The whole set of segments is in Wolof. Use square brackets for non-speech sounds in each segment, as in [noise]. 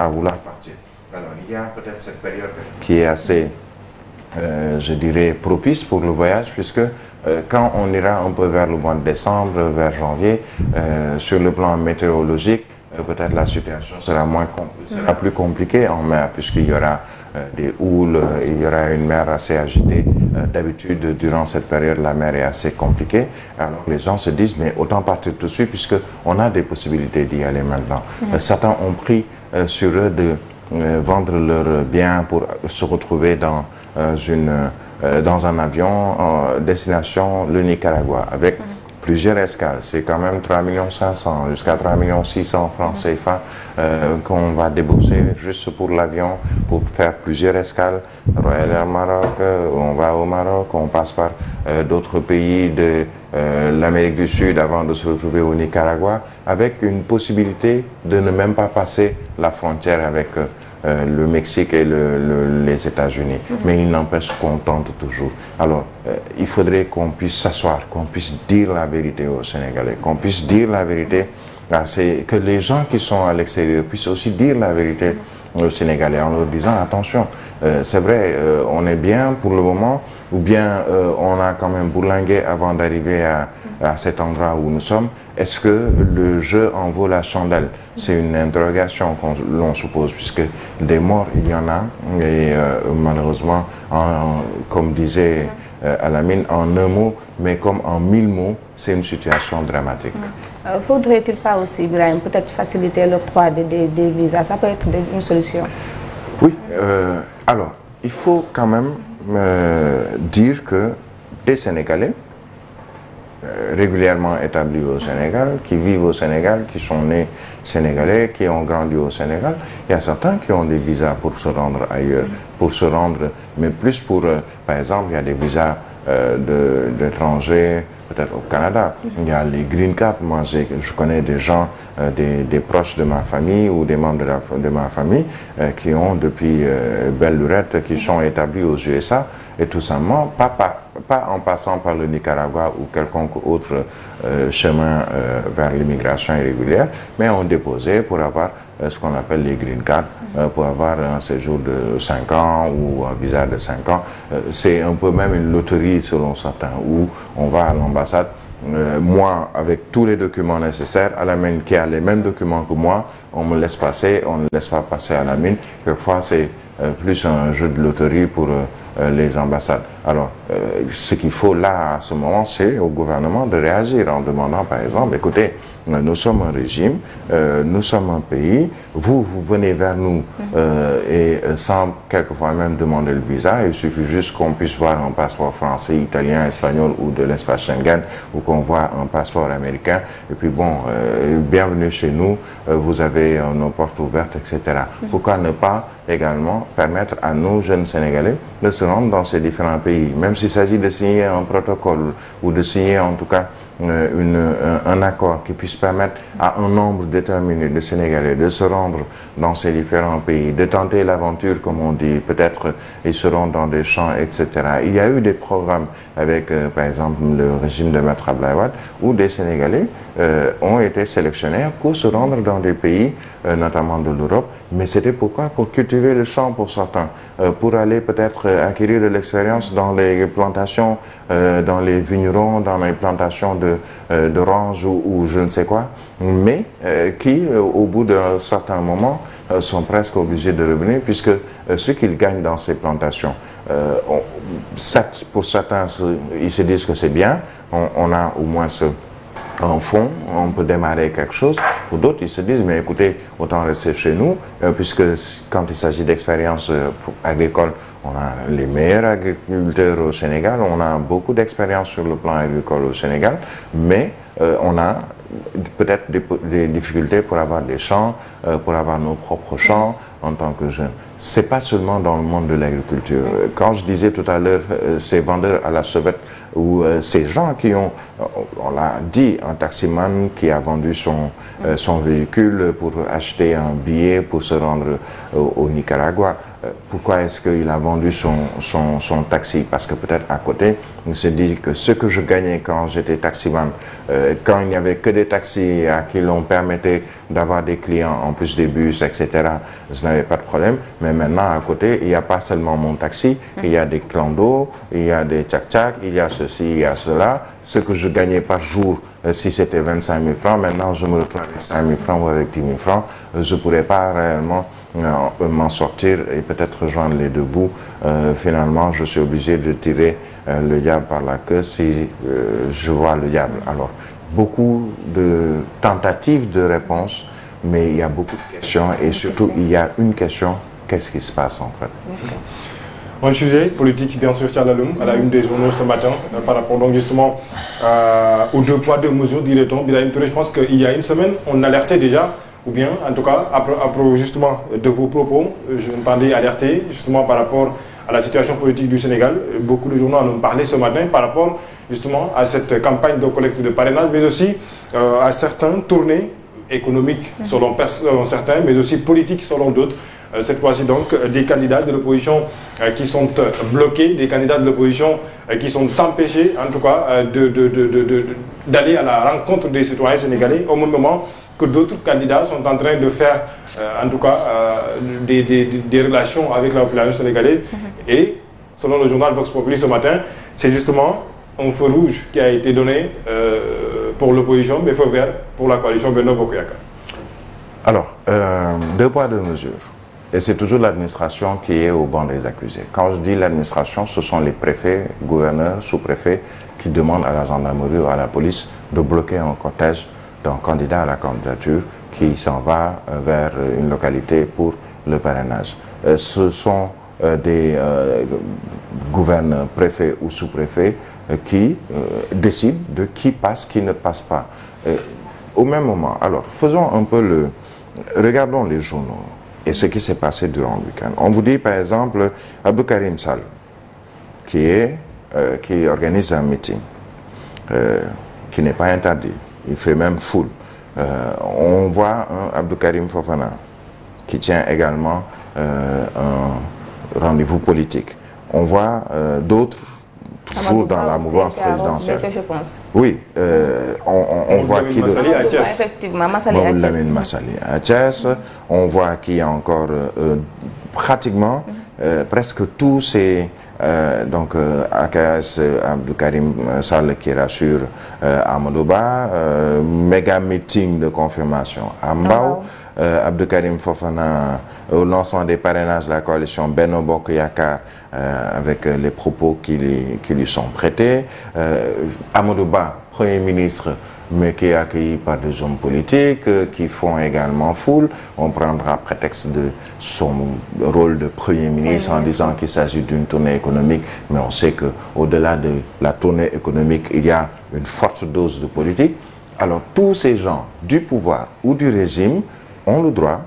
à vouloir partir. Alors, il y a peut-être cette période qui est assez, euh, je dirais, propice pour le voyage, puisque euh, quand on ira un peu vers le mois de décembre, vers janvier, euh, sur le plan météorologique, euh, peut-être la situation sera, moins sera plus compliquée en mer, puisqu'il y aura euh, des houles, euh, il y aura une mer assez agitée. D'habitude, durant cette période, la mer est assez compliquée. Alors les gens se disent, mais autant partir tout de suite, puisqu'on a des possibilités d'y aller maintenant. Certains ont pris Euh, sur eux de euh, vendre leurs biens pour se retrouver dans euh, une dans un avion en destination le Nicaragua avec mm-hmm. plusieurs escales. C'est quand même 3 millions 500 jusqu'à 3 millions 600 euh, qu'on va débourser juste pour l'avion, pour faire plusieurs escales. Royal Air Maroc, euh, on va au Maroc, on passe par euh, d'autres pays de l'Amérique du Sud avant de se retrouver au Nicaragua, avec une possibilité de ne même pas passer la frontière avec eux. euh, le Mexique et le, le, les États-Unis. Mm -hmm. Mais il n'empêche qu'on tente toujours. Alors, euh, il faudrait qu'on puisse s'asseoir, qu'on puisse dire la vérité aux Sénégalais, qu'on puisse dire la vérité à ces... que les gens qui sont à l'extérieur puissent aussi dire la vérité aux Sénégalais en leur disant attention, euh, c'est vrai, euh, on est bien pour le moment, ou bien euh, on a quand même bourlingué avant d'arriver à, à cet endroit où nous sommes. Est-ce que le jeu en vaut la chandelle C'est une interrogation qu'on l'on se pose, puisque des morts, il y en a. Et euh, malheureusement, en, comme disait euh, Alamine, en un mot, mais comme en mille mots, c'est une situation dramatique. Mm. Euh, Faudrait-il pas aussi, Ibrahim, peut-être faciliter l'octroi des, des, des, visas Ça peut être des, une solution. Oui. Euh, alors, il faut quand même euh, dire que des Sénégalais, Euh, régulièrement établis au Sénégal, qui vivent au Sénégal, qui sont nés sénégalais, qui ont grandi au Sénégal. Il y a certains qui ont des visas pour se rendre ailleurs, pour se rendre, mais plus pour, euh, par exemple, il y a des visas euh, d'étrangers, peut-être au Canada. Il y a les green cards. Moi, je connais des gens, euh, des, des, proches de ma famille ou des membres de, la, de ma famille euh, qui ont depuis euh, belle lurette, qui sont établis aux USA et tout simplement pas, pas, pas en passant par le Nicaragua ou quelconque autre euh, chemin euh, vers l'immigration irrégulière, mais on déposait pour avoir euh, ce qu'on appelle les green cards, euh, pour avoir un séjour de 5 ans ou un visa de 5 ans. Euh, c'est un peu même une loterie selon certains, où on va à l'ambassade euh, moi, avec tous les documents nécessaires, à la mine qui a les mêmes documents que moi, on me laisse passer, on ne laisse pas passer à la mine. Quelquefois, c'est euh, plus un jeu de loterie pour euh, Euh, les ambassades. Alors, euh, ce qu'il faut là, à ce moment, c'est au gouvernement de réagir en demandant, par exemple, écoutez, nous sommes en régime euh, nous sommes en pays vous vous venez vers nous euh, et euh, sans quelquefois même demander le visa il suffit juste qu'on puisse voir un passeport français italien espagnol ou de l'espace Schengen ou qu'on voit un passeport américain et puis bon euh, bienvenue chez nous euh, vous avez nos portes ouvertes etc pourquoi ne pas également permettre à nos jeunes Sénégalais de se rendre dans ces différents pays même s'il s'agit de signer un protocole ou de signer en tout cas une, euh, un accord qui puisse permettre à un nombre déterminé de Sénégalais de se rendre dans ces différents pays, de tenter l'aventure, comme on dit, peut-être ils seront dans des champs, etc. Il y a eu des programmes avec, euh, par exemple, le régime de Maître Ablaïwad, où des Sénégalais euh, ont été sélectionnés pour se rendre dans des pays, euh, notamment de l'Europe. Mais c'était pourquoi Pour cultiver le champ pour certains, euh, pour aller peut-être euh, acquérir de l'expérience dans les plantations, euh, dans les vignerons, dans les plantations euh, d'oranges ou, ou, je ne sais quoi. Mais qui, au bout d'un certain moment, sont presque obligés de revenir puisque ce qu'ils gagnent dans ces plantations, on, pour certains, ils se disent que c'est bien. On, on, a au moins ce un fonds, on peut démarrer quelque chose. Pour d'autres, ils se disent, mais écoutez, autant rester chez nous, euh, puisque quand il s'agit d'expérience euh, agricole, on a les meilleurs agriculteurs au Sénégal, on a beaucoup d'expérience sur le plan agricole au Sénégal, mais euh, on a peut-être des, des, difficultés pour avoir des champs, euh, pour avoir nos propres champs en tant que jeunes. C'est pas seulement dans le monde de l'agriculture. Quand je disais tout à l'heure euh, ces vendeurs à la sauvette ou euh, ces gens qui ont, euh, on l'a dit, un taximan qui a vendu son, euh, son véhicule pour acheter un billet pour se rendre euh, au Nicaragua, pourquoi est-ce qu'il a vendu son son son taxi parce que peut-être à côté il se dit que ce que je gagnais quand j'étais taximan euh, quand il n'y avait que des taxis à qui l'on permettait d'avoir des clients en plus des bus etc je n'avais pas de problème mais maintenant à côté il n'y a pas seulement mon taxi il y a des clandos il y a des tchak-tchak il y a ceci il y a cela ce que je gagnais par jour euh, si c'était vingt-cinq mille francs maintenant je me retrouve avec cinq mille francs ou avec dix mille francs euh, je pourrais pas réellement m'en sortir et peut-être joindre les deux bouts euh, finalement je suis obligé de tirer euh, le diable par la queue si euh, je vois le diable alors beaucoup de tentatives de réponse mais il y a beaucoup de questions et surtout il y a une question qu'est-ce qui se passe en fait un sujet politique bien sûr Thial Alioum à la une des journaux ce matin euh, par rapport donc justement euh, aux deux poids deux mesures dirait-on Birahim Touré je pense qu'il y a une semaine on alertait déjà ou bien en tout cas à, propos justement de vos propos, euh, je m'entendais alerter justement par rapport à la situation politique du Sénégal. Beaucoup de journaux en ont parlé ce matin par rapport justement à cette campagne de collecte de parrainage, mais aussi euh, à certains tournées économiques mhm. selon, selon certains, mais aussi politiques selon d'autres. Euh, cette fois donc euh, des candidats de l'opposition euh, qui sont bloqués, des candidats de l'opposition qui sont empêchés tout cas de, de, de, d'aller à la rencontre des citoyens sénégalais au moment que d'autres candidats sont en train de faire des, relations avec la population sénégalaise mhm. et selon le journal Vox Populi ce matin, c'est justement un feu rouge qui a été donné pour l'opposition, mais feu vert pour la coalition Benno Bokk Yakaar. Et c'est toujours l'administration qui est au banc des accusés. Quand je dis l'administration, ce sont les préfets, gouverneurs, sous-préfets qui demandent à la gendarmerie ou à la police de bloquer un cortège d'un candidat à la candidature qui s'en va euh, vers une localité pour le parrainage. Euh, ce sont euh, des gouverneurs, préfets ou sous-préfets qui décident de qui passe, qui ne passe pas. Au même moment, alors faisons un peu le... Regardons les journaux. et ce qui s'est passé durant le week-end. On vous dit par exemple Abdou Karim Sall, qui est euh, qui organise un meeting euh, qui n'est pas interdit, il fait même foule. Euh, on voit un Abdou Karim Fofana qui tient également euh, un rendez-vous politique. On voit euh, d'autres toujours dans la mouvance présidentielle je pense. oui euh, on on, on voit qui le effectivement Mamoudou Lamine Massaly à Thiès on voit qu'il y a encore euh, euh pratiquement mm-hmm. euh, presque tous ces euh, donc euh, AKS Abdou Karim Sall qui rassure Amadou Ba méga meeting de confirmation à Mbao. Ah, Euh, Abdou Karim Fofana euh, au lancement des parrainages de la coalition Benno Bokk Yakaar euh, avec les propos qui lui qui lui sont prêtés Amadou Ba premier ministre mais qui est accueilli par des hommes politiques euh, qui font également foule. On prendra prétexte de son rôle de Premier ministre oui, en disant qu'il s'agit d'une tournée économique, mais on sait que au-delà de la tournée économique, il y a une forte dose de politique. Alors tous ces gens du pouvoir ou du régime ont le droit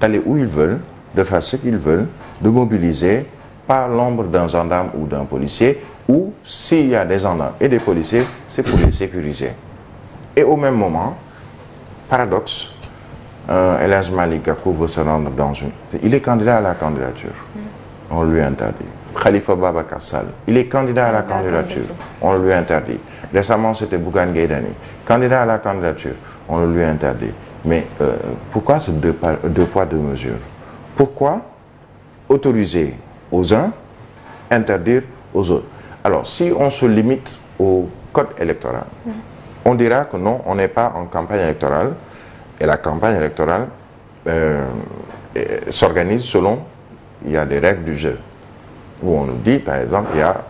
d'aller où ils veulent, de faire ce qu'ils veulent, de mobiliser par l'ombre d'un gendarme ou d'un policier, ou s'il y a des gendarmes et des policiers, c'est pour les sécuriser. Et au même moment, paradoxe, euh, El Hadj Malick Gakou veut se rendre dans une... Il est candidat à la candidature. Mm. On lui interdit. Khalifa Babacar Sall, il est candidat à la mm, candidature. On lui interdit. Récemment, c'était Bougane Gueye Dany, candidat à la candidature. On lui interdit. Mais euh, pourquoi ces deux, deux, poids, deux mesures Pourquoi autoriser aux uns, interdire aux autres Alors, si on se limite au code électoral, mmh. on dira que non, on n'est pas en campagne électorale, et la campagne électorale euh, s'organise selon, il y a des règles du jeu, où on nous dit, par exemple, il y a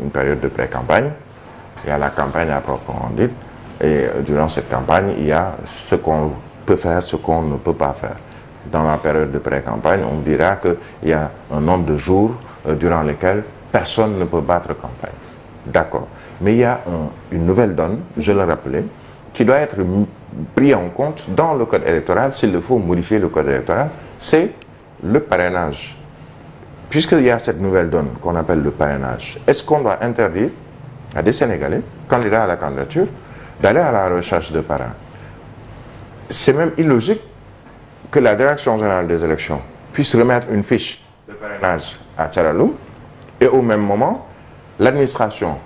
une période de pré-campagne, il y a la campagne à proprement dite, et euh, durant cette campagne, il y a ce qu'on peut faire ce qu'on ne peut pas faire. Dans la période de pré-campagne, on dira qu'il y a un nombre de jours euh, durant lesquels personne ne peut battre campagne. D'accord. Mais il y a un, une nouvelle donne, je le rappelais, qui doit être pris en compte dans le code électoral, s'il le faut modifier le code électoral, c'est le parrainage. Puisqu'il y a cette nouvelle donne qu'on appelle le parrainage, est-ce qu'on doit interdire à des Sénégalais, candidats à la candidature, d'aller à la recherche de parrains c'est même illogique que la direction générale des élections puisse remettre une fiche de parrainage à Tcharaloum et au même moment l'administration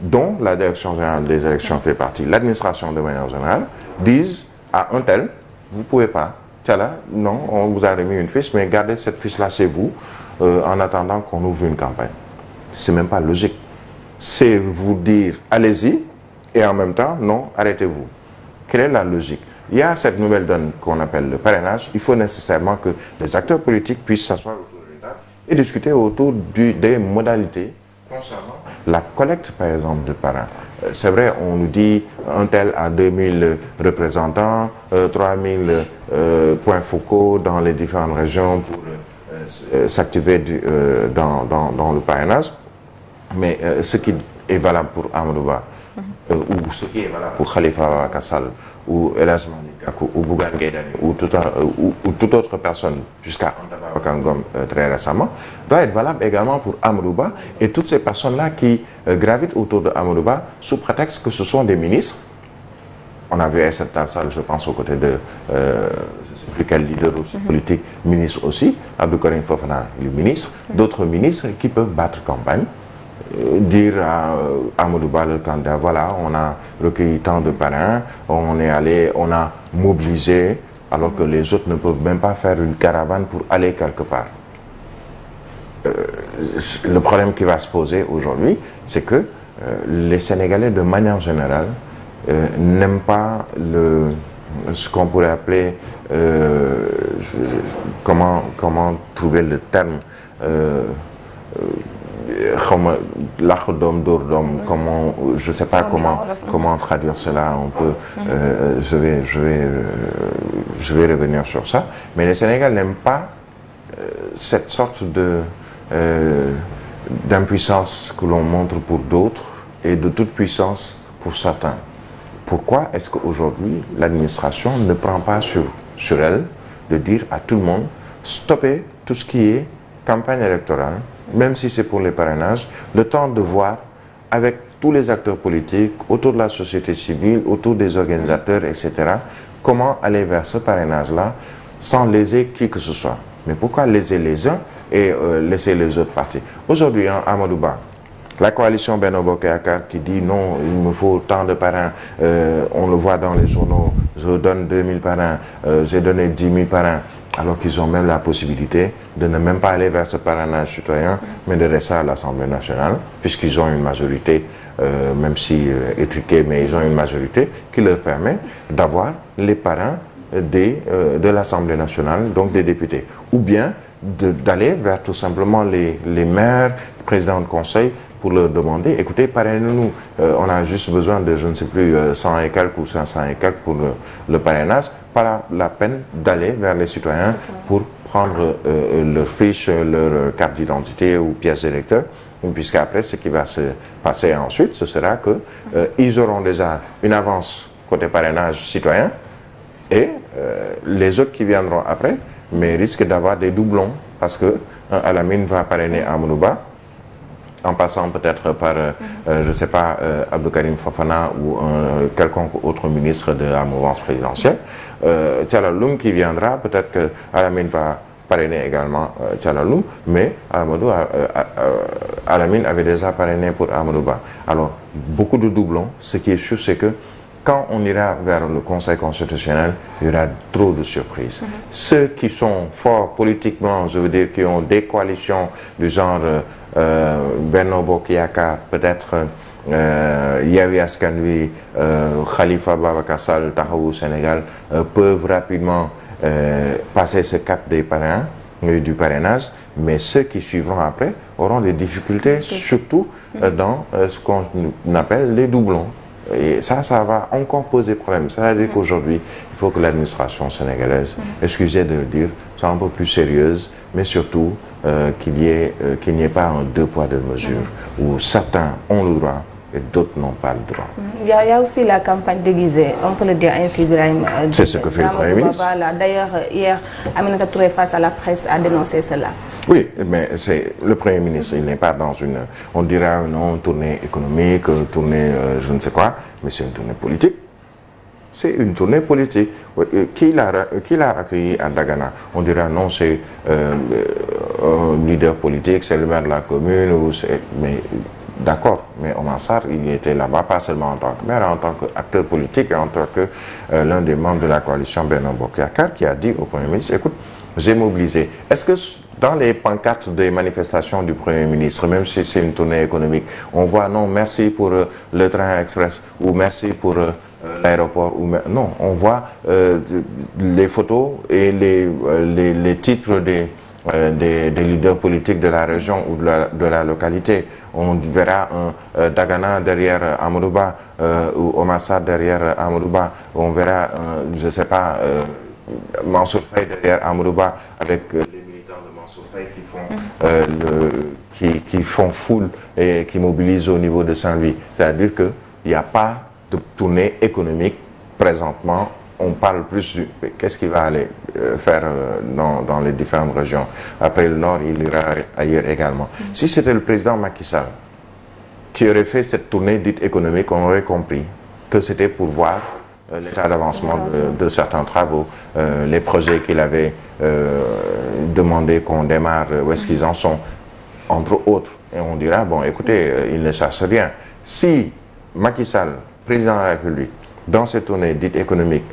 dont la direction générale des élections fait partie l'administration de manière générale dise à un tel vous pouvez pas Tchala non on vous a remis une fiche mais gardez cette fiche là chez vous euh, en attendant qu'on ouvre une campagne c'est même pas logique c'est vous dire allez-y et en même temps non arrêtez-vous quelle est la logique il y a cette nouvelle donne qu'on appelle le parrainage, il faut nécessairement que les acteurs politiques puissent s'asseoir autour d'une table et discuter autour du, des modalités concernant la collecte, par exemple, de parrains. Euh, c'est vrai, on nous dit un tel à 2000 représentants, euh, 3000 euh, points focaux dans les différentes régions pour euh, euh s'activer euh, dans, dans, dans, le parrainage. Mais ce qui est valable pour Amrouba, Euh, ou ce qui est valable pour Khalifa Kassal ou Elas Manikaku ou Bougan Gaydani ou, euh, ou, ou, toute autre personne jusqu'à Anta Kangom euh, très récemment, doit être valable également pour Amadouba et toutes ces personnes-là qui euh, gravitent autour de Amadouba sous prétexte que ce sont des ministres. On a vu cette salle, je pense, aux côtés de euh, je ne sais plus quel leader aussi, mm -hmm. politique, ministre aussi, Abdou Karim Fofana, le ministre, mm -hmm. d'autres ministres qui peuvent battre campagne dire à Amadou Ba le candidat voilà on a recueilli tant de parrains on est allé on a mobilisé alors que les autres ne peuvent même pas faire une caravane pour aller quelque part euh, le problème qui va se poser aujourd'hui c'est que euh, les Sénégalais de manière générale euh, n'aiment pas le ce qu'on pourrait appeler euh, comment comment trouver le terme euh, euh, xaw ma làq doom dóor doom comment je sais pas comment comment traduire cela un peu euh, euh, je vais je vais euh, je vais revenir sur ça mais le Sénégal n'aime pas euh, cette sorte de d'impuissance que l'on montre pour d'autres et de toute puissance pour certains pourquoi est-ce qu'aujourd'hui l'administration ne prend pas sur sur elle de dire à tout le monde stoppez tout ce qui est campagne électorale même si c'est pour les parrainages, le temps de voir avec tous les acteurs politiques, autour de la société civile, autour des organisateurs, etc., comment aller vers ce parrainage-là sans léser qui que ce soit. Mais pourquoi léser les uns et euh, laisser les autres partir Aujourd'hui, hein, à Amadouba, la coalition Benoboke Akar qui dit non, il me faut tant de parrains, euh, on le voit dans les journaux, je donne 2000 parrains, euh, j'ai donné 10 000 parrains. alors qu'ils ont même la possibilité de ne même pas aller vers ce parrainage citoyen, mais de rester à l'Assemblée nationale, puisqu'ils ont une majorité, euh, même si euh, étriquée, mais ils ont une majorité qui leur permet d'avoir les parrains des, euh, de l'Assemblée nationale, donc des députés. Ou bien d'aller vers tout simplement les, les maires, présidents de conseil, pour leur demander écoutez parrainez-nous euh, on a juste besoin de je ne sais plus euh, cent et quelques ou cinq cent et quelques pour le, le parrainage pas la, la peine d'aller vers les citoyens pour prendre euh, leur fiche leur carte d'identité ou pièce d'électeur puisqu'après ce qui va se passer ensuite ce sera que euh, ils auront déjà une avance côté parrainage citoyen et les autres qui viendront après mais risquent d'avoir des doublons parce que hein, Alamine va parrainer Amadou Ba en passant peut-être par euh, euh je sais pas euh, Abdou Karim Fofana ou un euh, quelconque autre ministre de la mouvance présidentielle Tchalalum qui viendra peut-être que Alamine va parrainer également Tchalalum mais Amadou Alamine avait déjà parrainé pour Amadou Ba alors beaucoup de doublons ce qui est sûr c'est que quand on ira vers le Conseil constitutionnel, il y aura trop de surprises. Mm -hmm. Ceux qui sont forts politiquement, je veux dire, qui ont des coalitions du genre Euh, Benno Bokk Yaakaar peut-être euh, Yewwi Askan Wi euh, Khalifa Babacar Sall Taxawu Sénégal peuvent rapidement passer ce cap des parrains du parrainage mais ceux qui suivront après auront des difficultés surtout dans ce qu'on appelle les doublons et ça ça va encore poser problème c'est-à-dire qu'aujourd'hui il faut que l'administration sénégalaise excusez de le dire soit un peu plus sérieuse mais surtout euh, qu'il y ait euh, qu'il n'y ait pas un deux poids deux mesures où certains ont le droit et d'autres n'ont pas le droit. Il y, a, il y a aussi la campagne déguisée, on peut le dire ainsi, Ibrahim. C'est ce que fait le Premier ministre. D'ailleurs, hier, Aminata Touré face à la presse a dénoncé cela. Oui, mais c'est le Premier ministre, il n'est pas dans une, on dirait non, tournée économique, une tournée euh, je ne sais quoi, mais c'est une tournée politique. C'est une tournée politique. Euh, euh, qui l'a accueilli à Dagana On dirait non, c'est euh, euh, un leader politique, c'est le maire de la commune, ou mais D'accord, mais Omar Sarr, il était là-bas pas seulement en tant que maire, en tant qu'acteur politique et en tant que euh, l'un des membres de la coalition Benno Bokk Yakaar qui a dit au Premier ministre, écoute, j'ai mobilisé. Est-ce que dans les pancartes des manifestations du Premier ministre, même si c'est une tournée économique, on voit non, merci pour euh, le train express ou merci pour euh, euh l'aéroport ou non, on voit euh, les photos et les euh, les les titres des Euh, des des leaders politiques de la région ou de la de la localité on verra un euh, Dagana derrière Amadou Ba euh, ou Omar Sarr derrière Amadou Ba on verra un, je sais pas Mansour Faye derrière Amadou Ba avec les militants de Mansour Faye qui font mm. le qui qui font foule et qui mobilisent au niveau de Saint-Louis c'est-à-dire que il n'y a pas de tournée économique présentement on parle plus du qu'est-ce qu'il va aller euh, faire euh, dans dans les différentes régions après le nord il ira ailleurs également mm. si c'était le président Macky Sall qui aurait fait cette tournée dite économique on aurait compris que c'était pour voir euh, l'état d'avancement de, de certains travaux euh, les projets qu'il avait euh, demandé qu'on démarre où est-ce qu'ils en sont entre autres et on dira bon écoutez euh, il ne cherche rien si Macky Sall président de la République dans cette tournée dite économique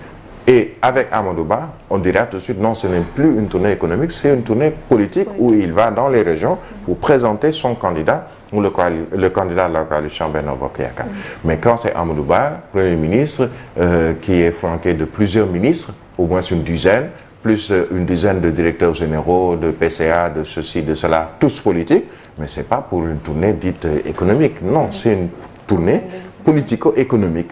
Et avec Amadouba, on dira tout de suite, non, ce n'est plus une tournée économique, c'est une tournée politique où il va dans les régions pour présenter son candidat ou le, candidat de la coalition Bernard Bokayaka. Mais quand c'est Amadouba, Premier ministre, euh, qui est flanqué de plusieurs ministres, au moins une dizaine, plus euh, une dizaine de directeurs généraux, de PCA, de ceci, de cela, tous politiques, mais ce n'est pas pour une tournée dite euh, économique. Non, c'est une tournée politico-économique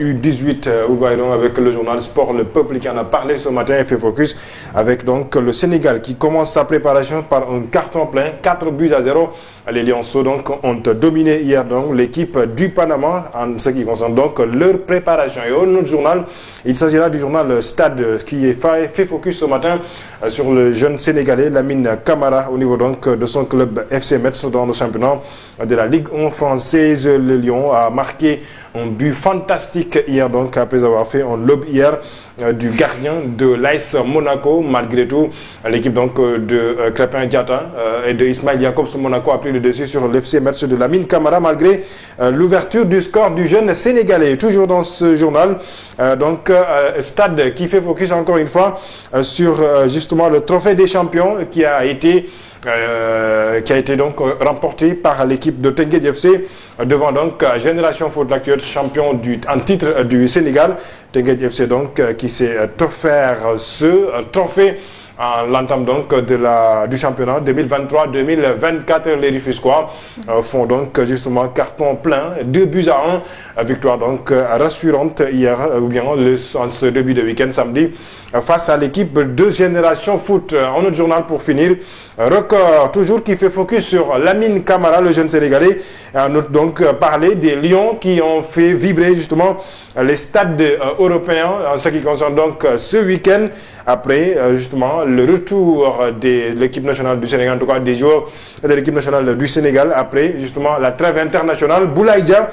U18 vous voyez donc avec le journal Sport Le Peuple qui en a parlé ce matin et fait focus avec donc le Sénégal qui commence sa préparation par un carton plein 4 buts à 0 Les Lionceaux donc ont dominé hier donc l'équipe du Panama en ce qui concerne leur préparation. Et au notre journal, il s'agira du journal Stade qui fait focus ce matin euh, sur le jeune Sénégalais Lamine Camara au niveau de son club FC Metz dans le championnat de la Ligue 1 française. Le Lyon a marqué un but fantastique hier donc après avoir un lob hier Euh, du gardien de l'AS Monaco. Malgré tout, l'équipe donc euh, de euh, Crépin Diata et de Ismail Jacobs Monaco a pris le dessus sur l'FC Metz de Lamine Camara malgré l'ouverture du score du jeune Sénégalais. Toujours dans ce journal, donc Stade qui fait focus encore une fois sur justement le trophée des champions qui a été Euh, qui a été donc euh, remporté par l'équipe de Teungueth FC devant donc euh, Génération Foot, l'actuel champion du, en titre du Sénégal. Teungueth FC donc qui s'est offert ce trophée en l'entame donc de la du championnat 2023-2024 les Rufisquois euh, font donc justement carton plein deux buts à un victoire donc euh, rassurante hier euh, ou bien le en ce début de week-end samedi euh, face à l'équipe de Génération Foot en notre journal pour finir record toujours qui fait focus sur Lamine Camara le jeune Sénégalais note donc parler des Lions qui ont fait vibrer justement les stades européens en ce qui concerne donc ce week après justement également le retour de l'équipe nationale du Sénégal, en tout cas des joueurs de l'équipe nationale du Sénégal après justement la trêve internationale. Boulaïdia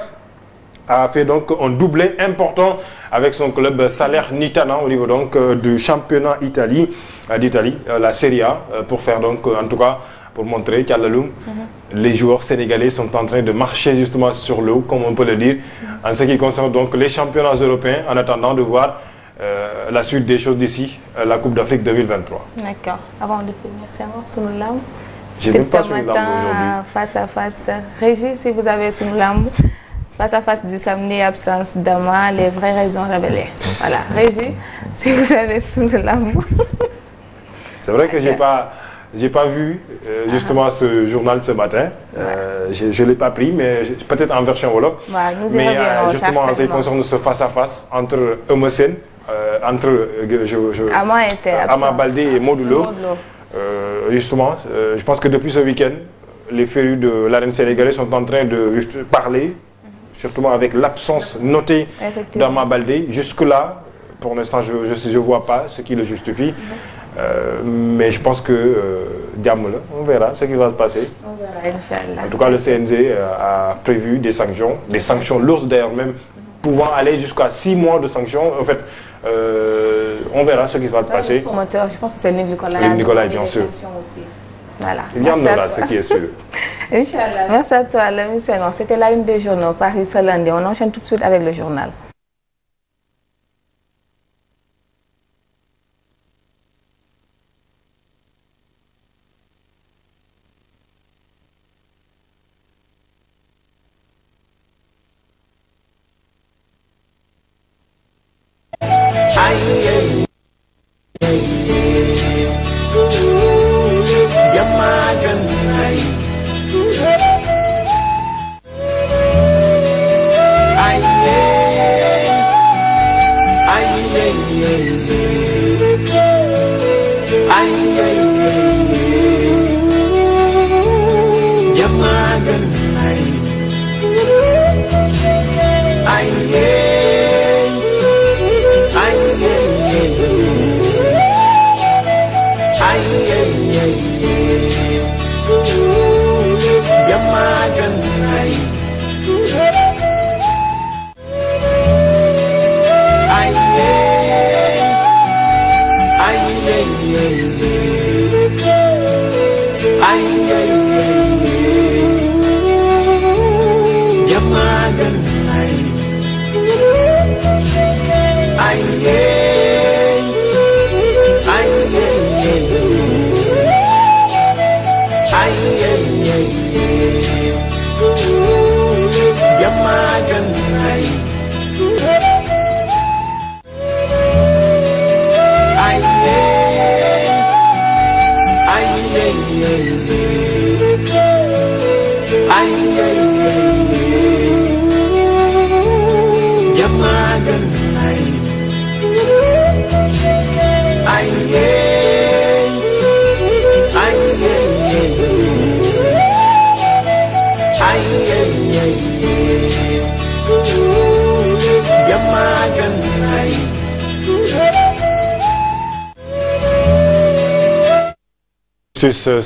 a fait donc un doublé important avec son club Salernitana au niveau donc euh, du championnat euh, d'Italie, d'Italie, euh, la Serie A, pour faire donc en tout cas pour montrer qu'à Loum, mm -hmm. les joueurs sénégalais sont en train de marcher justement sur l'eau, comme on peut le dire, mhm. en ce qui concerne donc les championnats européens, en attendant de voir Euh, la suite des choses d'ici euh, la Coupe d'Afrique 2023. D'accord. Avant de finir, c'est bon, Sunulam. Je n'ai pas Face à face, Régis, si vous avez Sunulam, face à face du samedi, absence d'Ama, les vraies raisons révélées. Voilà. Régis, si vous avez Sunulam. c'est vrai que j'ai pas. vu euh, ce journal ce matin. Euh, je, l'ai pas pris, mais peut-être en version Wolof. mais euh, justement, en ce qui face-à-face entre Emerson Euh, entre euh, je, je, euh, Ama, était Ama Balde et Modulo. justement, je pense que depuis ce week-end, les férus de l'arène sénégalaise sont en train de juste parler, surtout avec l'absence notée d'Ama Baldé. Jusque-là, pour l'instant, je ne je, je vois pas ce qui le justifie. Mm -hmm. euh, mais je pense que euh, on verra ce qui va se passer. On verra, Inch'Allah. En tout cas, le CNG a prévu des sanctions, des sanctions lourdes d'ailleurs même, mm -hmm. pouvant aller jusqu'à six mois de sanctions. En fait, Euh, on verra ce qui va se ah passer. je pense que c'est Luc Nicolai. Luc Nicolai bien sûr aussi. voilà il y en aura ce qui est sûr. [laughs] Inch'Allah merci à toi Lamine Senghor c'était on enchaîne tout de suite avec le journal. Thank you.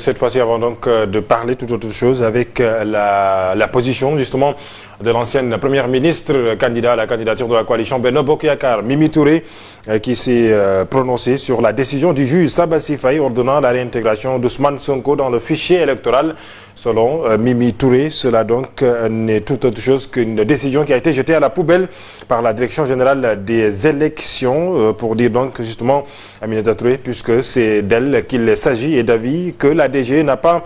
cette fois-ci avant donc euh, de parler toute autre chose avec euh, la, la position justement de l'ancienne première ministre candidat à la candidature de la coalition Benno Bokk Yakaar Mimi Touré euh, qui s'est prononcé sur la décision du juge Sabassi Faye ordonnant la réintégration d'Ousmane Sonko dans le fichier électoral Selon euh, Mimi Touré, cela donc euh, n'est tout autre chose qu'une décision qui a été jetée à la poubelle par la Direction générale des élections, euh, pour dire donc justement Aminata Touré, puisque c'est d'elle qu'il s'agit et d'avis que la DG n'a pas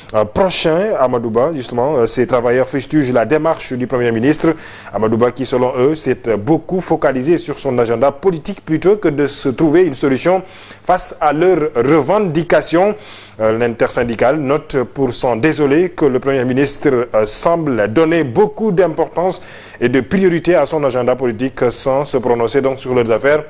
Euh, prochain. Amadou Ba, justement, euh, ces travailleurs fustigent la démarche du Premier ministre. Amadou Ba qui, selon eux, s'est euh, beaucoup focalisé sur son agenda politique plutôt que de se trouver une solution face à leurs revendications. L'intersyndicale note pour s'en désoler que le Premier ministre semble donner beaucoup d'importance et de priorité à son agenda politique sans se prononcer donc sur leurs affaires.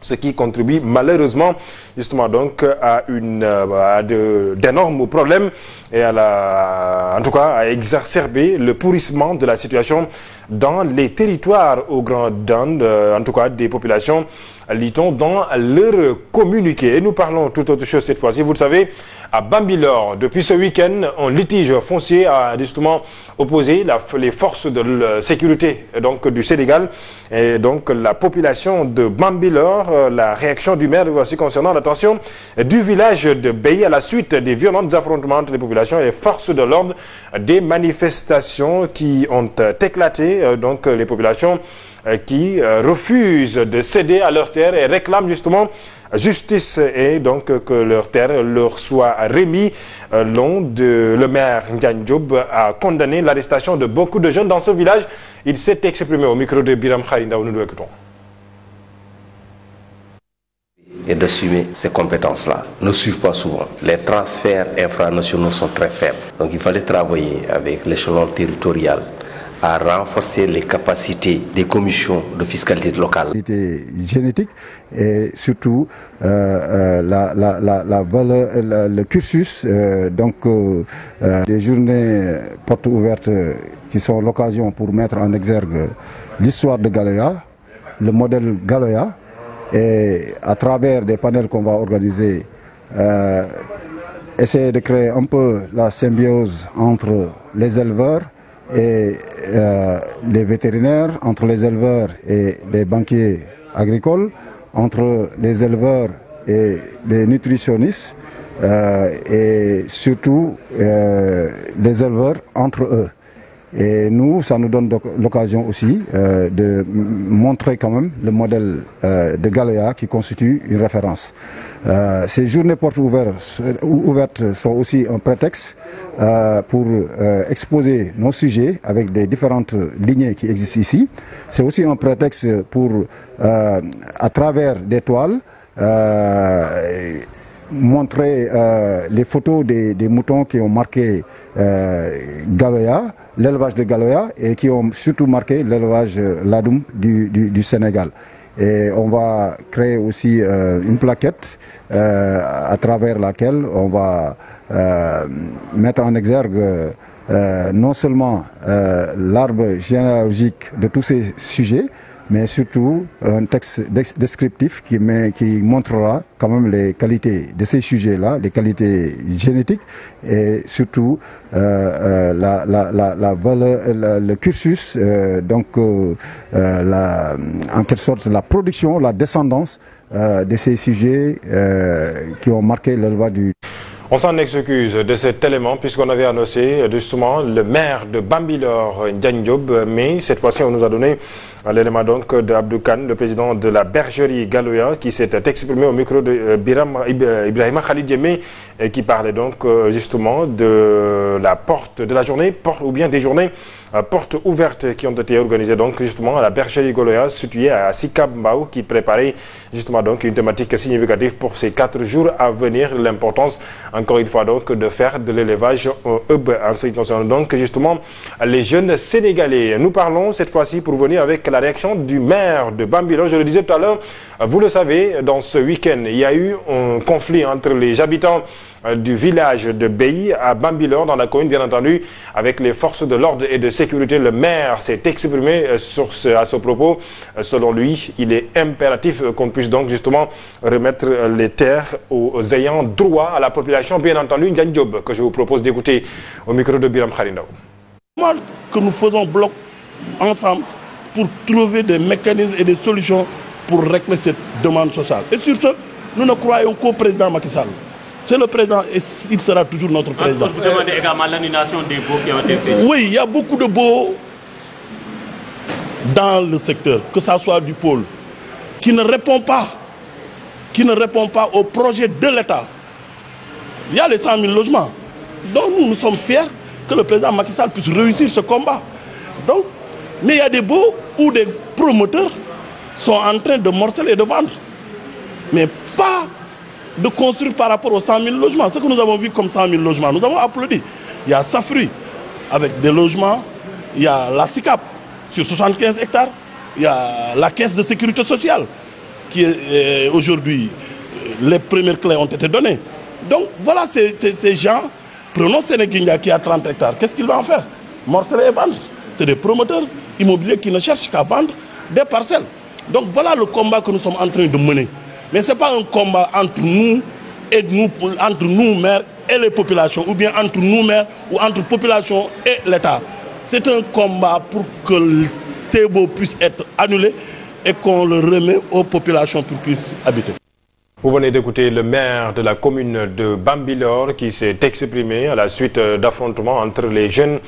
ce qui contribue malheureusement justement donc à une euh, à de d'énormes problèmes et à la en tout cas à exacerber le pourrissement de la situation dans les territoires au grand dam euh, en tout cas des populations lit-on dans leur communiqué. Et nous parlons tout autre chose cette fois-ci. Vous le savez, à Bambilor, depuis ce week en un litige foncier a justement opposé la, les forces de la euh, sécurité donc, du Sénégal et donc la population de Bambilor. Euh, la réaction du maire, voici concernant l'attention du village de Béi à la suite des violentes affrontements entre les populations et les forces de l'ordre des manifestations qui ont euh, éclaté. Donc les populations Euh, qui euh, refusent de céder à leurs terres et réclament justement justice et donc euh, que leurs terres leur soient remises. le maire Ndiagne Diop a condamné l'arrestation de beaucoup de jeunes dans ce village. Il s'est exprimé au micro de Biram Khary Ndao, nous l'écoutons et d'assumer ces compétences-là. Ne suivent pas souvent. Les transferts infranationaux sont très faibles. Donc il fallait travailler avec l'échelon territorial à renforcer les capacités des commissions de fiscalité locale. génétique et surtout euh, euh, la, la, la, la, valeur, la, le cursus euh, donc euh, euh, des journées euh, portes ouvertes qui sont l'occasion pour mettre en exergue l'histoire de Galoya, le modèle Galoya et à travers des panels qu'on va organiser essayer de créer un peu la symbiose entre les éleveurs et euh, les vétérinaires, entre les éleveurs et les banquiers agricoles, entre les éleveurs et les nutritionnistes, euh, et surtout euh, les éleveurs entre eux. Et nous, ça nous donne l'occasion aussi euh, de montrer quand même le modèle euh, de Galéa qui constitue une référence. Euh, ces journées portes ouvertes, ouvertes, sont aussi un prétexte euh, pour euh, exposer nos sujets avec les différentes lignées qui existent ici. C'est aussi un prétexte pour, euh, à travers des toiles, euh, montrer euh, les photos des, des, moutons qui ont marqué Galoya, l'élevage de Galoya et qui ont surtout marqué l'élevage Ladoum du, du, du Sénégal. Et on va créer aussi euh, une plaquette euh, à travers laquelle on va euh, mettre en exergue euh, non seulement euh, l'arbre généalogique de tous ces sujets, mais surtout euh, un texte descriptif qui, met, qui montrera quand même les qualités de ces sujets-là, les qualités génétiques et surtout euh, euh la, la, la, la, valeur, le cursus, euh, donc euh, euh, la, en quelque sorte la production, la descendance de ces sujets qui ont marqué l'élevage du... On s'en excuse de cet élément puisqu'on avait annoncé justement le maire de Bambilor, Ndiagne Diop, mais cette fois-ci on nous a donné l'élément donc d'Abdou Kane, le président de la bergerie Galoya, qui s'est exprimé au micro de euh, Biram Ibrahima Khalid Diémé et qui parlait donc euh, justement de la porte de la journée, porte ou bien des journées euh, portes ouvertes qui ont été organisées donc justement à la bergerie Galoya située à Sicap Mbao qui préparait justement donc une thématique significative pour ces quatre jours à venir, l'importance en encore une fois donc de faire de l'élevage un hub en ce qui concerne donc justement les jeunes sénégalais. Nous parlons cette fois-ci pour venir avec la réaction du maire de Bambilor. Je le disais tout à l'heure, vous le savez, dans ce week-end, il y a eu un conflit entre les habitants Euh, du village de Béhi à Bambilor dans la commune, bien entendu, avec les forces de l'ordre et de sécurité. Le maire s'est exprimé euh, sur ce, à ce propos. Euh, selon lui, il est impératif qu'on puisse donc justement remettre les terres aux ayants droit à la population. Bien entendu, Ndiagne Diop, que je vous propose d'écouter au micro de Biram Kharindaou. pour trouver des mécanismes et des solutions pour régler cette demande sociale. Et surtout, nous ne croyons qu'au président Macky Sall. c'est le président et il sera toujours notre président. Oui, il y a beaucoup de baux dans le secteur, que ça soit du pôle, qui ne répond pas, qui au projet de l'État. Il y a les 100 000 logements. Donc nous, nous sommes fiers que le président Macky puisse réussir ce combat. Donc, mais il y a des baux où des promoteurs sont en train de morceler et de vendre. Mais pas de construire par rapport aux 100 000 logements. Ce que nous avons vu comme 100 avec des logements, il la SICAP sur 75 hectares, il y la Caisse de sécurité sociale qui est euh, aujourd'hui, euh, les premières clés ont été données. Donc voilà ces, ces, ces gens, prenons Sénéguinga qui a 30 hectares, qu'est-ce en faire Morceler et vendre. C'est des ne cherchent qu'à vendre des parcelles. Donc voilà le combat que nous Mais ce n'est pas un combat entre nous et nous, entre nous maires et les populations, ou bien entre nous maires ou entre population et l'État. C'est un combat pour que le CEBO puisse être annulé et qu'on le remet aux populations pour qu'ils habitent. Vous venez d'écouter le maire de la commune de Bambilor qui s'est exprimé à la suite euh, d'affrontements entre les jeunes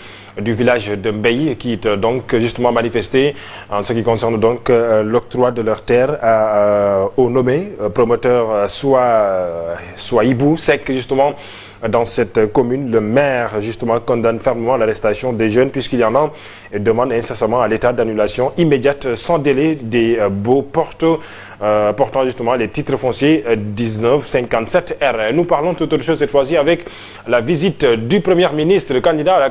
du village de Mbeyi qui est donc justement manifesté en ce qui concerne donc euh, l'octroi de leurs terres euh, au nommé promoteur soit soit Ibou Seck justement dans cette commune le maire justement condamne fermement l'arrestation des jeunes puisqu'il y en a et demande incessamment à l'état d'annulation immédiate sans délai des baux portes euh, portant justement les titres fonciers 1957 euh, R. Nous parlons tout autre chose cette fois-ci avec la visite du Premier ministre, candidat à la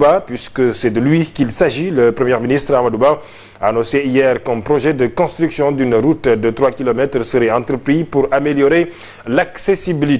Ba, puisque de lui qu'il s'agit. Le Premier ministre Amadou Ba a annoncé hier qu'un projet de construction d'une route de 3 km serait entrepris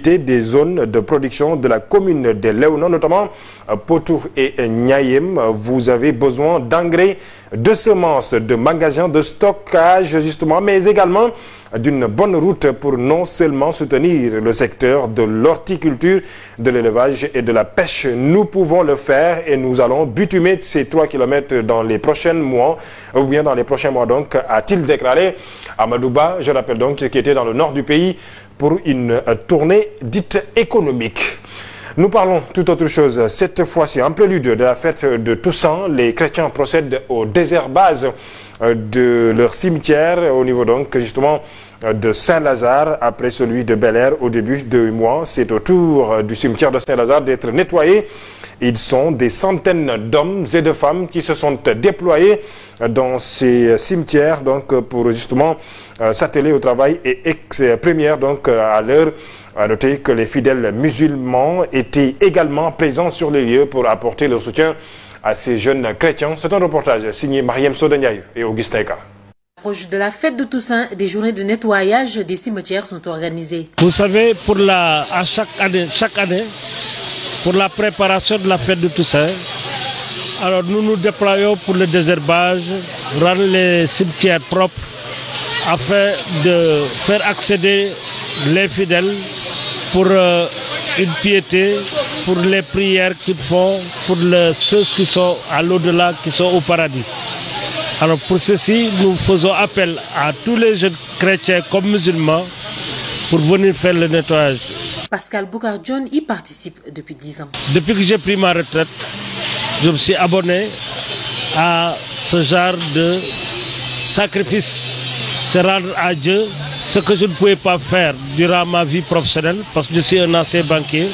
des zones de production de la commune de Léona, notamment euh, Potou et Niayem. Vous avez besoin d'engrais de semences, de magasins de stockage justement, mais également d'une bonne route pour non seulement soutenir le secteur de l'horticulture, de l'élevage et de la pêche. Nous pouvons le faire et nous allons butumer ces trois kilomètres dans les prochains mois, ou bien dans les prochains mois donc, a-t-il déclaré Amadou Ba, je rappelle donc, qui était dans le nord du pays pour une tournée dite économique. Nous parlons tout autre chose. Cette fois-ci, en prélude de la fête de Toussaint, les chrétiens procèdent au désherbage euh, de leur cimetière au niveau donc justement euh, de Saint-Lazare après celui de Bel au début du mois. C'est au tour euh, du cimetière de Saint-Lazare d'être nettoyé. Ils sont des centaines d'hommes et de femmes qui se sont déployés dans ces cimetières donc pour justement s'atteler au travail et première donc à l'heure À noter que les fidèles musulmans étaient également présents sur les lieux pour apporter leur soutien à ces jeunes chrétiens. C'est un reportage signé Mariam Sodaniaï et Augustin Ka. Proche de la fête de Toussaint, des journées de nettoyage des cimetières sont organisées. Vous savez, pour la, à chaque année, chaque année, pour la préparation de la fête de Toussaint, alors nous nous déployons pour le désherbage, rendre les cimetières propres afin de faire accéder les fidèles pour euh, une piété, pour les prières qu'ils font, pour le, ceux qui sont à l'au-delà, qui sont au paradis. pour ceci, nous faisons appel à tous les jeunes chrétiens comme musulmans pour venir faire le nettoyage. Pascal Bougar John y participe depuis 10 ans. Depuis que j'ai pris ma retraite, je me suis abonné à ce genre de sacrifice c'est rendre à Dieu ce que je ne pouvais pas faire durant ma vie professionnelle, parce que je suis un ancien banquier.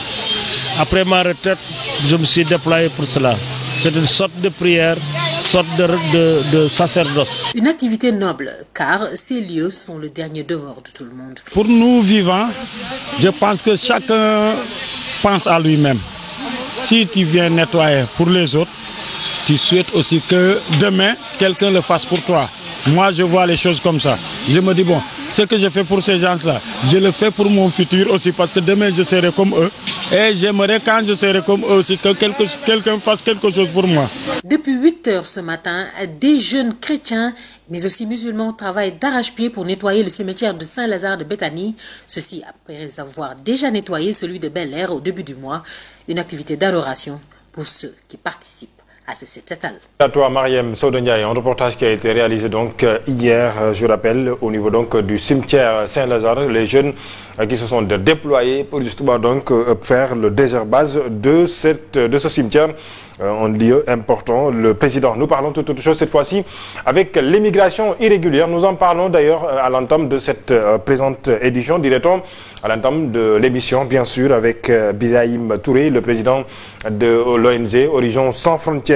Après ma retraite, je me suis déployé pour cela. C'est une sorte de prière, sorte de, de, de sacerdoce. Une activité noble, car ces lieux sont le dernier devoir de tout le monde. que chacun pense à lui Si tu viens nettoyer pour les autres, tu souhaites aussi que demain, quelqu'un le fasse pour toi. Moi, je vois les choses comme ça. Je me dis, ce que je fais pour ces gens-là, je le fais pour mon futur aussi, parce que demain, je serai comme eux. Et j'aimerais, quand je serai comme eux quelqu'un fasse quelque chose pour moi. Depuis 8 heures ce matin, des jeunes chrétiens, musulmans, travaillent d'arrache-pied pour nettoyer le cimetière de Saint-Lazare de Béthanie. Ceci après avoir déjà nettoyé celui de Bel Air au début du mois. Une activité d'adoration pour ceux qui à ah, ce setal. À toi Mariam Sodo Ndiaye, un reportage qui a été réalisé donc hier, euh, je rappelle, au niveau donc du cimetière Saint-Lazare, les jeunes euh, qui se sont déployés pour euh, le désherbage de de ce cimetière un lieu important. Le président, nous parlons de toute chose cette fois-ci avec l'immigration irrégulière. Nous en parlons d'ailleurs à l'entame de cette présente édition, dirait-on, à l'émission, bien sûr, avec Birahim Touré, le président de l'ONG Horizon Sans Frontières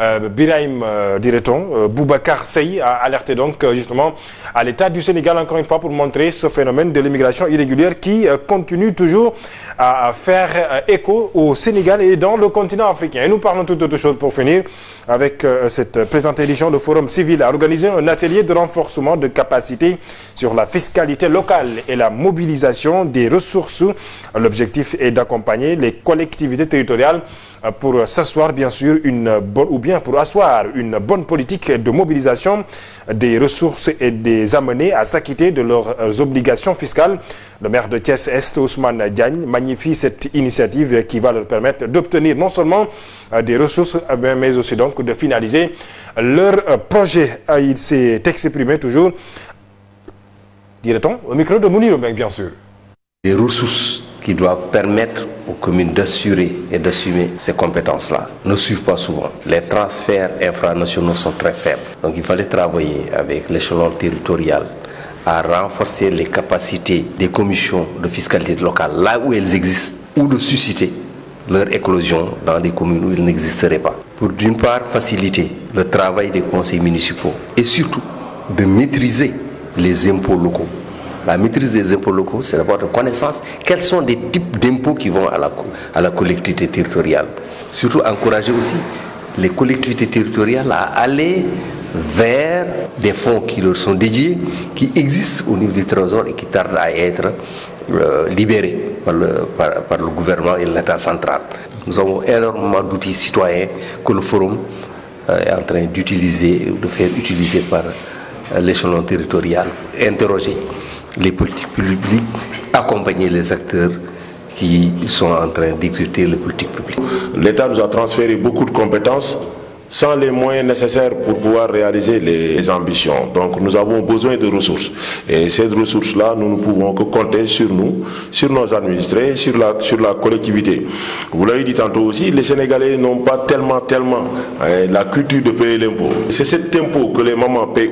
Euh, Birahim, euh, dirait-on, euh, Boubacar Sey a alerté donc justement à l'État du Sénégal encore une fois pour montrer ce phénomène de l'immigration irrégulière qui continue toujours à faire écho au Sénégal et dans le continent africain. Et nous parlons toute autre chose pour finir avec cette présente édition. Le Forum civil a organisé un atelier de renforcement de capacités sur la fiscalité locale et la mobilisation des ressources. L'objectif est d'accompagner les collectivités territoriales Euh, pour s'asseoir bien sûr une bonne ou bien pour asseoir une bonne politique de mobilisation des ressources et des amener à s'acquitter de leurs obligations fiscales. Le maire de Thiès Est, Ousmane Diagne, magnifie cette initiative qui va leur permettre d'obtenir non seulement euh, des ressources euh, mais aussi donc de finaliser leur projet. Il s'est exprimé toujours, dirait-on, au micro de Mounir bien sûr. Des ressources qui doivent permettre aux communes d'assurer et d'assumer ces compétences-là ne suivent pas souvent. Les transferts infranationaux sont très faibles. Donc il fallait travailler avec l'échelon territorial à renforcer les capacités des commissions de fiscalité locale là où elles existent ou de susciter leur éclosion dans des communes où ils n'existeraient pas. Pour d'une part faciliter le travail des conseils municipaux et surtout de maîtriser les impôts locaux. la maîtrise des impôts locaux, c'est d'avoir connaissance quels sont les types d'impôts qui vont à la, collectivité territoriale. Surtout encourager aussi les collectivités territoriales à aller vers des fonds qui leur sont dédiés, qui existent au niveau du Trésor et qui tardent à être euh, libérés par le, par, par le gouvernement et l'État central. Nous avons énormément d'outils citoyens que le Forum euh, est en train d'utiliser, de faire utiliser par euh, l'échelon territorial, les politiques publiques, accompagner les acteurs qui sont en train d'exécuter les politiques publiques. L'État nous a transféré beaucoup de compétences sans les moyens nécessaires pour pouvoir réaliser les ambitions. Donc nous avons besoin de ressources. Et ces ressources-là, nous ne pouvons que compter sur nous, sur nos administrés, sur la, sur la collectivité. Vous l'avez dit tantôt aussi, les Sénégalais n'ont pas tellement, tellement la culture de payer l'impôt. C'est cet impôt que les mamans payent,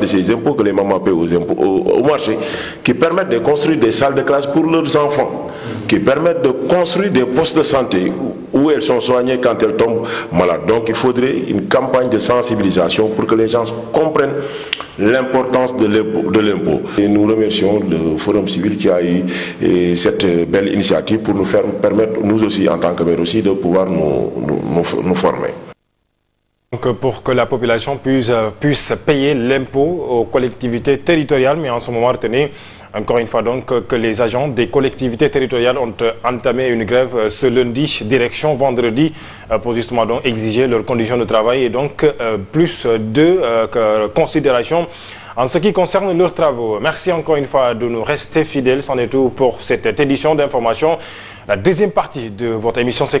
de ces impôts que les mamans aux impôts, qui permettent de construire des salles de classe pour leurs enfants. qui permettre de construire des postes de santé où elles sont soignées quand elles tombent malades. Donc il faudrait une campagne de sensibilisation pour que les gens comprennent l'importance de l'impôt. Et nous remercions le Forum civil qui a eu eh, cette euh, belle initiative pour nous faire permettre, nous aussi en tant que maire aussi, de pouvoir nous, nous, nous former. Donc euh, pour que la population puisse, euh, puisse payer l'impôt aux collectivités territoriales, mais en ce moment, retenez encore une fois donc que les agents des collectivités territoriales ont euh, entamé une grève ce lundi, direction vendredi, pour justement donc exiger leurs conditions de travail et donc plus de considérations en ce qui concerne leurs travaux. Merci encore une fois de nous rester fidèles. C'en est tout pour cette édition d'information. La deuxième partie de votre émission, c'est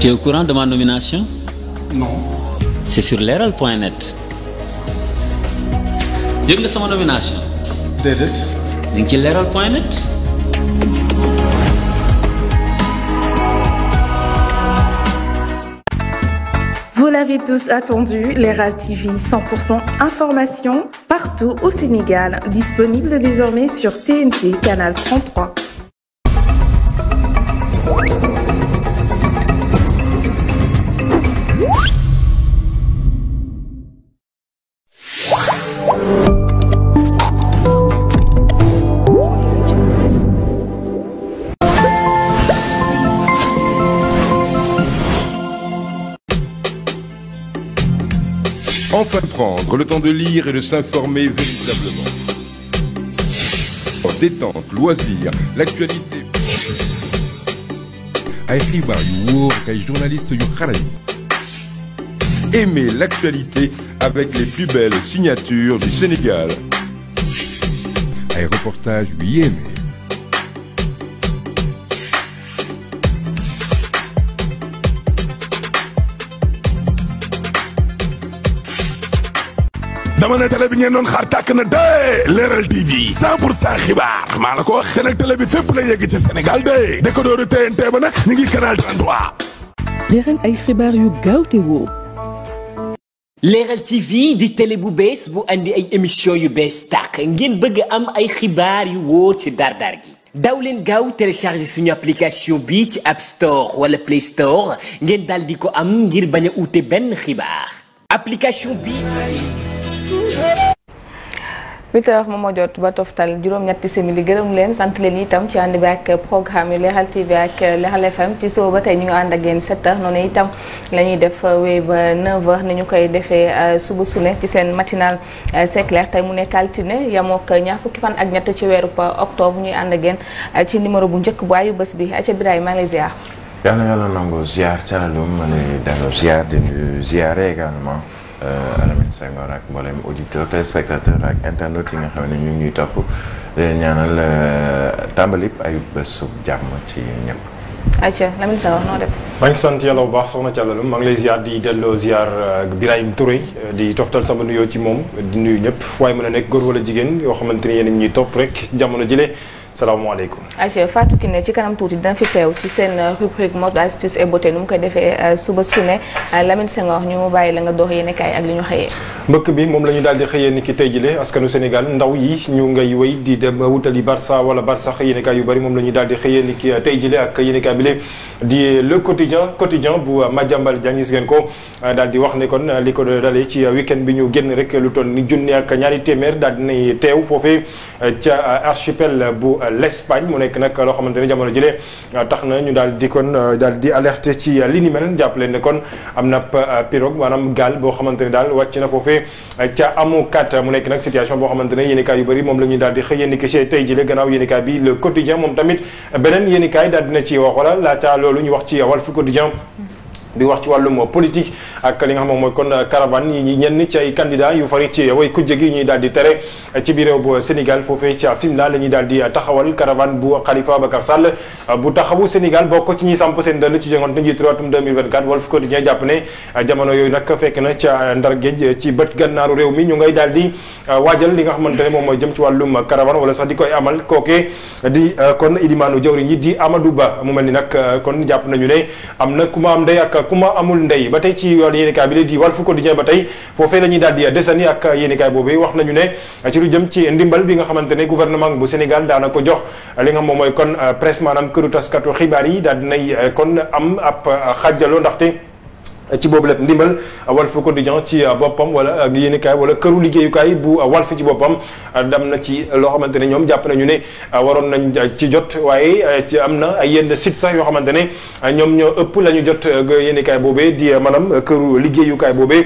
Tu es au courant de ma nomination? C'est sur leral.net. Yëg nga sama nomination? Déedéet. Ñu ngi ci leral.net. avez tous attendu, Leral TV 100% partout au Sénégal, disponible désormais sur TNT, canal 33. enfin prendre le temps de lire et de s'informer véritablement. Détente, loisirs, l'actualité. ay l'actualité avec les plus belles signatures du Sénégal. ay reportages yu dama ne télé bi ngeen na dee Leral TV 100 pour cent xibaar maa la te nag télé bi fépp ci Sénégal di télé bu bees bu indi ay émission yu bees tàq ngeen bëgg am ay xibaar yu wóor ci dar-dar gi. daw leen gaaw télécharger suñu application bi ci App Store wala Play Store ngeen daal di ko am ngir bañ a uute benn xibaar application bi 8 mu moom jot ba toftal juróom-ñetti simili gërëm leen sant leen itam ci ànd bi ak programme yu Leral TV ak Leral FM ci soo ba tey ñu ngi ànd ak yéen 7 heures noonu itam lañuy def wéy ba 9 heures ñu koy defee euh, suba su ne ci seen matinal euh, c'est tey mu ne altine yamook ñaar fukki fan ak ñett ci weeru octobre ñuy ànd ak yéen euh, ci numéro bu njëkk bu ayu bés bi aca ca maa ngi lay ziar yàlla yàlla nangu ziar Thialalum ma lay daloo ziar di ziare également Alamine Senghor ak mboolem auditeur téléspectateur ak internautes yi nga xam ne ñu ngi ñuy topp leen ñaanal euh, tàmbalib ayub bésub jàmm ci ñëpp Aïcha Lamine Sa wax noo def. maa ngi sant yàlla bu baax soxna Thialaloum maa ngi lay ziar di delloo ziar euh, Birahim Touré euh, di toftal sama nuyoo ci moom di nuyu ñëpp foo waay mën a nekk góor wala jigéen yoo xamante ni yéen ñuy topp rek jamono jile. salaamaaleykum. ayca Fatou Kiné ci kanam tuuti dina fi teew ci seen euh, rubrique mode astuce et nu mu koy defee euh, suba su ne euh, Lamine Senghor ñu mu bàyyi la nga dox yéen kaay ak li ñu xëyee. mbëkk bi moom la ñu daal di xëyee ni ki tey jile askanu Sénégal ndaw yi ñu ngay wéy di dem wutali Barça wala Barça yéen kaay yu bari moom la ñu daal di xëyee ni ki tey jile ak yéen kaay bi léegi di le quotidien quotidien bu Madiambal Diagne gis ngeen ko daal di wax ne kon li ko dalee ci week-end bi ñu génn rek lu toll ni junni ak ñaari téeméer daal di nay teew foofee ca archipel bu Euh, l'Espagne mu nekk nag loo xamante ne jamono jëlee euh, tax na ñu daal di kon euh, daal di alerter ci li ni mel jàppale ne kon am na pirogue maanaam gaal boo xamante ne daal wàcc na foofee ca amukat mu nekk nag situation boo xamante ne yu bëri moom la ñuy daal di xëy yéenikaay ci tey jëlee gannaaw yéenikaay bi le quotidien moom tamit beneen yéenikaay daal dina ci wax wala laata loolu ñu wax ci Walf Quotidien bi wax ci wàllum politique ak li nga xam moom mooy kon caravane daal di tere ci biir réew bu Sénégal daal di taxawal caravane bu Khalifa Bakar Sall bu taxawu Sénégal bokk ci ñi samp seen dëll ci jongante njiitu atum 2024 Walf Quotidien jàpp ne jamono yooyu nag fekk na ca Ndar géej ci bët gànnaaru réew ngay daal di waajal li nga xamante ne moom mooy jëm ci wàllum caravane wala sax di koy amal kooke di kon idimaanu jawriñ yi di Amadou Ba mu mel ni nag kon jàpp nañu ne am na ku ma am day ak kuma amul ndey ba tey ci yoon yéenekaay bi la di Walf Quotidien ba tey foofee la ñuy daal di desani ak yéenekaay boobu wax nañu ne ci lu jëm ci ndimbal bi nga xamante ne gouvernement bu Sénégal daana ko jox li nga xam moom mooy kon presse maanaam këru taskatu xibaar yi daal dinay kon am ab xàjjaloo ndaxte ci boobu lépp ndimbal Walf Quotidien ci euh, boppam wala euh, yéenekaay wala këru liggéeyukaay bu euh, Walf ci boppam dem na ci loo xamante ne ñoom jàpp nañu ne waroon nañ ci jot waaye ci am na ay yenn site sax yoo xamante ne ñoom ñoo ëpp la ñu jot yéenekaay boobee di maanaam këru liggéeyukaay boobee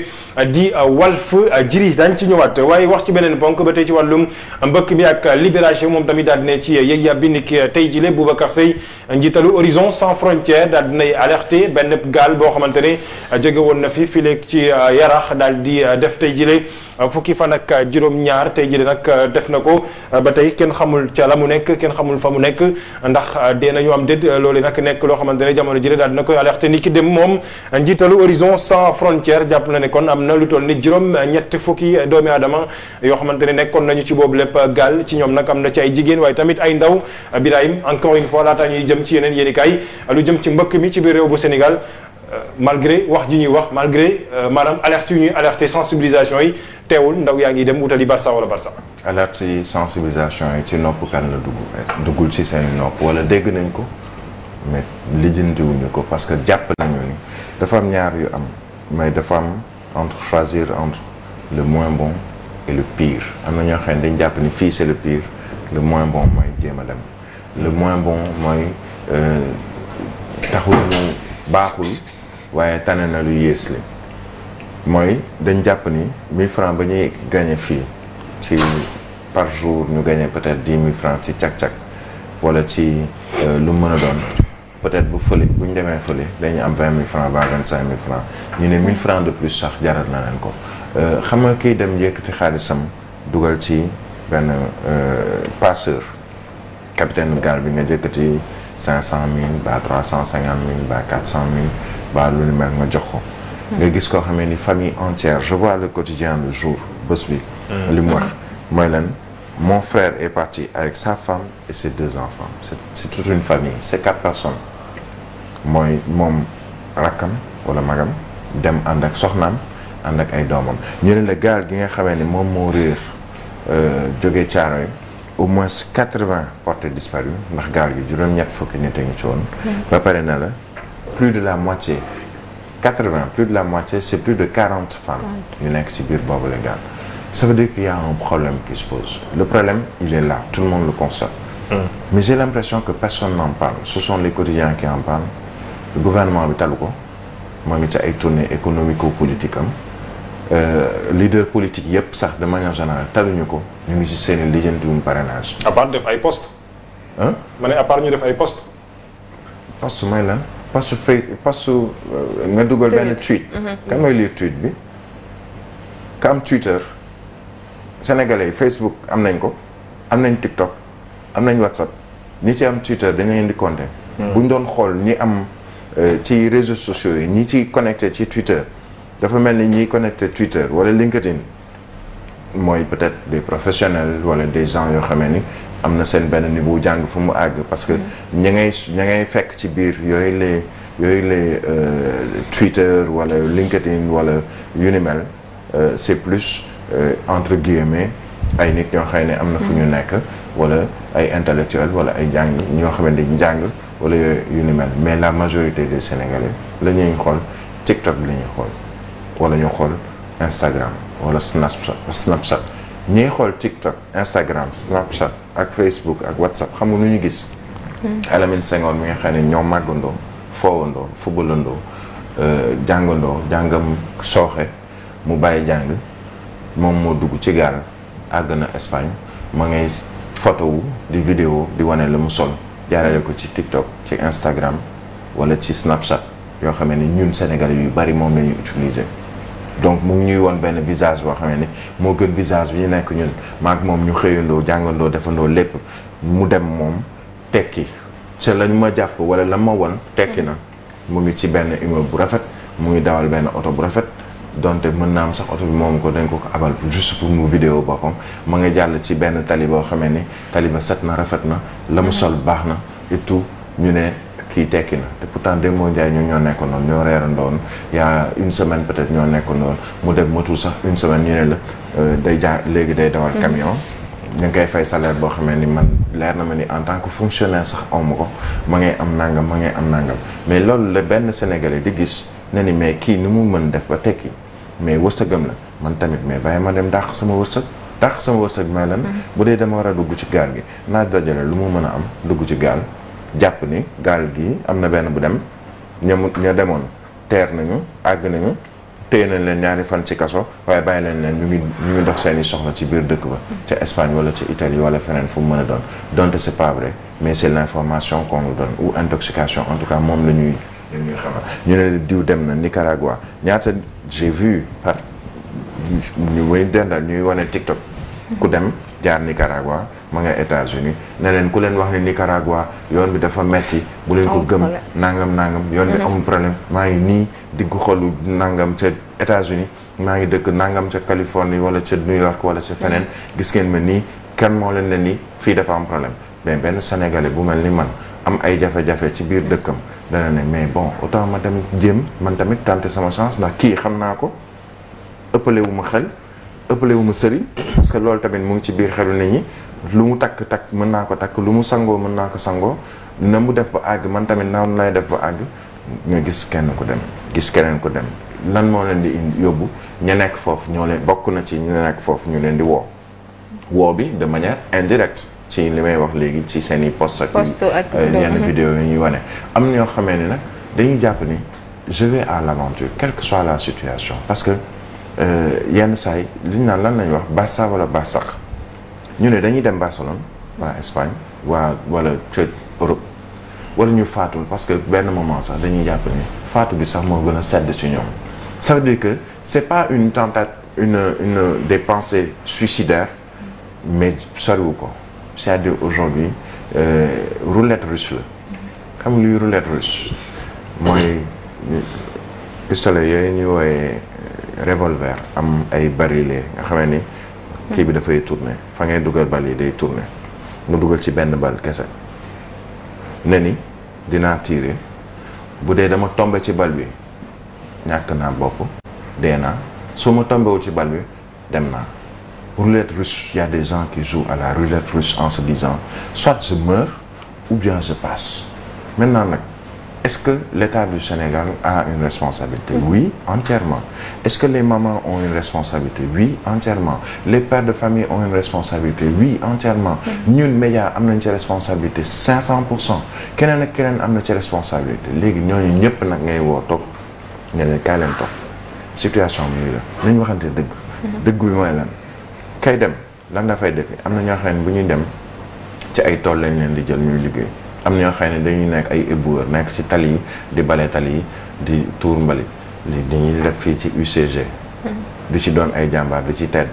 di Walf jiri daañ ci ñëwaat waaye wax ci beneen ponk ba tey ci wàllum mbëkk mi ak libération moom tamit daal dina ci yëg yàb bi niki tey jile Boubacar Seye njiitalu Horizon sans frontières daal dinay alerté benn gaal boo xamante ne jege woon na fi fileeg ci euh, yarax daal di euh, def tey jile euh, fukki fan ak juróom-ñaar tey jile nag def na ko ba tey kenn xamul ca la mu nekk kenn xamul fa mu nekk ndax dee nañu am déet loolu nag nekk loo xamante ne jamono jile daal na koy alerté ni ki dem moom njiitalu horizon sans frontière jàpp na ne kon am na lu toll ni juróom-ñett fukki doomi aadama yoo xamante ne nekkoon nañu ci boobu lépp gaal ci ñoom nag am na ci ay jigéen waaye tamit ay ndaw bi encore une fois ñuy jëm ci yeneen yéenikaay lu jëm ci mbëkk mi ci biir réew bu Sénégal Euh, malgré wax ji ñuy wax malgré euh, maanaam alerte yu ñuy alerter sensibilisation yi teewul ndaw yaa ngi dem wutali Barça wala Barça. alerte yi sensibilisation yi ci nopp kan la dugg duggul ci seen nopp wala dégg nañ ko mais lijjantiwuñu ko parce que jàpp nañu ni dafa am ñaar yu am mais dafa am entre choisir entre le moins bon et le pire am na ñoo xam dañ jàpp ni fii c'est le pire le moins bon mooy jéem a dem le moins bon mooy euh, taxul ñu baaxul. waaye tane na lu yées li mooy dañ jàpp ni 1000 francs ba ñuy gagné fii ci par jour ñu gagné peut-être 10 000 francs ci cag-cag wala ci euh, lu mën a doon peut-être bu fële bu ñu demee fële dañu am 20 000 francs ba 25 000 francs ñu ne 1000 francs de plus sax jaral na leen ko euh, xam nga kiy dem yëkkati xaalisam dugal ci benn euh, passeur capitaine gaal bi nga jëkkati 500 000 ba 350 000 ba 400 000 ba lu ni mel nga jox ko. nga gis koo xamee ni famille entière je vois le quotidien le jour bés bi. Mm. li mu wax mm-hmm. mooy leen mon frère est parti avec sa femme et ses deux enfants c'est c'est toute une famille c'est quatre personnes mooy moom rakkam wala magam dem ànd ak soxnaam ànd ak ay doomam ñu ne la gaal gi nga xamee ni moom moo réer euh, jóge yi au moins quatre-vingts portés disparus ndax gaal gi juróom-ñett fukki nit a ngi ci woon mm-hmm. ba pare na la plus de la moitié 80 plus de la moitié c'est plus de 40 femmes ñu nekk ci biir boobu légal ça veut dire qu'il y a un problème qui se pose le problème il est là tout le monde le constate mmh. mais j'ai l'impression que personne n'en parle ce sont les quotidiens qui en parlent le gouvernement bi talu ko moo ngi ci ay tournée économico-politique am Euh, leader politique yëpp sax de manière générale taluñu ko ñu ngi ci seen lijjantiwum parrainage. à part def ay poste. ah ma ne à ñu def ay poste. poste mooy lan. pasu fay pasu euh, nga dugal benn tweet mhm. kan mooy lire tweet bi ka am Twitter sénégalais yi Facebook am nañ ko am nañ TikTok am nañ WhatsApp ni ci am Twitter dañ leen di hmm. bu ñu doon xool ñi am euh, ci réseaux sociaux yi ñi ci connecté ci Twitter dafa mel ni ñiy connecté Twitter wala LinkedIn mooy peut-être des professionnels wala des gens yoo xamee ni am na seen benn bu jàng fu mu àgg parce que ña ngay ña ngay fekk ci biir yooyu les yooyu les euh, Twitter wala LinkedIn wala yu ni mel euh, c'est plus euh, entre guillemets ay nit ñoo xëy ne am na fu ñu nekk wala ay intellectuel wala ay jàng ñoo xamante ni jàng wala yooyu yu mais la majorité de Sénégalais la ñuy xool TikTok bi la xool wala ñu xool Instagram wala Snapchat Snapchat ñiy xool TikTok Instagram Snapchat ak Facebook ak WhatsApp xam nga lu ñu gis. Alamine hmm. Senghor mi nga xam ne ñoo màggandoo foowandoo fubalandoo euh, jàngandoo jàngam sooxe mu bàyyi jàng moom moo dugg ci gaal àgg na Espagne ma ngay photo di vidéo di wane la mu sol jaarale ko ci TikTok ci Instagram wala ci Snapchat yoo xam ne ñun Sénégalais yu bari moom la ñuy donc mu ngi ñuy woon benn visage boo xam ne moo gën visage bi ñu nekk ñun maak moom ñu xëyandoo jàngandoo defandoo lépp mu dem moom tekki ca lañ ma jàpp wala la ma won tekki na mu ngi ci benn immeuble bu rafet mu ngi dawal benn oto bu rafet donte mën naa am sax oto bi moom ko dañ ko ko abal juste pour mu vidéo boppam mu ngi jàll ci benn tali boo xamee ni tali set na rafet na la mu sol baax na et ñu ne kii tekki na et pourtant Demba Ndiaye ñoo ñoo nekkoon noonu ñoo reerandoon y a une semaine peut-être ñoo nekkoon noonu mu dem matul sax une semaine ñu ne la euh, day jaar léegi day dawal mm-hmm. camion. ñu ngi koy fay salaire boo xamee ni man leer na ma ni en tant que fonctionnaire sax amu ko ma ngay am nangam ma ngay am nangam mais loolu la benn Sénégalais di gis ne ni mais kii ni mu mën def ba tekki mais wërsëgam la man tamit mais bàyyi ma dem dàq sama wërsëg. dàq sama wërsëg may lan. Mm-hmm. bu dee dama war a dugg ci gaal gi naa dajale lu mu mën a am dugg ci gaal jàpp ni gaal gi am na benn bu dem ñamu ña demoon teer nañu àgg nañu téye nañ leen ñaari fan ci kaso waaye bàyyi leen leen ñu ngi ñu ngi dox seeni soxla ci biir dëkk ba ca Espagne wala ca Italie wala feneen fu mën a doon donte c'est pas vrai mais c'est l'information qu'on nous donne ou intoxication en tout cas moom la ñuy la ñuy ñu ne diw dem na Nicaragua ñaata j'ai vu par ñu muy dendal ñuy wane TikTok ku dem jaar Nicaragua ma nga États-Unis ne leen ku leen wax ne Nicaragua yoon bi dafa metti bu leen ko gëm nangam nangam yoon bi mm-hmm. amul problème maa ngi nii diggu xolu nangam ca États-Unis maa ngi dëkk nangam ca Californie wala ca New York wala ca feneen mm-hmm. gis ngeen ma nii kan moo leen ne nii fii dafa am problème mais benn sénégalais bu mel ni man am ay jafe-jafe ci biir dëkkam dana ne mais bon autant ma tamit jéem man tamit tenter sama chance ndax kii xam naa ko ëppale xel ëppale wu ma parce que loolu tamit mu ngi ci biir xelu nit ñi lu mu takk takk mën naa ko takk lu mu sangoo mën naa ko sangoo na mu def ba àgg man tamit naam lay def ba àgg nga gis kenn ku dem gis keneen ku dem lan moo leen di indi yóbbu ñu nekk foofu ñoo leen bokk na ci ña nekk foofu ñu leen di woo woo bi de manière indirecte ci li may wax léegi ci seen i post ak euh, yenn vidéo yi ñuy wane am ñoo xamee ni nag dañuy jàpp ni je vais à l'aventure quelle que soit la situation parce que euh, yenn saay ñu naan lan lañ wax barça wala barsax ñu ne dañuy dem Barcelone waa Espagne waa walla ca Europe wala ñu faatul parce que benn moment sax dañuy jàpp ni faatu bi sax moo gën a sedd ci ñoom ça veut dire que c'est pas une tentative une une des pensées suicidaires mais soriwu ko c'est-à-dire aujourd'hui euh, roulette russe la xam luy roulette russe mooy pistolet yooyu ñu wooyee revolver am ay barilé nga xamee ni kii bi dafay tourné fa ngay dugal bal yi day tourné mu dugal ci benn bal kese ne ni dinaa tiire bu dee dama tombe ci bal bi ñàkk naa bopp dee naa su ma tombewul ci bal bi dem naa roulette russe y a des gens qui jouent à la roulette russe en se disant soit je meurs ou bien je passe maintenant nag est-ce que l'État du Sénégal a une responsabilité oui entièrement est-ce que les mamans ont une responsabilité oui entièrement les pères de famille ont une responsabilité oui entièrement ñun médias am nañ ci responsabilité 500 pour cent keneen ak keneen am na ci responsabilité léegi ñooñu ñëpp nag ngay woo toog nga ne leen toog situation bi nii la nañ waxante dëgg dëgg bi mooy lan kay dem lan dafay defi am na ñoo xam ne bu ñuy dem ci ay tool lañ leen di jël ñuy liggéey am ñoo xëy ne dañuy nekk ay éboueur nekk ci tali yi di bale tali yi di tuur mbali li dañuy def fii ci UCG mm-hmm. di ci doon ay jàmbaar di ci tedd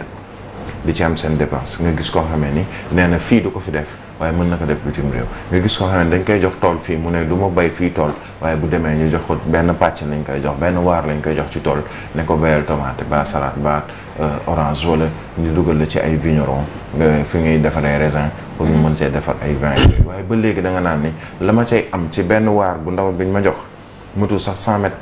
di ci am seen dépense nga gis koo xamee ni nee na fii du ko fi def waaye mën na ko def bitim réew nga gis koo xam ne dañ koy jox tool fii mu ne du ma bay fii tool waaye bu demee ñu jox ko benn pàcc lañ koy jox benn waar lañ koy jox ci tool ne ko bayal tomate ba salade ba euh, orange wala ñu dugal la ci ay vigneron fi ngay defaree raisin pour ñu mën cee defar ay vin mm-hmm. waaye ba léegi da nga naan ni la ma cay am ci benn waar bu ndaw bi biñ ma jox matul sax 100 mètres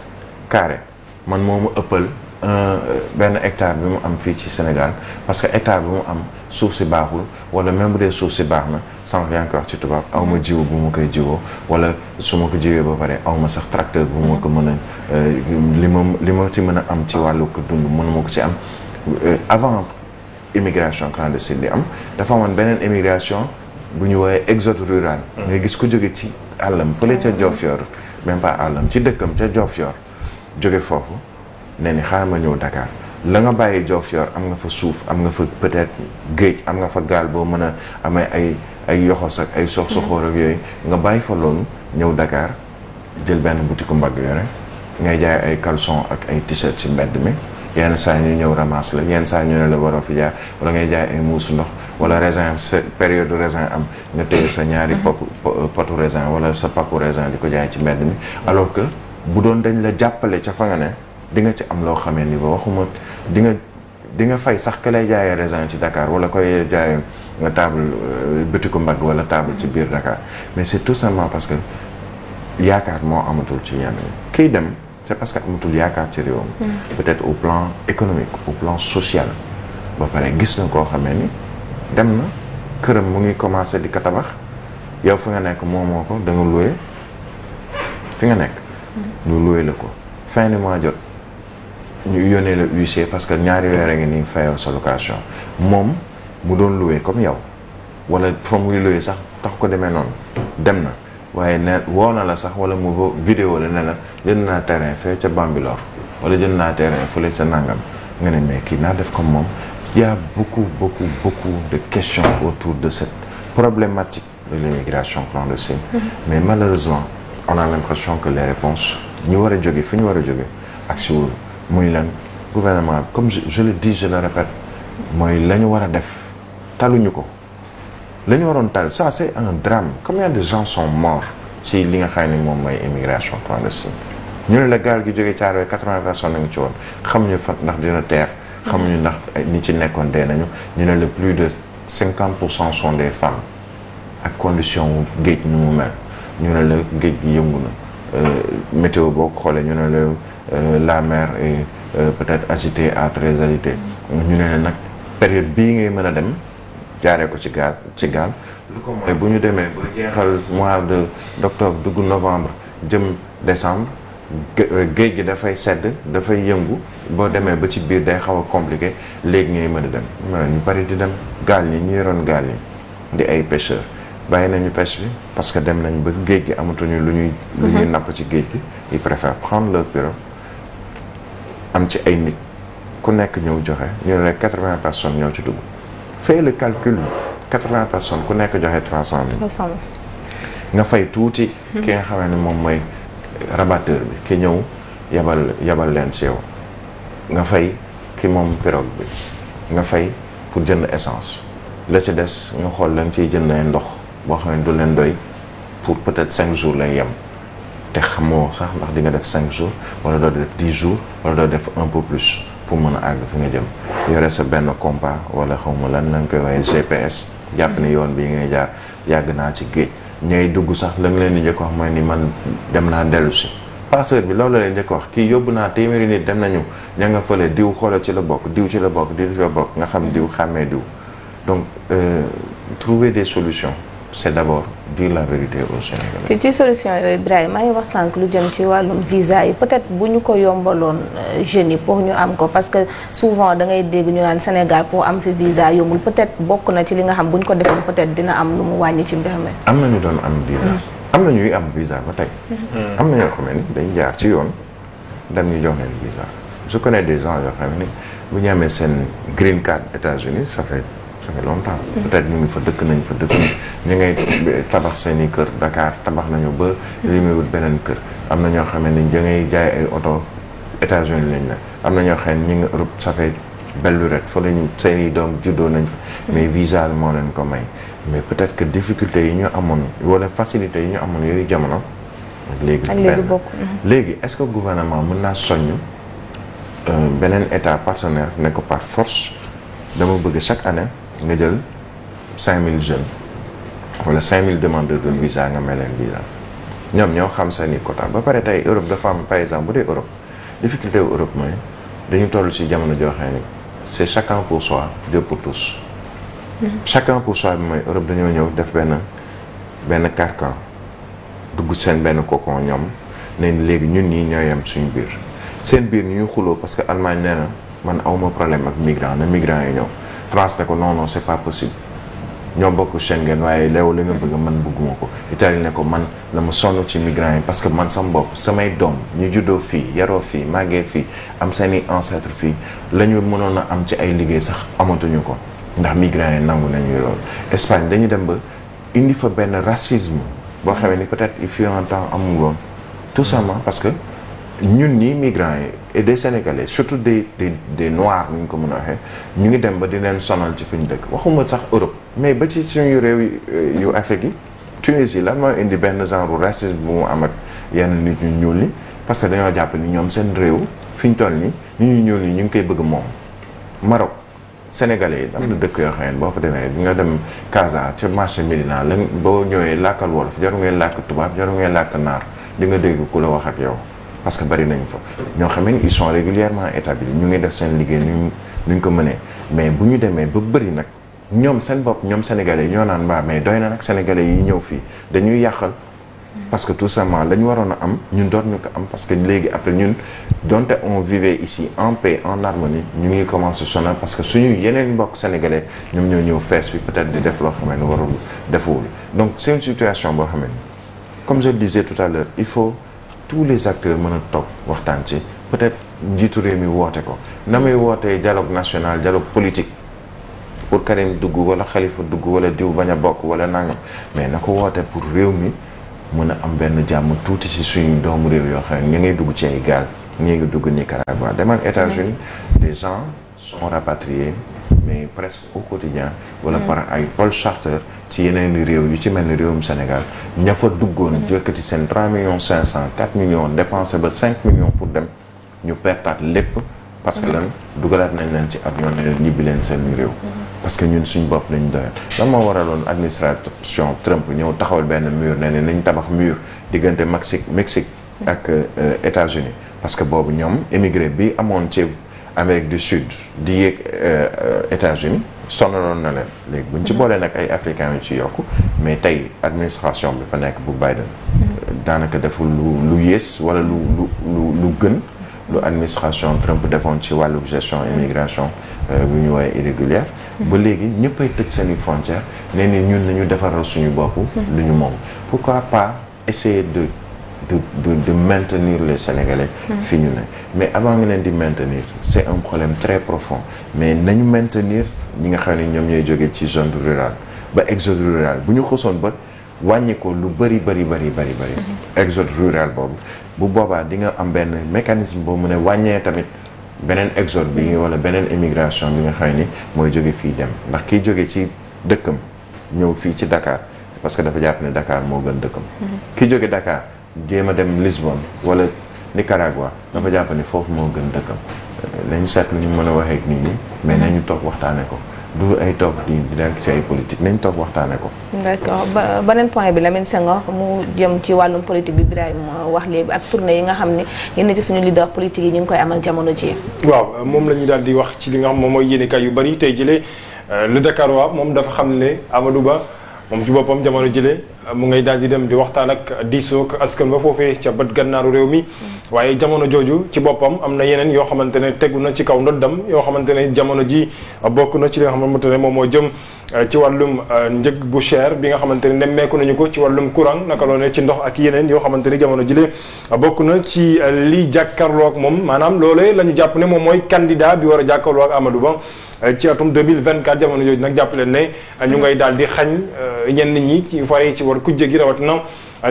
carré man moo ma ëppal euh, benn hectare bi mu am fii ci Sénégal parce que hectare bi am suuf si baaxul wala même bu suuf si baax na sànq yaa ci tubaab aw ma jiwu bu ma koy jiwoo wala su ma ko jiwee ba pare aw ma sax tracteur bu ma ko mën a euh, li ma li ma ci mën a am ci wàllu ko dund mënu ma ko ci am euh, avant immigration clandestine di am dafa amoon beneen immigration bu ñu woowee exode rural mm. nga gis ku jóge ci àllam fële ca Diofior même pas àllam ci dëkkam ca Diofior jóge foofu ne ni xaaral ma ñëw dakaar la nga bàyyi Diofior am nga fa suuf am nga fa peut-être géej am nga fa gaal boo mën a amee ay ay yoxos ak ay sox soxoor ak yooyu nga bàyyi fa loolu ñëw Dakar jël benn boutique mbagg yore ngay jaay ay caleçon ak ay t-shirt ci mbedd mi yenn saa ñu ñëw ramasse la yenn saa ñu ne la waroo fi jaar wala ngay jaay ay muusu ndox wala raisin période raisin am nga téye sa ñaari mhm. popu euh, potu raisin wala sa papu raisin di ko jaay ci mbedd mi alors que bu doon dañ la jàppale ca fa di nga ci am loo xamee ni ba waxuma di nga di nga fay sax ka lay jaayee raisin ci dakaar wala koy jaayee nga euh, table euh, bëtiku mbagg wala table ci biir Dakar mais c'est tout simplement parce que yaakaar moo amatul ci yenn kiy dem c'est parce que amatul yaakaar ci réewam. Hmm. peut-être au plan économique au plan social. ba pare gis na koo xamee ni dem na këram mu ngi commencé di ko tabax yow fi nga nekk moomoo ko danga nga fi nga nekk. Hmm. ñu loué la ko fin de mois jot. ñu yónnee la huissier parce que ñaari weer a ngi nii fayoo sa location moom mu doon luwee comme yow wala fa muy loué sax tax ko demee noonu dem na waaye ne woo na la sax wala mu vidéo la ne la jënd naa terrain fee ca Bambilor wala jënd naa terrain fële sa nangam nga ne mais kii naa def comme moom il y a beaucoup beaucoup beaucoup de questions autour de cette problématique de l'immigration clandestine mm-hmm. mais malheureusement on a l'impression que les réponses ñi war a jóge fi ñu war a jóge ak muy lan gouvernement comme je, je le dis je le répète mooy la ñu war a def taluñu ko la ñu waroon tal ça c'est un drame combien de gens sont morts ci li nga xam ne moom mooy immigration clandestine ñu ne la gaal gi jógee Thiaroye quatre-vingts personnes nañu ci woon ñu fa ndax dina teer xamuñu ndax ñi ci nekkoon dee nañu ñu ne la plus de cinquante pour cent sont des femmes ak condition wu géej nu mu mel ñu ne la géej gi yëngu na euh, météo boo ko xoolee ñu ne la Euh, la mer est euh, peut-être agitée à très agitée ñu ne nag période bii ngay mën a dem jaare ko ci gaal ci gaal lu ko mooy bu ñu demee ba jeexal mois de d'octobre dugg novembre jëm décembre euh, géej gi dafay sedd dafay yëngu boo demee ba ci biir day xaw a compliqué léegi ngay mën a dem ñu bari di dem gaal yi ñu yoroon gaal yi di ay pêcheurs bàyyi nañu pêche bi parce que dem nañ ba géej gi amatuñu lu ñuy lu ñuy mhm. napp ci géej gi ils préfèrent prendre leur pirogue am ci ay nit ku nekk ñëw joxe ñu ne la quatre-vingts personnes ñoo ci dugg fay la calcul quatre-vingts personne ku nekk joxe trois cent mille nga fay tuuti ki nga xamee ne moom mooy rabatteur bi ki ñëw yebal yebal leen ci yow nga fay ki moom pirogue bi nga fay pour jënd essence la ci des nga xool leen ciy jënd ndox boo xam ne du leen doy pour peut-être cinq jours lay yem te xamoo sax ndax di def cinq jours wala doo def dix jours wala doo def un peu plus pour mën a àgg fi nga jëm yore sa benn compas wala xawma lan lañ koy waaye GPS jàpp ni yoon bii ngay jaar yàgg naa ci géej ñooy dugg sax la leen di njëkk wax mooy ni man dem naa dellu si passeur bi loolu la leen njëkk wax kii yóbbu naa téeméeri nit dem nañu ña nga fële diw xoola ci la bokk diw ci la bokk diw ci la bokk nga xam diw xàmmee diw donc euh, trouver des solutions c'est d'abord dire la vérité aux Sénégalais. ci ci solution yooyu Ibrahima maa ngi wax sànq lu jëm ci wàllum visa yi peut-être bu ñu ko yombaloon euh, jeunes yi pour ñu am ko parce que souvent da ngay dégg ñu naan Sénégal pour am fi visa yombul peut-être bokk na ci li nga xam bu ñu ko defoon peut-être dina am lu mu wàññi ci mbir mi. am na ñu doon am visa. Hmm. am na ñuy am visa ba tey. Hmm. am na ñoo xam ne dañ jaar ci yoon dem ñu jox leen visa je connais des gens yoo xam ne bu ñu amee seen green card États-Unis ça ça fait longtemps. peut-être ñu ngi fa dëkk nañ fa dëkk ñu ngay tabax seeni kër dakaar tabax nañu ba. li wut beneen kër. am na ñoo xam ni da jaay ay oto États-Unis lañ la am na ñoo xam ne ñu ngi Europe ça fait belle lurette fa lañu seeni nañ fa. mais visa moo leen ko may. mais peut-être que difficulté yi ñu amoon wala facilité yi ñu amoon yooyu jamono. ak léegi benn mhm. léegi est-ce que gouvernement mën naa soññ euh, beneen état partenaire ne ko par force dama bëgg chaque année. nga jël 5000 jeunes wala 5000 demandeurs de visa nga may leen visa ñoom ñoo xam seen i quota ba pare tey Europe dafa am par exemple bu dee Europe difficulté wu Europe mooy dañu toll ci jamono joo xam ni c'est chacun pour soi Dieu pour tous. Mm-hmm. chacun pour soi bi mooy Europe dañoo ñëw def benn benn carcan dugg seen benn cocon ñoom ne léegi ñun ñii ñoo yem suñu biir seen biir ñuy xuloo parce que Allemagne nee na man awma problème ak migrant na migrant yi ñëw. France ne ko non non c'est pas possible ñoo bokk Schengen waaye léew li nga bëgg man bëgguma ko Italie ne ko man dama sonn ci migrants yi parce que man sama bopp samay doom ñu juddoo fii yaroo fii màggee fii am seeni ancêtre fii la ñu mënoon a am ci ay liggéey sax amatuñu ko ndax migrants yi nangu nañu loolu Espagne dañu dem ba indi fa benn racisme boo xamee ni peut-être il fut un temps amul woon tout simplement parce que ñun ñi migrants yi et des sénégalais surtout des des des noirs ni ñu ko mën a waxee ñu ngi dem ba di leen sonal ci fu ñu dëkk waxuma sax Europe mais ba ci suñu réew euh, yu Afrique yi Tunisie lan mooy indi benn genre racisme bu mu am ak yenn nit ñu ñuul ñi parce que dañoo jàpp ni ñoom seen réew fi ñu toll nii nit ñu ñuul ñi ñu ngi koy bëgg moom Maroc sénégalais yi am na dëkk yoo xam ne boo fa demee nga dem Casa ca marché Médina la boo ñëwee làkkal wolof jaru ngeen làkk tubaab jaru ngeen làkk naar di nga dégg ku la wax ak yow parce que bari nañ fa ñoo xam ne ils sont régulièrement établis ñu ngi def seen liggéey ñu ñu ko mënee mais bu ñu demee ba bëri nag ñoom seen bopp ñoom sénégalais ñoo naan mais doy na nag yi ñëw fii yàqal parce que tout simplement la waroon a am ñun doot am parce que léegi après ñun donte on vivait en paix en harmonie ñu ngi commencé sonal parce que suñu yeneen mbokk sénégalais ñoom ñoo ñëw fees fi peut-être di def loo xam ne warul defuwul donc c'est une situation boo xam ne comme je le disais tout à l'heure il faut tous les acteurs mën a toog waxtaan ci peut-être njiitu réew mi woote ko na muy wootee dialogue national dialogue politique pour Karim dugg wala xalifa dugg wala diw bañ a bokk wala nangam mais na ko woote pour réew mi mën a am benn jàmm tuuti si suñu doomu réew yoo xam ne ñu ngi dugg ci ay gaal ñii ngi dugg Nicaragua demal États-Unis des gens sont rapatriés mais presque au quotidien wala par ay vol charter ci yeneen i réew yu ci mel ni réewum Sénégal ña fa duggoon mm-hmm. jëkkati seen 3 millions 500 4 millions dépensé ba 5 millions pour dem ñu pertaat lépp parce que mm-hmm. lan dugalaat nañ leen ci avion ne leen ñibbi leen seen réew mm-hmm. parce que ñun suñ bopp lañ doyoon lan moo waraloon administration Trump ñëw taxawal benn mur ne ne nañ tabax mur diggante Mexique Mexique ak euh, États-Unis parce que boobu ñoom émigré bi amoon ci Amérique du Sud di yéeg euh, États-Unis sonaloon na leen léegi bu ci mhm. boolee nag ay africains yu ci yokk mais tey administration bi fa nekk bu Biden mhm. daanaka deful lu lu yées wala lu lu lu lu gën lu administration Trump defoon ci wàllu gestion mhm. immigration euh, bu ñu woowee irrégulière ba léegi ñëppay tëj seeni frontières nee ni ñun la ñu defaral suñu bopp lu ñu moom pourquoi pas essayer de de de de maintenir les Sénégalais. Hmm. fi ñu ne mais avant nga leen di maintenir c' est un problème très profond mais nañu maintenir ñi nga xam ne ñoom ñooy jógee ci zone rurale ba exode rural bu ñu xusoon ba wàññi ko lu bëri bëri bëri bëri bëri. Hmm. exode rural boobu bu boobaa di nga am benn mécanisme boo mu a wàññee tamit. beneen exode bi hmm. wala beneen immigration bi nga xam ni mooy jóge fii dem ndax kiy jóge ci dëkkam ñëw fii ci dakaar parce que dafa jàpp ne dakaar moo gën dëkkam. ki jóge dakaar jéem a dem Lisbonne wala Nicaragua dafa jàpp ne foofu moo gën dëkkam. nañu seet lu ñu mën a waxee ak nit ñi mais nañu toog waxtaanee ko du ay toog di di ci ay politique nañu toog waxtaanee ko. d'accord ba beneen point bi Lamine Senghor mu jëm ci wàllum politique bi Birahima euh, wax léegi ak tournée yi nga xam ne yéen ci suñu leader politique yi ñu ngi koy amal jamono ji waaw moom la ñuy daal di wax ci li nga xam moom mooy yéenekaay yu bari tey jëlee euh, le Dakarois moom dafa xam ne Amadou Ba moom ci boppam jamono jëlee. mu ngay daal di dem di waxtaan ak diisoog askan ba foofee ca bët gànnaaru réew mi waaye jamono jooju ci boppam am na yeneen yoo xamante ne tegu na ci kaw ndoddam yoo xamante jamono ji bokk na ci li nga xamante ne moom moo jëm eh, ci wàllum eh, njëg bu cher bi nga xamante ne nemmeeku nañu ko ci wàllum courant naka loo ne ci ndox ak yeneen yoo xamante ne jamono ji la bokk na ci eh, li jàkkarloog moom maanaam loole la jàpp ne moom mooy candidat bi war a jàkkarloog Amadou Ba ci atum 2024 jamono jooju nag jàpp leen ne ñu ngay daal di xañ ñenn ñi ci fare ci war kujje gi rawatina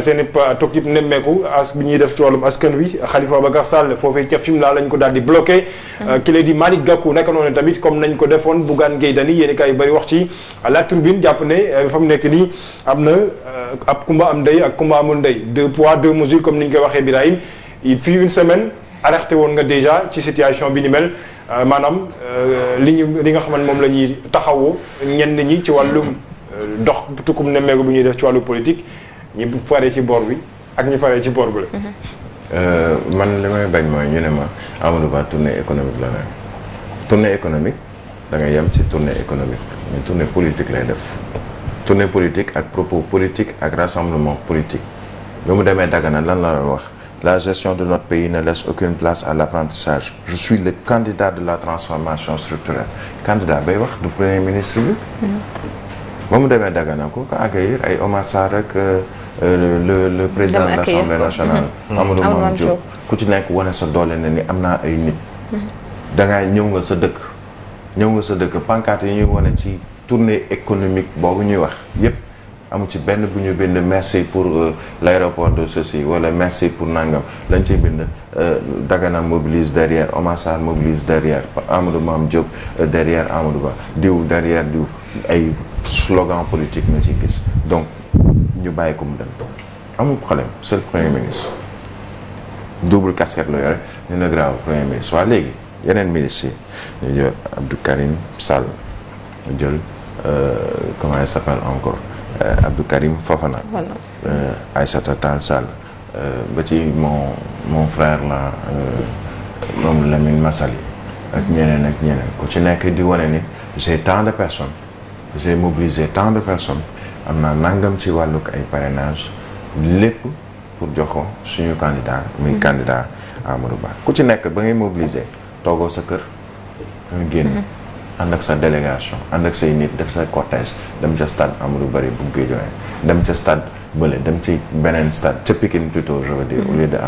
seen i toog yëpp nemmeeku as bi ñuy def ci wàllum askan wi Khalifa Ababacar Sall foofee ca Fimela lañ ko daal di bloqué. Hmm. Euh, ki lay di Malick Gakou naka noonu tamit comme nañ ko defoon Bougane Gueye Dany yéen kaay yu bëri wax ci la tribune jàpp ne euh, fa mu nekk nii am na euh, ab kumba am ndey ak kumba amul ndey deux poids deux mesures comme ni ñu koy waxee Birahim fii une semaine. arrêté woon nga déjà ci situation bi ni mel maanaam li ñu li nga xamante moom la ñuy taxawoo ñenn ñi ci wàllu dox tukkum nemmeeku bu ñuy def ci wàllu politique ñi faree ci boor bi ak ñi faree ci boor bi la euh, man li may bañ mooy ñu ne ma Amadou Ba tournée économique la nag tournée économique da ngay yem ci tournée économique mais tournée politique lay def tournée politique ak propos politique ak rassemblement politique bi mu demee Dagana lan la doon wax la gestion de notre pays ne laisse aucune place à l'apprentissage je suis le candidat de la transformation structurelle candidat bay wax du ba mu demee Dagana ko ko accueillir ay Omar Sarr ak euh, euh, le le président de l'Assemblée nationale [laughs] mm-hmm. Amadou Mame Diop ku ci nekk wane sa doole ne ni am naa ay nit mm-hmm. dangay ñëw nga sa dëkk ñëw nga sa dëkk pancarte yi ñuy wane ci tournée économique boobu ñuy wax yépp amu ci benn bu ñu bind merci pour euh, l'aéroport de ceci wala merci pour nangam lañ ciy bind Dagana mobilise derrière Omar Sarr mobilise derrière Amadou Mame Diop derrière Amadou Ba diw derrière diw ay slogan politique nga ci gis donc ñu bàyyi ko mu dem amul problème c'est premier ministre double casquette la yore ne na grave premier ministre waa léegi yeneen ministres yi ñu jël Abdou Karim Sall mu jël euh, comment il s'appelle encore euh, Abdou Karim Fofana euh, Aïssata Tall Sall ba ci mon mon frère la moom Lamine Massali ak ñeneen ak ñeneen ku ci nekk di wane ni j'ai tant de personnes j'ai mobilisé tant de personnes am naa nangam ci wàllug ay parrainage lépp pour joxo suñu candidat muy mhm. candidat Amadou Ba ku ci nekk ba ngay mobiliser toogoo sa kër nga génn mhm. ànd ak sa délégation ànd ak say nit def sa cortège dem ca stade Amadou Barry bu Guédiawaye dem ca stade bële dem ci beneen stade ca Pikine plutôt je veux dire au lieu de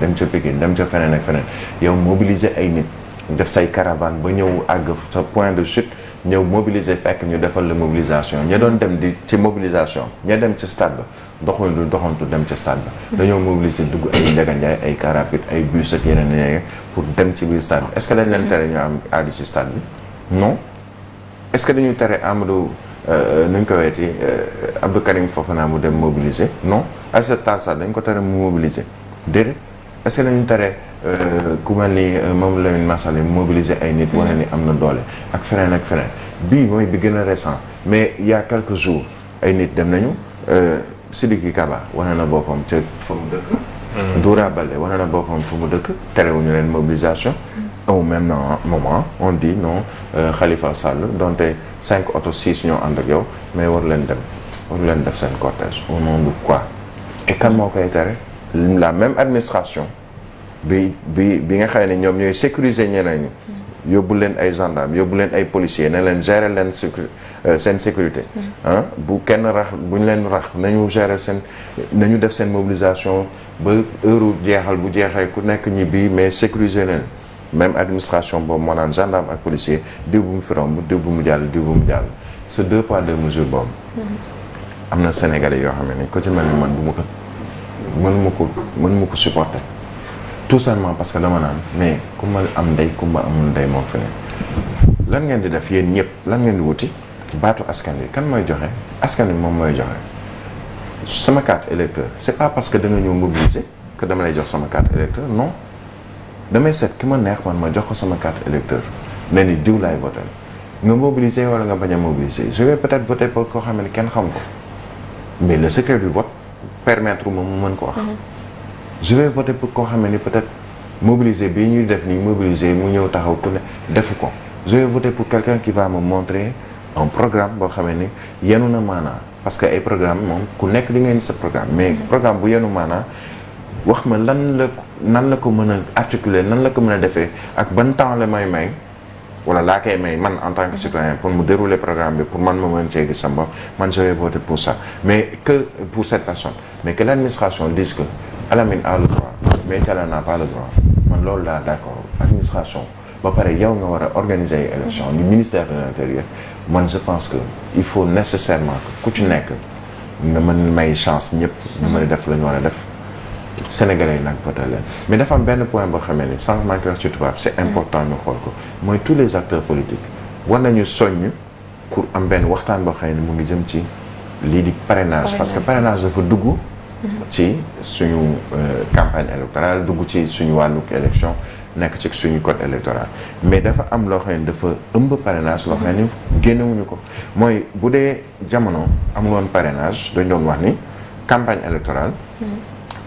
dem ca Pikine dem ca feneen ak feneen yow mobiliser ay nit def say caravane ba ñëw àgg sa point de chute ñëw mobiliser fekk ñu defal la mobilisation ña doon dem di ci mobilisation ña dem ci stade ba doxantu doxantu dem ci stade ba. dañoo mobiliser dugg ay njaganjaay ay car rapide ay bus ak yeneen yeneen pour dem ci biir stade bi est-ce leen tere ñu am aadu ci stade bi est-ce que dañu tere Amadou euh, euh, nu ñu ko weeti euh, Abdou Karim naa mu dem mobiliser non Aïssata Tall Sall dañ ko tere mu mobiliser déedéet est-ce que tere. Euh, ku mel ni euh, moom Lamine Massale mobiliser ay nit wane mm-hmm. ni am na doole ak feneen ak feneen bii mooy bi gën a récent mais il y a quelques jours ay nit dem nañu euh, Sidiki Kaba wane na boppam ca fa mu dëkk mm-hmm. Doura Baldé wane na boppam fa mu dëkk terewuñu leen mobilisation au mm-hmm. même moment on di non xalifa Sall donte cinq auto six ñoo ànd ak yow mais war leen dem war leen def seen cortège au nom de quoi et kan moo koy tere la même administration bi bi bi nga xam ne ñoom ñooy sécuriser ñeneen ñi mm. yóbbu leen ay gendarme yóbbu leen ay policier ne leen gérer leen euh, seen sécurité ah bu kenn rax bu ñu leen rax nañu gérer seen nañu def seen mobilisation ba heure jeexal bu jeexee ku nekk ñi ñibbi mais sécuriser leen même administration boobu moo naan gendarme ak policier diw bu mu fi diw bu mu jàll diw bu mu jàll ce deux poids deux mesures boobu mm-hmm. am na sénégalais yoo xam ne ko ci mel ni man du ma ko mënu ma ko mënu tout simplement parce que dama naan mais ku ma am ndey ku ma amul ndey moom feneen lan ngeen di def yéen ñëpp lan ngeen di wuti baatu askan wi kan mooy joxe askan wi moom mooy joxe sama carte électeur c'est pas parce que da ñëw mobiliser que dama jox sama carte électeur non damay seet ki ma neex man ma jox ko sama carte électeur ne ni diw laay voté nga mobiliser wala nga bañ a mobiliser je peut-être voter pour koo xam ne kenn xam ko mais le secret du vote permettre moom mu mën ko wax. Mm-hmm. je vais voter pour koo xam ni peut-être mobiliser bi ñuy def nii mobiliser mu ñëw taxaw ku ne defu ko je vais voter pour quelqu'un qui va me montrer un programme boo xamee ni yenu na maanaa parce que ay programme moom ku nekk di nga indi sa programme mais mm-hmm. programme bu yenu maanaa wax ma lan la nan la ko mën a articuler nan la ko mën a defee ak ban temps la may may wala laa koy may man en tant que citoyen pour mu dérouler programme bi pour man ma mën cee gis sa bopp man je vais pour ça mais que pour cette personne mais que l'administration dise que Alamine a droit mais Thiala n'a pas le droit man loolu laa d'accord administration ba pare yow nga war a organiser ay élections du ministère de l'intérieur man je pense que il faut nécessairement que ku ci nekk nga mën may chance ñëpp ñu mën def la ñu war a def sénégalais yi nag voté leen mais dafa am benn point boo xamee ni sans manquer ci tubaab c'est important ñu xool ko mooy tous les acteurs politiques war nañu soññ pour am benn waxtaan boo xam ne mu ngi jëm ci lii di parrainage parce que parrainage dafa dugg ci suñu euh, campagne électorale dugg ci suñu wàlluk élection nekk ci suñu code électoral mais dafa am loo xam dafa ëmb parrainage loo xam ne génnewuñu ko mooy bu dee jamono am woon parrainage dañ doon wax ni campagne électorale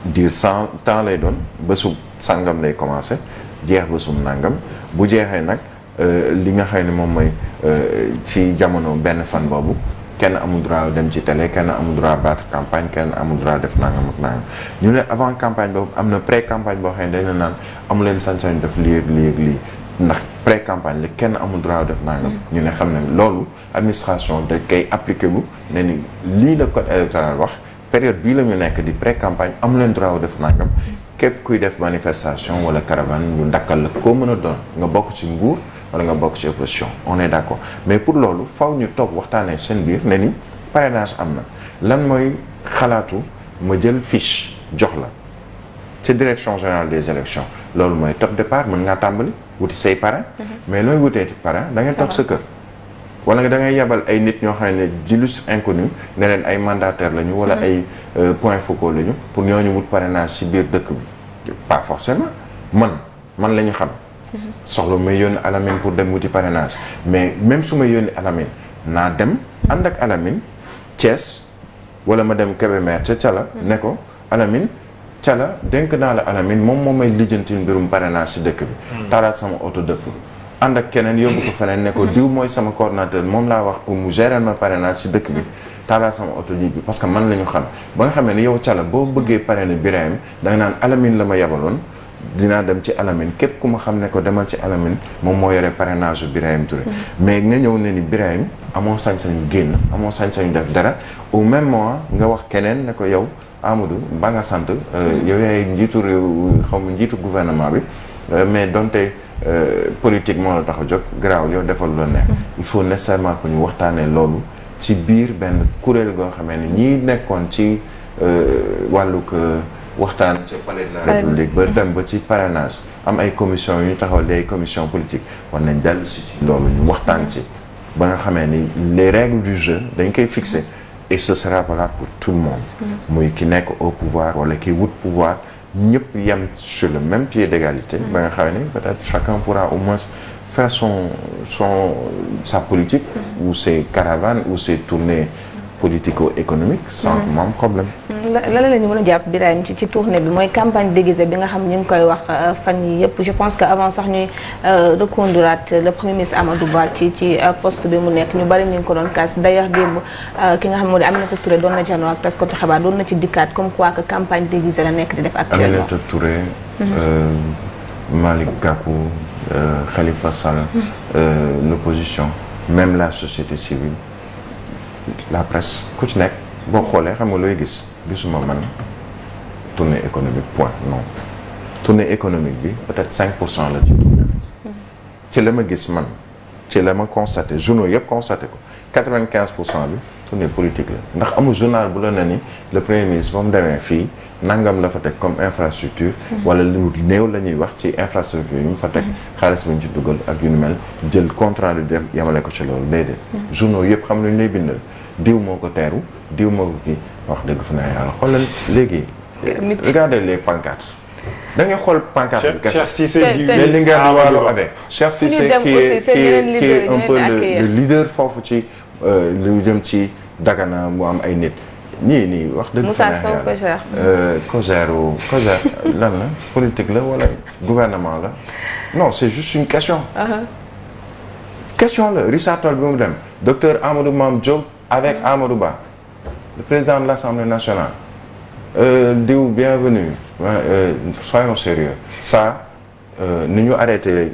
diir cent temps lay doon bésub sàngam lay commencé jeex bésub nàngam bu jeexee nag euh, li nga xam ne moom mooy euh, ci jamono benn fan boobu kenn amul droit dem ci télé kenn amul droit battre campagne kenn amul droit def nangam ak nangam ñu ne avant campagne boobu am na pré campagne boo xam ne dañ naan amu leen sañ-sañ def lii ak lii ndax pré campagne la kenn amul droit def nangam. Mm. ñu ne xam ne loolu administration da koy appliqué bu ne ni lii la code électoral wax période bii la ñu nekk di pré campagne amu leen droit def nangam mm. képp kuy def manifestation wala caravane ñu dakkal la koo mën a doon nga bokk ci nguur. wala nga bokk ci opposition on est d'accord mais pour loolu faw ñu toog waxtaanee seen biir ne ni parrainage am na lan mooy xalaatu ma jël fiche jox la ci direction générale des élections loolu mooy top départ mën nga tàmbali wuti say parrain mhm. mais looy wutee parrain dangay ngay toog sa kër wala nga da ngay yebal ay nit ñoo xam ne jilus inconnu ne leen ay mandataire lañu wala mhm. ay euh, points focaux lañu pour ñoo ñu wut parrainage ci biir dëkk bi pas forcément man man la ñu xam soxla may yónni Alamine pour dem wuti parrainage mais même su may yónni Alamine naa dem ànd ak Alamine Thiès wala ma dem Kébémer ca Cala ne ko Alamine Cala denk naa la Alamine moom moo may lijjanti mbirum parrainage ci dëkk bi hmm. taalaat sama oto dëkk ànd ak keneen yóbbu ko feneen ne ko hmm. mooy sama coordonnateur moom laa wax mu gérer ma parrainage ci dëkk bi hmm. taalaat sama oto bi parce que man la ñu xam ba nga xamee ne yow Cala boo bëggee pare Birahim da nga naan Alamine la ma yabaloon dinaa dem ci Alamine képp ku ma xam ne ko demal ci Alamine moom moo yore parrainage bu Birahim Touré. Mm-hmm. mais nga ñëw ne ni Birahim amoo sañ-sañu génn amoo sañ-sañu def dara au même moment nga wax keneen ne ko yow Amadou ba nga sant. Euh, mm-hmm. yow yaay njiitu réew xaw ma njiitu gouvernement bi euh, mais donte. Euh, politique moo la tax a jóg garaaw yow defal la neex mm-hmm. il faut nécessairement ko ñu waxtaanee loolu ci biir benn kuréel goo xamee ne ñi nekkoon ci euh, wàllug waxtaan ca palais de la république ba dem ba ci parrainage am ay commission yu ñu taxaw les commission politique war nañ dellu si ci waxtaan ci ba nga xamee ni les règles du jeu dañ koy fixer e ce sera valable pour tout le monde mm-hmm. muy ki nekk au pouvoir wala ki wut pouvoir ñëpp yem sur le même pied d'égalité mm-hmm. ba nga xamee ni peut-être chacun pourra au moins faire son son sa politique mm-hmm. ou ses caravanes ou ses tournées politico-économiques sans que problème la la ñu mën a jàpp Birahim ci ci tournée bi mooy campagne déguisée bi nga xam ñu ngi koy wax euh, fan yi yëpp je pense que avant sax ñuy euh, reconduiraat le premier ministre Amadou Ba ci ci euh, post bi mu nekk ñu bari ñu ngi ko doon kaas d'ailleurs démb ki nga xam moo di Aminata Touré doon na janoo ak taskatu xibaar doon na ci dikkaat comme quoi que campagne déguisée la nekk di def actuellement Aminata Touré mhm. Malick Gakou Khalifa Sall mhm. même la société civile la presse ku boo xoolee xam nga looy gisuma man tournée économique point non tournée économique bi peut-être cinq pour cent la ci tournée hmm. ci la ma gis man ci la ma constaté journaux yëpp constaté ko 95 pour cent bi tournée politique la ndax amul journal bu la ne ni le premier ministre ba mu demee fii nangam la fa teg comme infrastructure hmm. wala lu néew la ñuy wax ci infrastructure yi mu fa teg hmm. xaalis bu ñu ci dugal ak yu ni mel jël contrat de dem yemale ko ci loolu de journaux yëpp xam nañu lay bindal diw moo ko teeru diw moo wax dëgg fa ne yàlla xoolal léegi. regardez les pancartes. da ngay xool pancarte bi kese. Cheikh Cissé di li nga di ah, wàllu avec. Cheikh Cissé qui est peu le leader foofu ci euh, lu jëm ci Dagana mu am ay nit. ñii nii wax dëgg. Moussa Sow Kogère. Kogère euh, Kogère [laughs] lan la politique la wala gouvernement la non c'est juste une question. Ah ah. question la Richard Toll bi mu dem docteur Amadou Mame Diop avec Amadou Ba. président de l'Assemblée nationale euh, diw euh, bienvenue euh, soyons sérieux ça euh, ni ñu arrêté euh,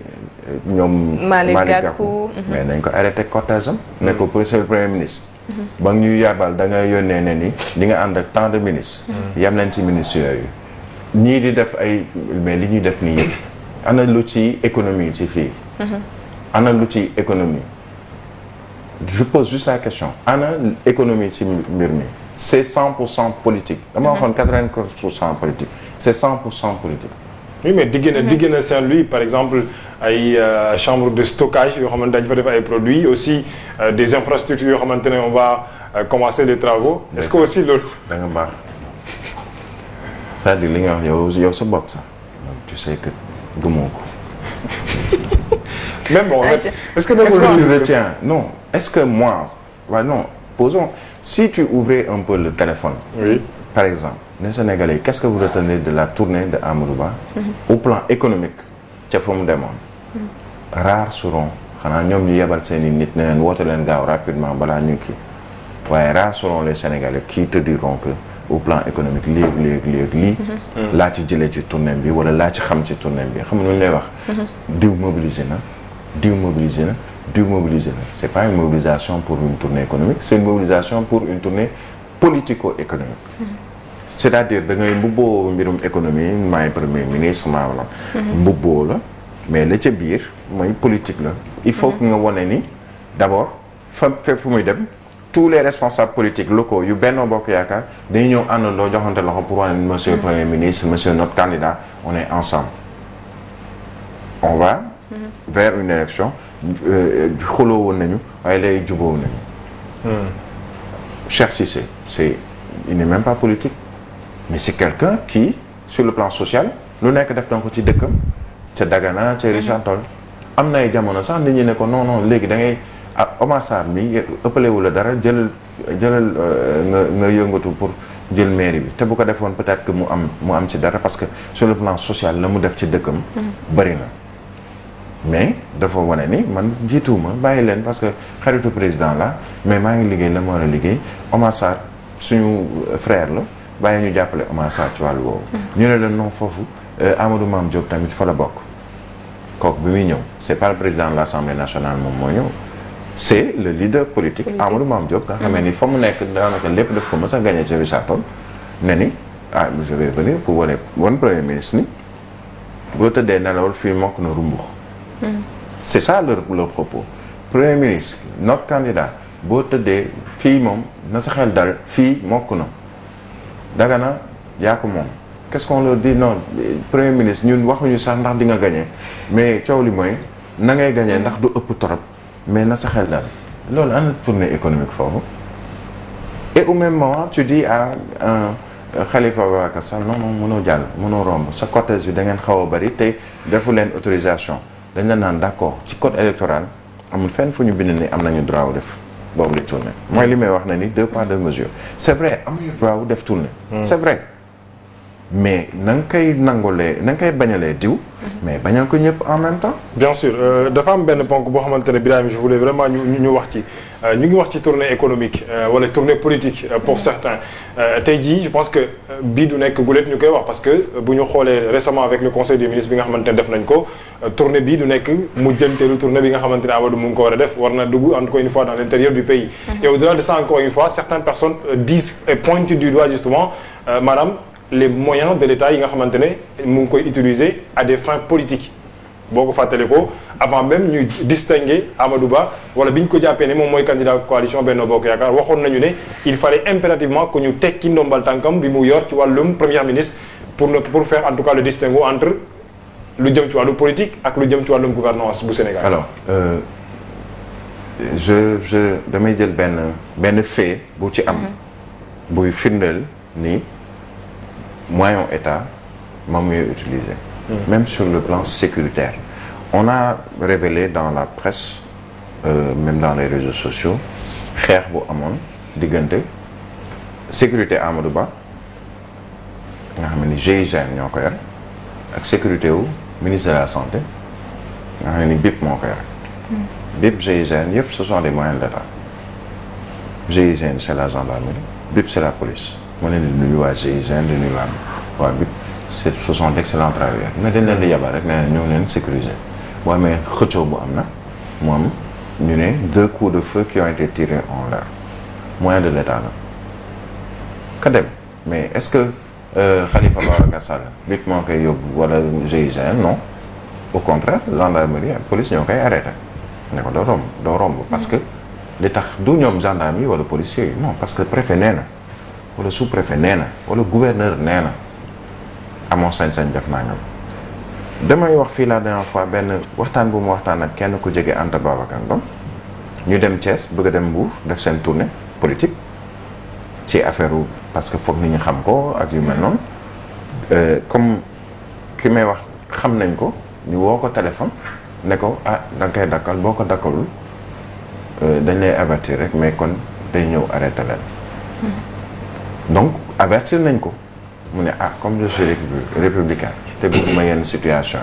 ñoom Malick Gakou mhm. mais nañ ko arrêté cortège am mhm. ne ko premier ministre mhm. ba ñuy yabal da ngay yónnee ne ni di nga ànd ak tant de ministres yem nañ ci ministre yooyu ñii di def ay mais li ñuy def nii yëpp ana ci économie ci fii ana ci économie je pose juste la question ana économie ci mbir c'est pour cent politique dama mhm. waxoon 94 pour cent politique c'est 100 pour cent politique oui mais digg na mhm. digg na Saint-Louis par exemple ay euh, chambre de stockage yoo xamante dañ fa def ay produits aussi euh, des infrastructures yoo xamante ne on va euh, commencer les travaux est-ce que aussi loolu da nga baax cest dire li nga wax yow yow sa bopp sax tu sais que gëmoo ko [laughs] mais bon ah, est-ce que tu retiens non est-ce que moi waaw non posons si tu ouvrais un peu le téléphone. par exemple les Sénégalais qu'est-ce que vous retenez de la tournée de Amadou Ba. Mhm. au plan économique ca fa mu demoon. Mhm. rares suron xanaa ñoom ñu yebal seen i nit ne leen woote leen gaaw rapidement balaa ñu kii waaye rares seront les Sénégalais qui te diront que au plan économique léegi léegi léegi lii. Mhm. laa ci jëlee ci tournée bi wala laa ci xam ci tournée bi xam nga lu lay wax. diw mobilisé na diw mobilisé na. du mobiliser na c'est pas une mobilisation pour une tournée économique c'est une pour une tournée politico-économique mm -hmm. c'est-à-dire da ngay mbubboo mbirum économie maay premier ministre maa la hmm. mbubboo la mais la ca biir mooy politique la il faut hmm. que nga wane ni d'abord fa fépp fu muy dem tous les responsables politiques locaux yu Benno Bokk Yaakaar dañu ñëw àndandoo joxante loxo pour wane ni monsieur le hmm. premier ministre monsieur notre candidat on est ensemble vers une élection Euh, xuloo woon nañu waaye lay juboo nañu. Hmm. Cheikh c'est il n'est même pas politique mais c'est quelqu'un qui sur le plan social lu nekk def na ko ci dëkkam ca Dagana ca Richard Toll am na ay jamono sax nit ñu ne ko non léegi da ngay ah Omar mi ëppale wu la dara jël jëlal euh, nga nga yëngatu pour jël mairie bi te bu ko defoon peut-être que mu am mu am ci dara parce que sur le plan social la mu def ci dëkkam. Hmm. bari na. mais dafa wane ni man jiituwuma bàyyi leen parce que xaritu président la mais maa ngi liggéey la ma war a liggéey Omar Sarr suñu frère la bàyyi ñu jàppale Omar Sarr ci wàllu woowu. Mm-hmm. ñu ne la non foofu euh, Amadou Mame Diop tamit fa la bokk kooku bi muy ñëw c'est pas le président de l'Assemblée nationale moom moo ñëw. c'est le leader politique Amadou Mame Diop nga xamee ni mm-hmm. fa mu nekk daanaka lépp daf ko mës a gagné ci Richard Toll ne ni ah je vais venir pour wane wan ni boo tëddee nelawul fii mokk na rumbux Mm. c'est ça leur leur propos premier ministre notre candidat boo tëddee fii moom na sa xel dal fii mokk na Dagana yaa ko moom qu'est-ce qu'on leur premier ministre ñun waxuñu sax ndax di nga gagné mais coow li mooy na ngay gagné ndax du ëpp torop mais na sa xel dal loolu ana tournée économique foofu et au même moment tu dis à xalifa euh, Ababacar Sall non moom mënoo jàll mënoo romb sa cortège bi da ngeen xaw bari tey defu leen autorisation dañ la naan d'accord ci code électoral amul fenn fu ñu bind ni am nañu droit wu def boobu di tourné mooy li may wax na ni deux poids deux mesures c'est vrai amuñu droit wu def tourné c'est vrai mais na nga koy nangulee na nga koy bañalee diw. mais bañal ko ñëpp en même temps. bien sûr euh, dafa am benn ponk boo xamante ne Birame je voulais vraiment ñu ñu wax ci euh, ñu ngi wax ci tournée économique euh, wala tournée politique pour certains tey jii je pense que bii du nekk gulet ñu koy wax parce que bu ñu xoolee récemment avec le conseil des ministres bi nga xamante ne def nañ ko tournée bii du nekk mujjanteelu tournée bi nga xamante ne Amadou mu ngi ko war a du pays. Mhm. et au delà de ça les moyens de l'État yi nga xamante ne mu ngi koy utiliser à des fins politiques boo ko fàttale ko avant même ñu distinguer Amadou Ba wala bi ñu ko jàppee ne moom mooy candidat coalition Benno Bokk Yaakaar waxoon nañu ne il fallait impérativement ku ñu tekki ndombal tànkam bi mu yor ci wàllum premier ministre pour ne pour faire en tout cas le distinguo entre lu jëm ci wàllu politique ak lu jëm ci wàllum gouvernance bu Sénégal. alors euh, damay jël benn benn fait bu ci am. Mhm. buy firndeel ni. moyen état moom yooyu utiliser hmm. même sur le plan sécuritaire on a révélé dans la presse euh, même dans les réseaux sociaux xeex bu amoon diggante sécurité Amadou Ba nga xam ni GIGN ñoo ko yar ak sécurité wu ministre de la santé nga xam ni BIP moo ko yar hmm. BIP GIGN yëpp ce sont des moyens de l'État GIGN c'est la gendarmerie BIP c'est la police ma leen di nuyu waa GIGN di nuyu waa waa BIP ce sont d'excellents travailleurs mais dañ leen di yabal rek nee na leen sécuriser boo amee xëccoo bu am na mu am ñu ne deux coups de feu qui ont été tirés en l'air moyen de l'état la ka dem mais est-ce que euh, Khalifa Babacar Sall BIP moo koy yóbbu wala GIGN non au contraire gendarmerie ak police ñoo koy arrêté ne doo romb doo romb parce que li tax du ñoom gendarme yi wala policiers yi non parce que préfet nee na wala sous-préfet nee na wala gouverneur nee na amoo sañ-sañ def nangam damay wax fii la dernière fois benn waxtaan bu mu waxtaan ak kenn ku jege Anta Babacar Ngom ñu dem cees bëgg a dem Mbour def seen tournée politique ci affaire parce que foog ni ñi xam ko ak yu mel noonu euh, comme ki may wax xam nañ ko ñu woo ko téléphone ne ko ah da koy dakkal boo ko dakkalul euh, dañ lay avertir rek mais kon day ñëw arrêté leen donc avertir nañ ko mu ne ah comme je suis républicain te bëgguma yenn situation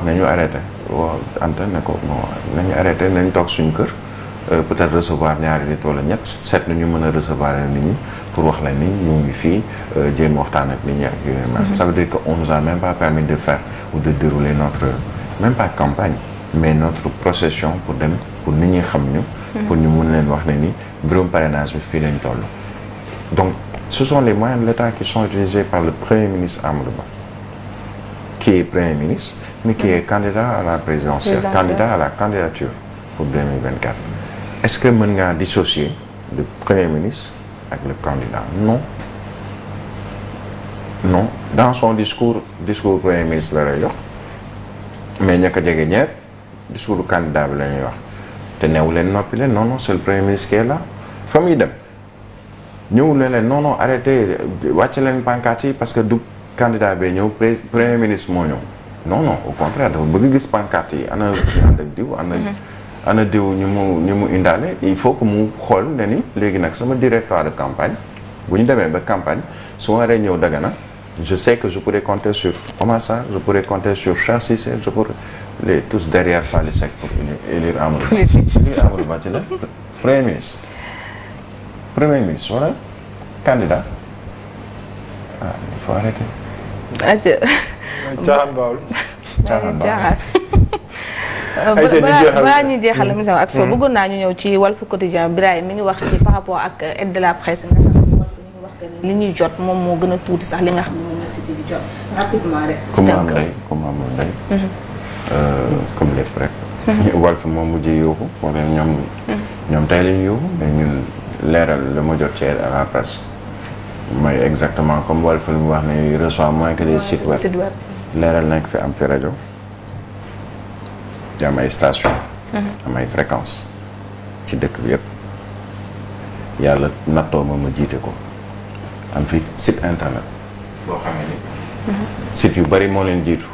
yi nañu arrêté woo Anta ne ko bon nañu arrêté nañ toog suñu kër euh, peut-être recevoir ñaari nit wala ñett seet ñu mën a recevoir nit ñi pour wax la ni ñu ngi fii euh, jéem waxtaan ak nit ñi ak yooyu ma mhm. ça veut dire que on nous a même pas permis de faire ou de dérouler notre même pas campagne mais notre procession pour dem pour nit ñi xam ñu mhm. pour ñu mun leen wax ne ni bureau parrainage bi fii lañ toll donc ce sont les moyens de l'État qui sont utilisés par le Premier ministre Amadou qui est Premier ministre mais qui est candidat à la présidentielle candidat à la candidature pour 2024 est-ce que mën ngaa dissocier le Premier ministre ak le candidat non non dans son discours discours Premier ministre la lay jox mais ña ko jege ñeer discours candidat bi la ñuy wax te neew leen noppi leen non non c'est le Premier ministre qui est là fa muy dem ñëwul ne leen non non wàcc leen pancarte yi parce que du candidat bee ñëw premier ministre moo ñëw non non au contraire dafa bëgg gis pancarte yi ana ànd ak diw ana mhm. ana diw ñu mu ñu mu indaale il faut que mu xool ne ni léegi nag sama directoire campagne bu ñu demee ba campagne su ma waree ñëw Dagana je sais que je pourrais compter sur Omar Sarr je pourrais compter sur Charles Cissé je pourrais les tous derrière Fally Seck pour élire Amadou Ba élire premier ministre premier ministre wala candidat ah il faut ak soo bëggoon naa ñu ñëw ci Walf Quotidien Birahim mi ngi wax ci par ak aide de la presse li ñuy jot moom moo gën a tuuti sax li nga xam ne moom comme amul ndey. comme lépp rek. ñu Walf moom mujjee yóbbu wala ñoom. ñoom tey la ñu yóbbu ñun. leeral le mot d'ordre à la presse may exactement comme Walf lu mu wax ne reçoit moins que des sites web leeral nag fi am fi rajo di station am ay mhm. fréquence ci dëkk bi yëpp yàlla nattoo ma ma jiite ko am fi site internet boo xamee ni mhm. yu bëri moo leen jiitu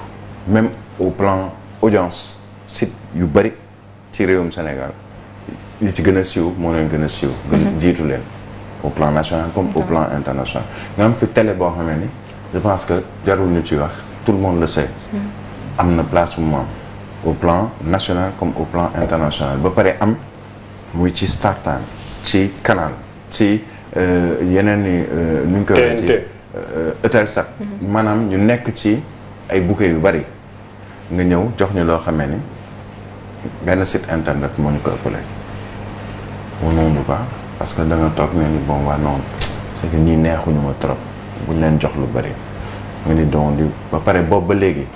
même au plan audience sit yu bëri ci réewum Sénégal yi ci gën a siiw moo leen gën a siiw. Mhm. gën jiitu leen au plan national comme au plan international. nga am fi télé boo xamee ni je pense que jarul ñu ci wax tout le monde le sait. Mhm. am na place bu mu au plan national comme au plan international ba pare am muy ci Star Time ci canal ci euh, yeneen ni euh, nu ñu koy waxee ci Eutelsat mhm. maanaam ñu nekk ci ay bouquet yu bari nga ñëw jox ñu loo xamee ni benn site internet moo ñu ko ëppalee mënoonu quoi parce que da toog ne ni bon waa noonu c'est que ñii neexuñu ma trop buñ leen jox lu bëri nga ni donc di ba pare boobu ba léegi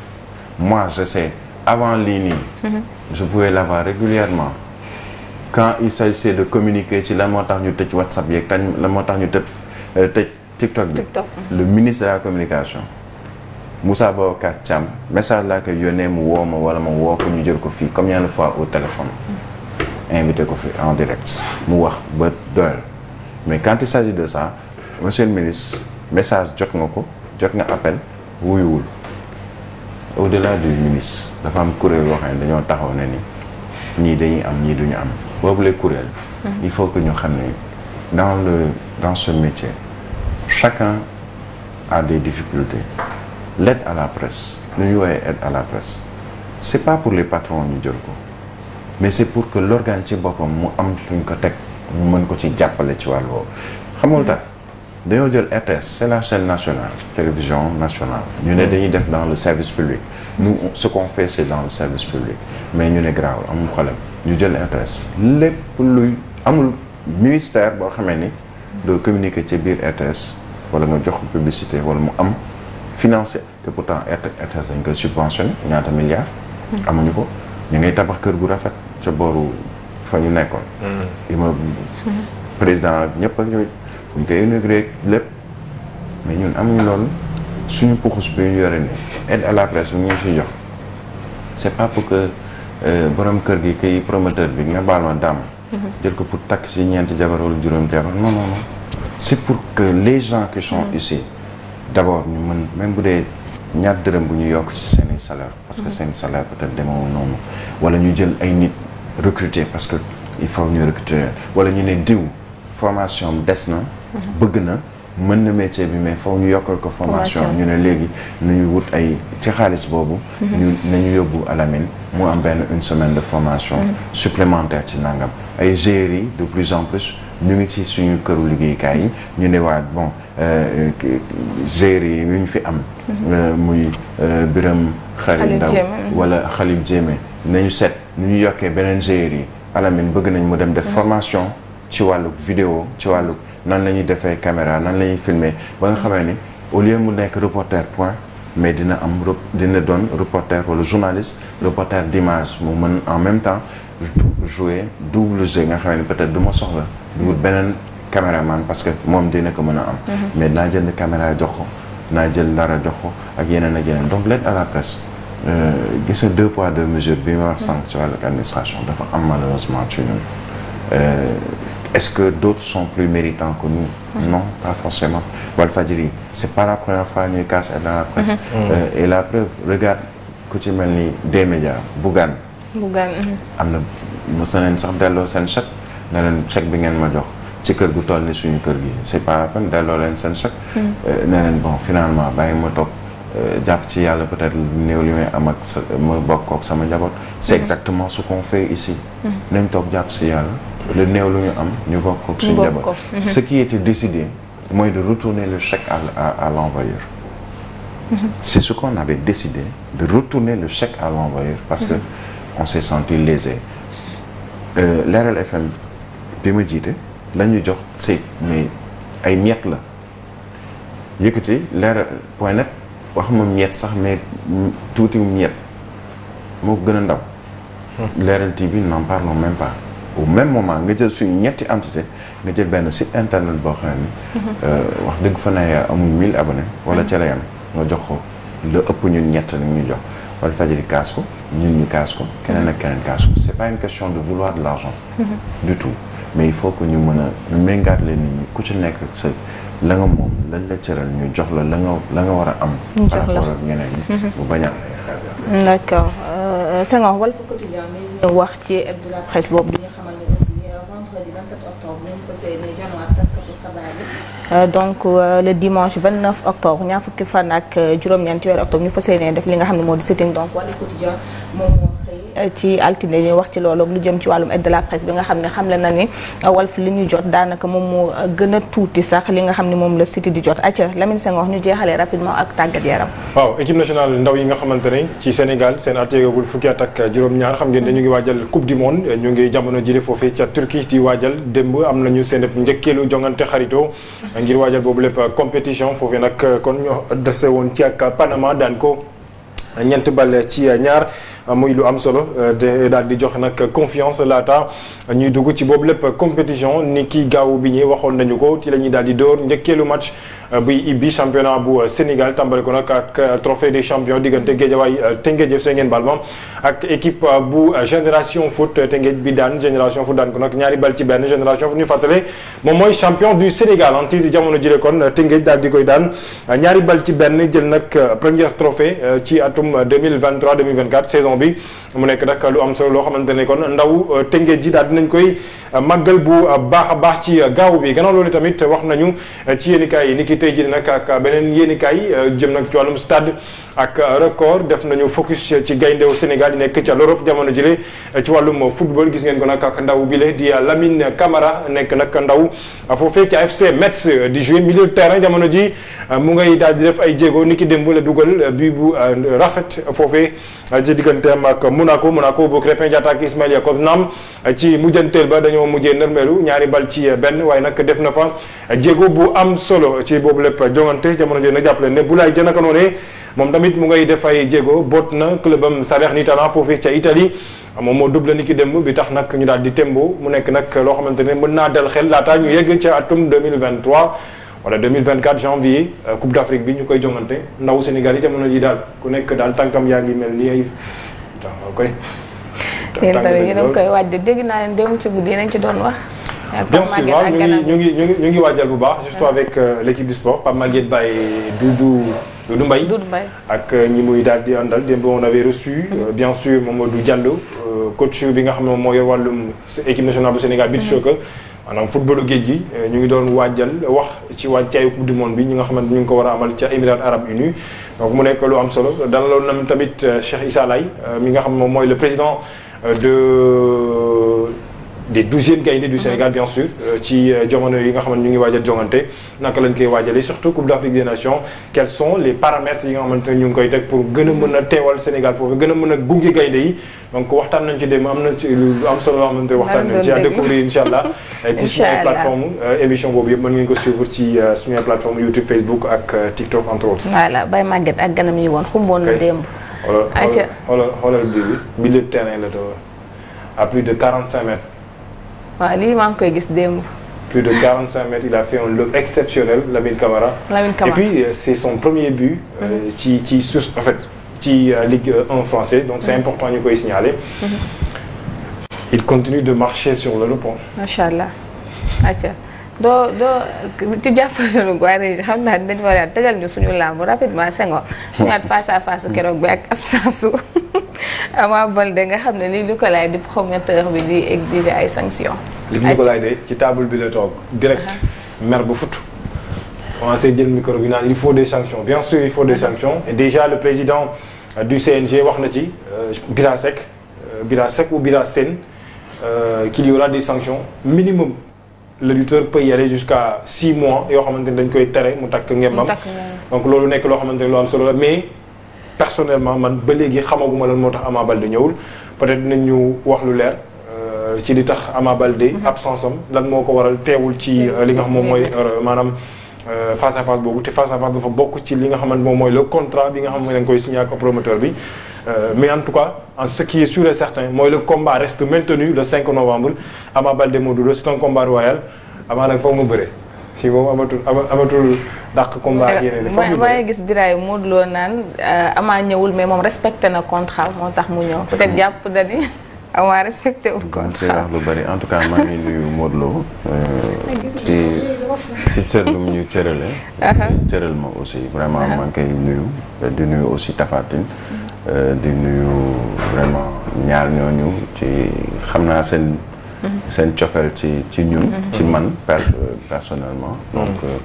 moi je sais avant lii nii mhm. je pouvais l'avoir régulièrement quand il s'agissait de communiquer ci lan moo tax ñu tëj WhatsApp yeeg tañ la moo tax ñu tëj euh, tëj TikTok bi mhm. le ministre de la communication Moussa Babacar Thiam message laa koy yónnee mu woo ma wala ma woo ko ñu jël ko fii comme de fois au téléphone invité ko fi en direct mu wax ba doyal mais quand il s'agit de ça monsieur le ministre message jot nga ko jot nga appel wuyuwul au delà du ministre dafa am kuréel yoo xam ne dañoo taxaw ne ni ñii dañuy am ñii duñu am boobu les kuréel mm-hmm. il faut que ñu xam ne dans le dans ce métier chacun a des difficultés l'aide à la presse lu ñu woowee aide à la presse c'est pas pour les patrons ñu jël ko mais c'est pour que lorgan ci boppam mu am suñ ko teg ñu mën ko ci jàppale ci wàll woowu xam tax dañoo jël RTS c'est la chaîne nationale télévision nationale ñu ne dañuy def dans le service public nous ce qu'on dans le service public mais ñu ne garaawul amul xolem ñu jël RTS lépp luy amul ministère boo xamee ni doo communiquer ci biir RTS wala nga jox publicité wala mu am financé te pourtant RTS dañ koy subventionné ñaata milliards hmm. amuñu ko ñu ngay tabax kër gu rafet ca booru fa ñu nekkoon. ma mm-hmm. mm-hmm. président ñëpp ak ñooy bu ñu koy inauguré lépp mais ñun amuñu loolu suñu puxus bi ñu yore ne aide à la presse bi ñu fi jox c'est pas pour que euh, borom kër gi kay promoteur bi nga baal ma dàmm. Mm-hmm. jël ko pour takk ci ñeenti jabar juróom jabar non non non c'est pour que les gens qui sont ici d'abord ñu mën même bu dee. ñaat dërëm bu ñu yokk ci seen i salaire parce que mm-hmm. seen salaire peut-être demeewul noonu wala ñu jël ay nit recruter parce que il faut ñu recruter wala ñu ne diw formation des na mm-hmm. bëgg na mën na métier bi mais foofu ñu yokkal ko formation ñu ne léegi ñu wut ay ci xaalis boobu mm-hmm. ñu nañu yóbbu Alamine mu am benn une semaine de formation supplémentaire ci nangam ay géri de plus en plus ñu ngi ci suñu këru liggéeykaay yi ñu ne waat bon euh, euh, gérer yi ñu fi am mhm. euh, muy Biram Xarit Ndaw mhm. wala Khalil Diémé nañu set nu ñu yokkee beneen gérer yi alamin bëgg nañ mu dem def mhm. formation ci wàllu vidéo ci wàllu nan la ñuy defee caméra nan la ñuy filmer ba nga xamee ni au lieu mu nekk reporter point mais dina am dina doon reporter wala journaliste reporter d'image mu mën en même temps jouer double jeu nga xamee ni peut-être du ma soxla ñu beneen caméraman parce que moom dina ko mën a am. Mhm. mais naa jënd caméra jox ko naa jël dara jox ko ak yeneen ak yeneen donc l'aide à la presse. Euh, gis nga deux poids deux mesures bi mu wax sànq ci wàllu administration dafa am malheureusement ci ñun. Euh, est-ce que d'autres sont plus méritants que nous. Mhm. non pas forcément. Walfadjri c'est pas la première fois ñuy casse aide la presse. Mhm. Euh, la preuve regarde ku ci mel ni des médias Bougane. Bougane am na mos na sax delloo seen chèque. ne leen check bi ngeen ma jox ci kër gu toll ni suñu kër gi c'est pas la peine leen seen chèque. Hmm. Euh, ne leen bon finalement bàyyi ma toog euh, jàpp ci yàlla peut-être néew li may am ak sa ma bokk ak sama njaboot. Hmm. exactement ce qu'on hmm. nañ toog jàpp ci yàlla. lu néew lu ñu am ñu bokk suñu njaboot. ce qui était décidé mooy de retourner le chèque à à l'envoyeur. c'est ce qu'on avait décidé de retourner le chèque à l'envoyeur parce que on s'est senti lésé. Euh, FM bi ma jiite la jox say mais ay miette la yëkkati leeral point wax ma miette sax mais tuuti miette moo gën a ndaw. leeral TV n'en parlons même pas. au même moment nga jël suñu ñetti entité nga jël benn site internet boo xam ne mhm. euh, wax dëgg fa nay amul 1000 abonnés wala mhm. ca lay nga jox ko la ëpp ñun ñett nag ñu jox wala fajari kaas ko ñun ñu kaas ko keneen ak keneen kaas ko c'est pas une question de vouloir de l'argent mhm. du tout mais il faut ñu mën a méngaat leen nit ñi ku ci nekk sa la moom lañ la cëral ñu jox la la nga war a am. ñu jox la mhm. bu bañ a am ay euh, wax ci de la presse boobu di nga xamal ne aussi euh, vendredi 27 octobre euh, donc le dimanche 29 octobre ñaar fukki fan ak juróom-ñeent ci weeru octobre ñu fas yéene def li nga xam ne moo di sitting donc Walf ci altine ñu wax ci loolu ak lu jëm ci wàllum aide de la presse bi nga xam ne xam le na ni euh, Walf li ñu jot daanaka moom moo euh, gën a tuuti sax li nga xam ne moom la cité di jot acca Lamine Senghor ñu jeexalee rapidement ak tàggat yaram waaw équipe nationale ndaw yi nga xamante ne ci Sénégal seen at yeegagul fukki at ak juróom-ñaar xam ngeen ne ñu ngi waajal coupe du monde ñu ngi jamono jile foofee ca Turquie di waajal démb am na ñu seen njëkkeelu jongante xarito ngir waajal boobu lépp compétition foofee nag kon ñoo dese woon ci ak Panama daan ko ñeent bal ci ñaar muy lu am solo te euh, daal di joxe nag confiance laata ñuy dugg ci boobu lépp compétition ni ki gaaw bi ñi waxoon nañu ko ci la ñuy daal di dóor njëkkeelu match euh, buy ibbi championnat bu euh, Sénégal tàmbali ko nag ak trophée des champions diggante Guédiawaye Teungueth FC ngeen baal ma ak équipe bu génération foot Teungueth bi daan génération foot daan ko nag ñaari bal ci benn génération foot ñu fàttale moom mooy champion du Sénégal en titre jamono jile kon Teungueth daal di daan ñaari bal ci benn jël nag émission bi mu nekk nag lu am solo loo xamante ne kon ndaw euh, tëngeej ji daal dinañ koy euh, màggal bu euh, baax a baax ci gaaw bi gannaaw loolu tamit wax nañu ci yéenikaay yi ni ki tey ji nag ak beneen yéenikaay jëm nag ci wàllum stade ak record def nañu focus ci gayndew Sénégal yi nekk ca l'Europe jamono jile ci wàllum football gis ngeen ko nag ak ndaw bi le di Lamine Camara nekk nag ndaw foofee ci AFC Metz di jouer milieu de terrain jamono ji mu ngay daal di def ay jéego ni ki démb la dugal digganteem ak Monaco Monaco bu Crépin Diatta ak Ismaïla Jakobs naam ci mujjanteel ba dañoo mujjee nërmeelu ñaari bal ci benn waaye nag def na fa jéego bu am solo ci boobu lépp jongante jamono jii jàppale ne Boulaye Dia naka noonee moom tamit mu ngay def ay jéego boot na club am Salernitana foofee ca Italie moom moo double ni ki démb bi tax nag ñu daal di tembo mu nekk nag loo xamante ne mën naa dal xel laataa ñu yegg ca atum 2023 wala 2024 janvier euh, Coupe d'Afrique bi ñu koy jongante ndaw Sénégal yi jamono ji daal ku nekk daal tànkam yaa ngi mel nii waaw koy. a koy dégg naa leen démb ci guddi yéen ci doon wax. bien sûr waaw ñu ngi ñu ngi ñu ngi waaj ngi bu baax. surtout avec euh, l' équipe du sport Pape Maguette du Doudou. Doudou Mbaye ak euh, ñi muy daal di àndal démb on avait reçu. Euh, mm-hmm. bien sûr Mamadou Diallo coach bi nga xam ne moom moo yor wàllum équipe nationale bu Sénégal beach mm-hmm. soccer. maanaam footballu géej gi eh, ñu ngi doon waajal wax ci wàccaayu coupe du monde bi ñi nga xamante ñu ngi ko war a amal ca émirats arabes unis donc mu nekk lu am solo dalaloon nam tamit eh, Cheikh Issa eh, mi nga xam moom mooy le président de des douzièmes gaynde du Sénégal bien sûr euh, ci euh, jamono yi nga xam ne ñu ngi waajal jongante naka lañ koy waajalee surtout Coupe d'Afrique des Nations quels sont les paramètres yi nga xamante ne ñu ngi koy teg pour gën a mën a teewal Sénégal foofu gën a mën a gunge gaynde yi donc waxtaan nañ ci dem am na solo loo xamante ne waxtaan nañ ci à découvrir incha allah [laughs] ci suñu plateforme euh, émission boobu yëpp mën ngeen ko suivre ci suñu plateforme YouTube Facebook ak TikTok entre autres voilà Baye Maguette ak ganam terrain la doon à de 45 mètres waaw lii maa gis démb. de 45 mètres il a fait un euh, son premier but. Euh, mm-hmm. ci ci suuf en fait ci euh, Ligue 1 français donc c'est mm-hmm. mm-hmm. continue de marcher sur macha allah. doo doo ci jàppandalu [laughs] Guaré xam naa dañu war a tëgal ñu suñu làmb rapidement Senghor. Hmm. xamaat face à face keroog bi ak [laughs] absence su [laughs] Ama Baldé nga xam ne li Nicolas di promoteur bi di exiger ay sanctions. li Nicolas de ci table bi la toog. direct uh-huh. mer bu fut. commencé jël micro bi naan il faut des sanctions bien sûr il faut des uh-huh. sanctions et déjà le président euh, du CNG wax na ci euh, Bira Seck euh, Bira Seck ou Bira Sène qu'il y aura des minimum. le lutteur peut y aller jusqu'à six mois yoo xamante ni dañ koy tere mu takk ngembam donc loolu nekk loo xamante ni lu am solo la mais personnellement man ba léegi xamaguma lan moo tax Ama ñëwul peut-être dinañu wax lu leer euh, ci li tax Ama Baldé mhm. absence am lan moo ko waral teewul ci euh, li nga xam moom mooy euh, maanaam face à face boobu te face à face dafa bokk ci li nga xamante moom mooy le contrat bi nga xam ne dañ koy signé ak promoteur bi Euh, mais en tout cas en ce qui est sûr et certain mooy le combat reste maintenu le 5 novembre Ama Baldé Modou Lô c'est un combat royal Ama nag foog mu bëre fii moom amatul amatul dàq combat ak gis Biraye Modou Lô naan euh, Ama ñëwul mais moom respecté na contrat moo tax mu ñëw peut-être jàpp na ni [laughs] Ama respecté wu contrat en tout cas maa ngi nuyu Modou Lô euh, ci ci cër lu mu ñu cërale [laughs] uh-huh. cëral ma aussi vraiment uh-huh. maa koy nuyu di nuyu aussi Tapha Euh, di nuyu vraiment ñaar ñooñu ci xam naa seen. seen cofeel ci ci ñun. ci man per personnellement. donc euh,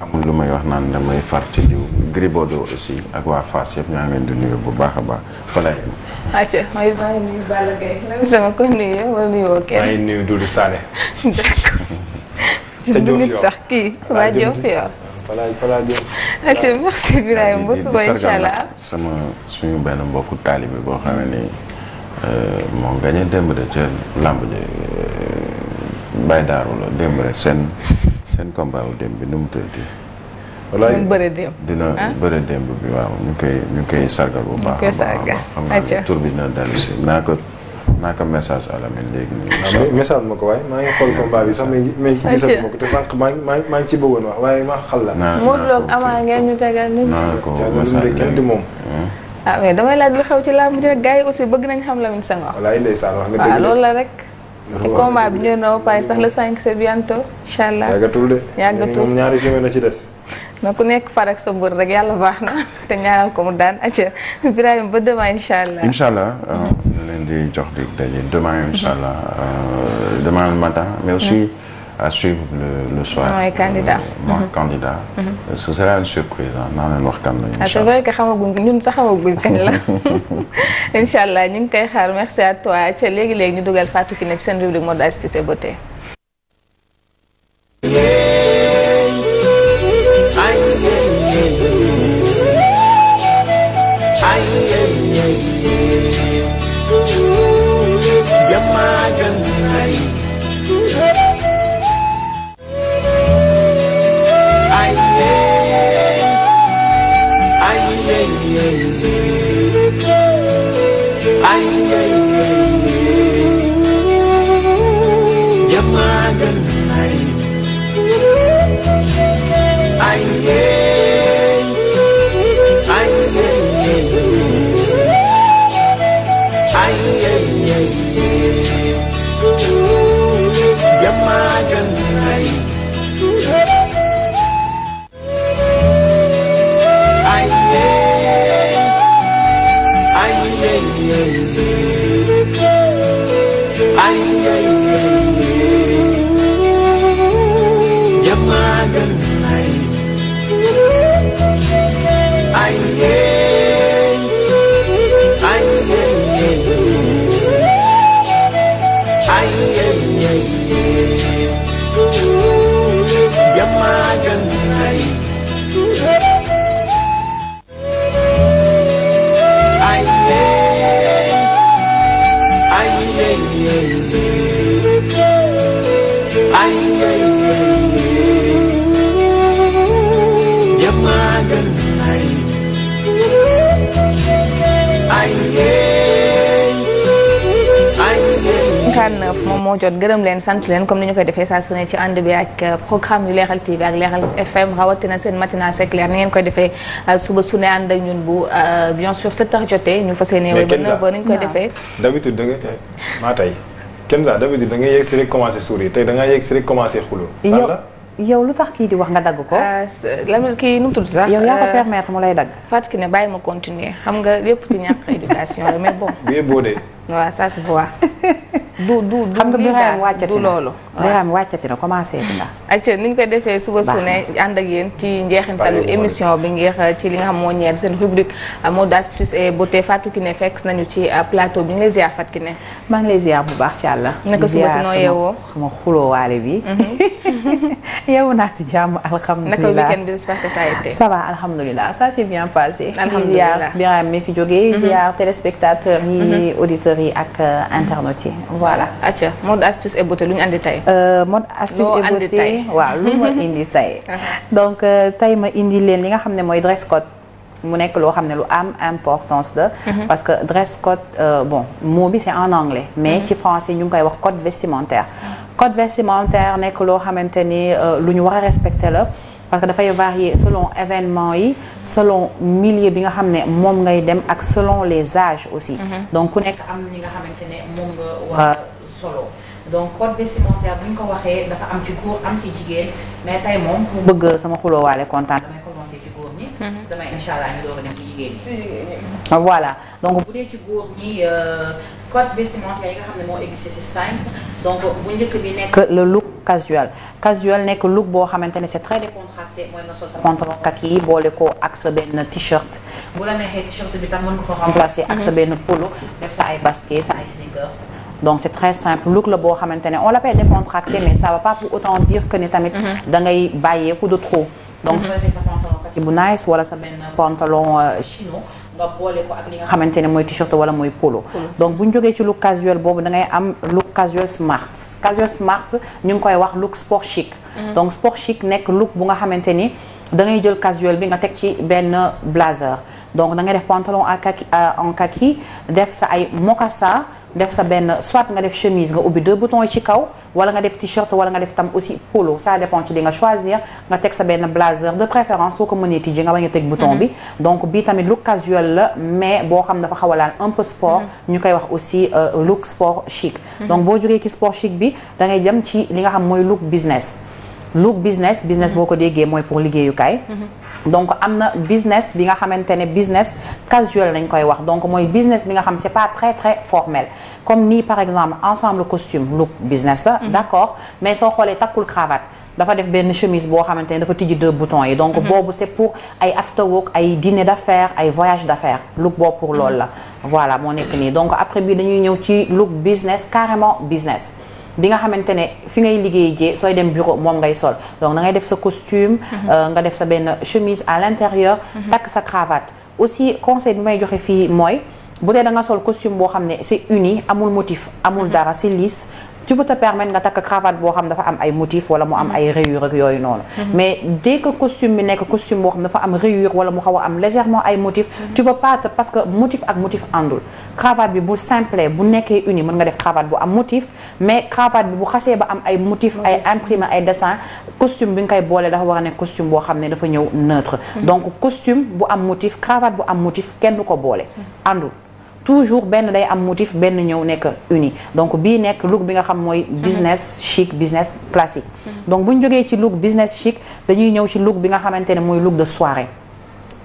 amul lu may wax naan damay far ci diw Gris Bordeaux aussi ak waa fas yëpp ñaa ngi di nuyu bu baax a baax fa lay yem. acca maa nuyu Balla Gaye même sama ko nuyu wala nuyoo kenn. maa ngi [laughs] sax kii waa Diouf yor. voilà voilà jërëjëf. merci Birahim ba suba incha sama suñu benn mbokku taalibe boo xam ne euh, moo gañe démb de ca làmb ji daar euh, Darou la démb rek seen seen combat bi nu mu tëddee. walaay dina ah? bëre démb bi waaw ñu koy sargal bu baax. ñu koy dina dellu naa ko. naa ko message Alamine léegi nii. Ah, message ma ko waaye maa ngi xool combat bi sax mais gisatu ma ko maa ngi maa ngi ci bëggoon wax waaye maa la. naa naa ngeen ñu tegal ñu. kenn du moom. Hmm? ah mais damay laaj lu xew ci làmb ji rek gars yi aussi bëgg nañ xam Lamine Senghor. walaay wax nga ah, loolu la rek. te combat bi ñëw na ba pare sax le 5 c'est bientôt. incha allah yàggatul de. yàggatul moom ñaari semaine na ci des. mais ku nekk far ak sa mbër rek yàlla baax na [laughs] te ñaanal ko mu daan acca Birahim ba demain incha allah. incha allah euh, mhm. leen di jox di daje demain incha allah euh, demain le matin mais aussi. Mhm. suivre le soir. Ah candidat euh, mooy mhm. candidat. Mm -hmm. ce sera une surprise ah naa leen wax kan la. Ah, ñun sax xamaguñ [laughs] ñu ngi koy xaar merci à toi ca léegi léegi ñu dugal Fatou ki ci seen rubrique mode astuce et beauté. moo jot gërëm leen sant leen comme ni koy defee saa su ci ànd bi ak euh, programme yu Leral TV ak Leral FM rawatina seen matinal c'est clair koy defee euh, suba su ne ak ñun bu euh, bien sûr sept heures jotee ñu da nga eh, maa tey Kenza d'habitude da nga yegg si rek commencé sourire tey da nga yegg si rek commencé [laughs] [laughs] du du du xam nga Birame wàccati na loolu Birame wàccati na commencé dina. [laughs] ayca ni ñu koy defee suba su ne ànd ak yéen ci njeexintalu émission bi ngir uh, ci li nga xam moo ñeel seen rubrique uh, mode astuce et beauté Fatou Kiné fekk nañu ci uh, plateau bi ñu lay ziar Fatou Kiné. maa ngi lay ziar bu baax ci àlla. naka suba si noo yeewoo sama xuloowaale bi. Mhm. [laughs] yeewu naa si jàmm alhamdulilah naka weekend bi j'espère que ça a été. ça va alhamdulilah ça s'est bien passé. alhamdulilah ziar Birame mi fi jógee. Mhm. ziar téléspectateurs yi mhm. auditeurs yi ak euh, internautes yi. voilà acca mode astuce et beauté lu ñu euh, ma indi tey. [laughs] Uh-huh. donc euh, tey ma indi leen li nga xam ne mooy dress code. mu nekk loo xam ne lu am importance la. Uh-huh. parce que dress code euh, bon mot bi c'est en anglais. mais uh-huh. ci français ñu ngi koy wax code vestimentaire. code vestimentaire nekk loo xamante ni lu ñu war a respecter la. parce que dafay varier selon événement yi selon milieu bi nga xam ne moom ngay dem ak selon les âges aussi. Mm-hmm. donc ku nekk am na nga xamante ne moom nga war solo. donc code vestimentaire bu ñu ko waxee dafa am ci góor am ci jigéen mais tey moom pour bëgg sama xuloowaale kontaan damay commencé ci góor ñi. Mm-hmm. a dem ci bu dee ci góor ñi. Euh, code vestimentaire yi le look casual casual nekk look boo xamante ne c'est très décontracté mooy pantalon kaki yi boole ko ak sa benn t-shirt bu la neexee t-shirt bi tam mën nga ko remplacer ak sa mhm. benn polo def sa ay basket sa ay sneakers donc c'est très simple look la boo xamante ne on l'appelle décontracté mais ça va pas pour autant dire que ni tamit mhm. dangay ngay bàyyeeku de trop donc bu nice wala sa benn pantalon euh, chino nga boole li nga xamante ne mooy t-shirt wala mooy polo. donc bu ñu jógee ci look casual boobu da ngay am look casual smart casual smart ñu ngi koy wax look sport chic. Mm-hmm. donc sport chic nekk look bu nga xamante ni dangay jël casual bi nga teg ci benn blazer donc da ngay def pantalon en kaki en kaki def sa ay mocassin. def sa benn soit nga def chemise nga ubbi deux boutons yi ci kaw wala nga def t-shirt wala nga def tam aussi polo ça dépend ci li nga choisir nga teg sa benn blazer de préférence soo ko mënee tijji nga bañ a teg bouton bi mhm. donc bii tamit look casual la mais boo xam dafa xaw a laal un peu sport mhm. ñu koy wax aussi euh, look sport chic mhm. donc boo jógee ci sport chic bi da ngay jëm ci li nga xam mooy look business look business business boo ko déggee mooy pour liggéeyukaay donc am na business bi nga xamante ne business casual lañ koy wax donc mooy business bi nga xam c'est pas très très formel comme nii par exemple ensemble costume look business la mhm. d'accord mais soo xoolee takkul cravate dafa def benn chemise boo xamante ne dafa tijji de boutons yi donc mhm. boobu c'est pour ay after work ay dîner d'affaires ay voyage d'affaires look boobu pour loolu mhm. la voilà moo nekk nii donc après bi dañuy ñëw ci look business carrément business bi nga xamante ne fi ngay liggéey jee sooy dem bureau moom ngay sol donc da ngay def sa costume mhm. euh, nga def sa benn chemise à l'intérieur mhm. takk sa cravate aussi conseil bi may joxe fii mooy bu dee da nga sol costume boo xam ne c'est uni amul motif amul mhm. dara c'est lisse tu peux te permettre nga takk cravate boo xam dafa am ay motif wala mu am ay rayures ak yooyu noonu mais dès que costume bi nekk costume boo xam dafa am rayure wala mu xaw a am légèrement ay motif tu peux parce que motif ak motif àndul cravate bi bu simple bu nekkee uni mën nga def cravate bu am motif mais cravate bi bu xasee ba am ay motif ay imprimé ay dessin costume bi nga koy boolee dafa war a nekk costume boo xam ne dafa ñëw neutre donc costume bu am motif cravate bu am motif kenn du ko boole àndul toujours benn day am motif benn ñëw nekk uni donc bii nekk look bi nga xam mooy business mhm. chic business classique mhm. donc bu ñu jógee ci look business chic dañuy ñëw ci look bi nga xamante ne mooy look de soirée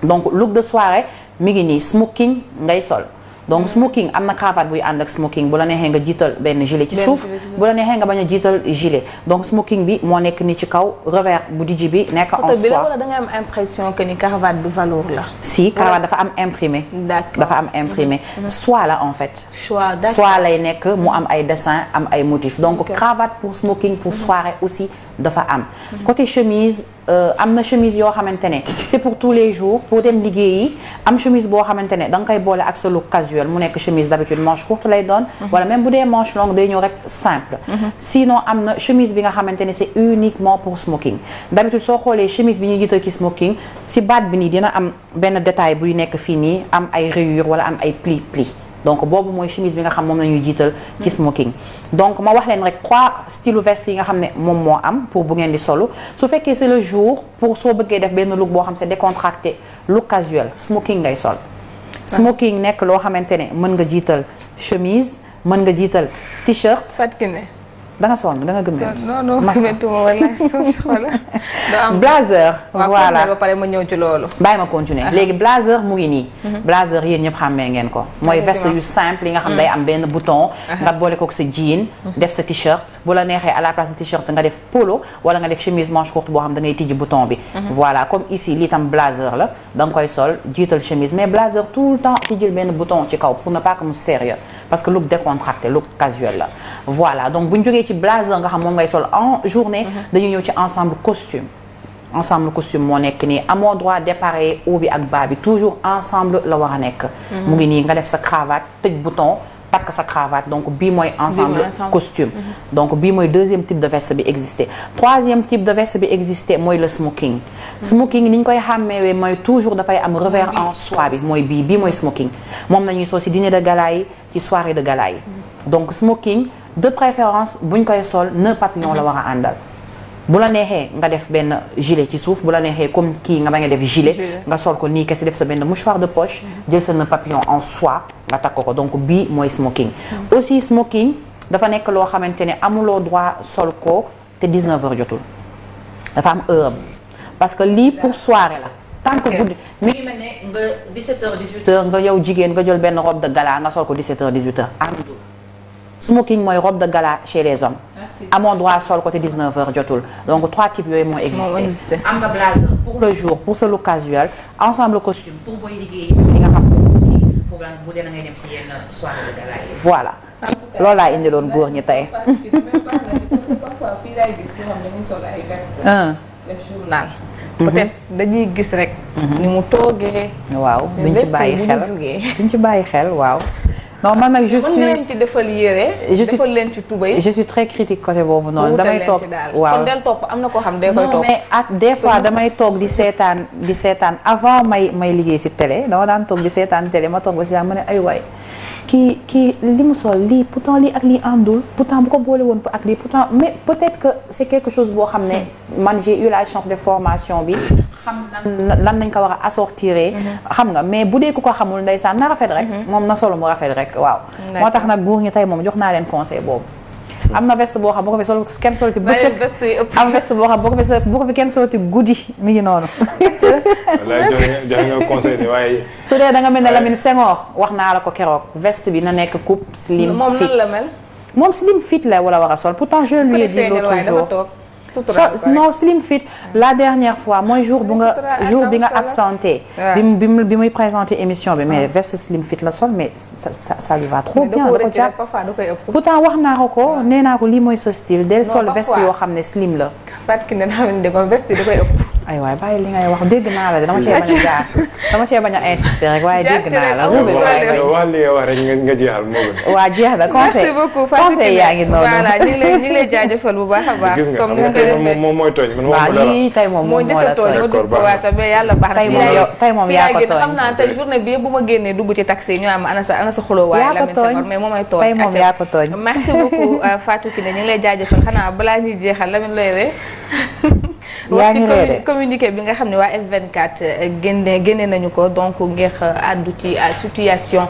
donc look de soirée mi ngi nii smoking ngay sol donc smoking am na cravate buy ànd ak smoking bu la neexee nga jiital benn gilet ci suuf bu la neexee nga bañ a jiital gilet donc smoking bi moo nekk ni ci kaw revers bu dijji bi nekk en soie wala da nga am impression que ni cravate bi velours la si cravate dafa am imprimé dafa am imprimé mhm. Mhm. soie la en fait soie lay nekk mu am ay dessin am ay motif donc cravate pour smoking pour mhm. soirée aussi dafa am côté chemise euh, am na chemise yoo xamante ne c'est pour tous les jours pour dem liggéeyi am chemise boo xamante ne da nga koy boole ak sa look casual mu nekk chemise d'habitude manche courte lay doon mhm. wala même bu dee manche longue day ñëw rek simple mhm. sinon am na chemise bi nga xamante ne c'est uniquement pour smoking d'habitude soo xoolee chemise bi ñuy jiital a smoking si baat bi nii dina am benn détail buy nekk fii nii am ay rayures wala am ay pli pli donc boobu mooy chemise bi nga xam moom la ñuy jiital ci mhm. smoking donc ma wax leen rek trois styles veste yi nga xam ne moom moo am pour bu ngeen di solo su fekkee c'est le jour pour soo bëggee def benn look boo xam c'est décontracté look casual smoking ngay sol. smoking nekk loo xamante ne mën nga jiital chemise mën nga jiital t-shirt. da nga sonn da nga gëm gëm. non non [laughs] blazer. voilà ba ma ñëw ci loolu. bàyyi ma continuer ah. léegi blazer mu nii. Mhm. blazer yéen ñëpp xàmmee ngeen ko. mooy veste yu simple yi nga xam mhm. day am benn bouton. Ah. nga boole kook sa jean. Mhm. def sa t-shirt bu la neexee à la place de t-shirt nga def polo wala nga def chemise manche courte boo xam da ngay tijji bouton bi. voilà comme ici lii tam blazer la da nga koy sol jiital chemise mais blazer tout le temps tijjil benn bouton ci kaw pour ne pas que sérieux parce que look décontracté look casuel la voilà donc bu ñu jógee ci blazer nga xam moom ngay sol en journée mhm. dañu ñëw ci ensemble costume ensemble costume moo nekk nii amoo droit déparé haut bi ak bas bi toujours ensemble la war a nekk mhm. mu ngi nii nga def sa cravate tëj bouton takk sa cravate donc bii mooy ensemble costume mhm. donc bii mooy deuxième type de veste bi existé troisième type de veste bi existé mooy le smoking mhm. smoking ni ñu koy xàmmeewee mooy toujours dafay am revers en soie bi mooy bii bii mooy smoking moom nañuy soo si dîner de gala yi ci soirée de gala yi mhm. donc smoking de préférence buñ koy sol nœud papillon la war a àndal bu la neexee nga def benn gilet ci suuf bu la neexee comme kii nga ma nga def gilet nga sol ko nii kese def sa benn mouchoir de poche mhm. jël sa nœud papillon en soi nga takk ko donc bii mooy smoking mhm. aussi smoking dafa nekk loo xamante ne amuloo droit sol ko te 19 heures jotul dafa am heure parce que lii pour soirée la tant que guddi mi ngi mel ne nga 17 heures 18 heures nga yow jigéen nga jël benn robe de gala nga sol ko 17 heures 18 heures smoking mooy robe de gala chez les hommes. amoon droit sol côté 19h jotul donc trois types yooyu moo existé am nga blazer pour le jour pour ce look casual ensemble costume pour booy liggéey li nga xam ne pour bu dee voilà loolu laa indiloon góor ñi tey. parce gis ñoo xam dañuy sol ay veste. def journal. Mhm. peut-être dañuy gis rek. Mhm. ni mu toogee. waaw duñ ci bàyyi xel duñ ci bàyyi xel waaw. non man nag je suis mën ci defal yére. je suis defal leen ci tubay. je côté boobu noonu. damay toog waaw kon del topp koo xam day koy topp. mais ak des fois damay toog di seetaan di seetaan avant may may liggée si télé dama daan toog di seetaan ma toog ba si ah, ma ne ay waay. kii kii li mu sol lii pourtant lii ak lii àndul pourtant bu ko boole woon ak lii pourtant mais peut-être que c'est quelque chose boo xam ne hmm. man j'ai eu la chance de formation bi xam nan lan nañ ko war a assortir hmm. xam nga mais bu dee ku ko xamul ndeysaan na rafet rek hmm. moom na solo mu rafet rek waaw moo tax nag góor ñi tey moom jox naa leen conseil boobu am na veste boo xam boo ko fi sol kenn solati bëccëg am veste boo xam boo ko fi mi ngi noonu joxe nga conseil ni waaye su dee da nga mel ne Lamine wax naa la ko keroog vest bi na nekk coupe slim fit moom slim fit la wala war a sol pourtant je lui ai dit l'autre jour non slim fit la dernière fois mooy jour bu nga jour bi nga absenté bi bi muy présenté émission bi mais veste slim fit la sol mais ça sa lui va trop bien da ko jàpp pourtant wax naa ko ko nee naa ko lii mooy sa style del sol veste yoo xam ne slim la aywaay bàyyi li ngay wax dégg naa a jaar dama a insister rek waaye dégg naa la. wax li nga wax rek jeexal waa jeex na conseil conseil yaa ngi noonu. voilà ñu ngi a baax. moom mooy tooñ. man waxuma moom moo la tooñ. yàlla baax na. tey moom yow moom yaa ko tooñ. xam naa tey bu ma génnee dugg ñu am ana sa ana sa xuloo waaye moom ay tooñ. tey moom yaa ko tooñ. merci beaucoup euh, Fatou Kiné ñu ngi lay xanaa balaa ñuy jeexal Lamine looy ree yaa ñu réeré bi nga xam ne waa F24 eh, génne génne nañu ko donc ngir eh, àddu ci eh, situation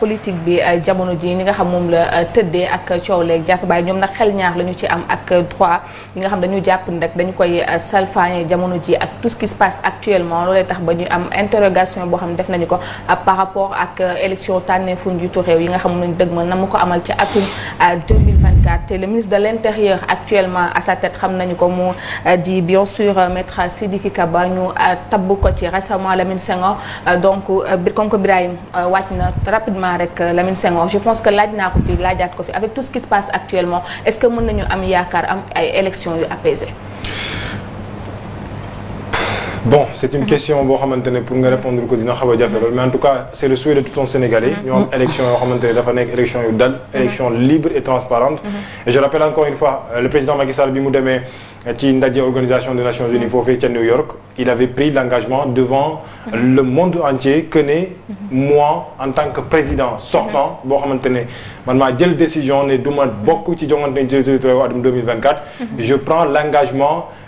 politique bi jamono ji ni nga xam moom la tëddee ak coow leeg jàpp baay ñoom nag xel ñaar la ñu ci am ak droit yi nga xam dañu jàpp nag dañu koy salfaañe jamono ji ak tout ce qui se tax ba ñu am interrogation boo xam ne def nañu ko par rapport ak élection tànneefu njiitu réew yi nga xam nañu dëgg ma na mu ko amal ci atum 2024 te le ministre de l' intérieur actuellement à xam nañu ko mu di Bios sur euh, maître Sidiki Kaba ñu euh, tabb ko ci récemment Lamine Senghor euh, donc comme que Birahim wàcc na rapidement rek Lamine Senghor je pense que laaj naa ko fi laajaat ko fi avec tout ce qui se passe actuellement est-ce que mën nañu am yaakaar am ay élections yu apaisées bon c' est une mm-hmm. question boo xamante ne pour nga répondre ko dina xaw a jafe mais en tout cas c' est le souhait de tout un Sénégalais. Mm-hmm. ñoo am élection yoo xamante mm-hmm. élection libre et transparente. et je rappelle encore une fois euh, le président Macky Sall ci ndaje organisation des Nations Unies foofee ca New York il avait pris l' devant le monde entier que ne moi en tant que président sortant boo xamante ne man maa jël décision ne du ma bokk ci joŋante ne territoire atum 2024. je prends l'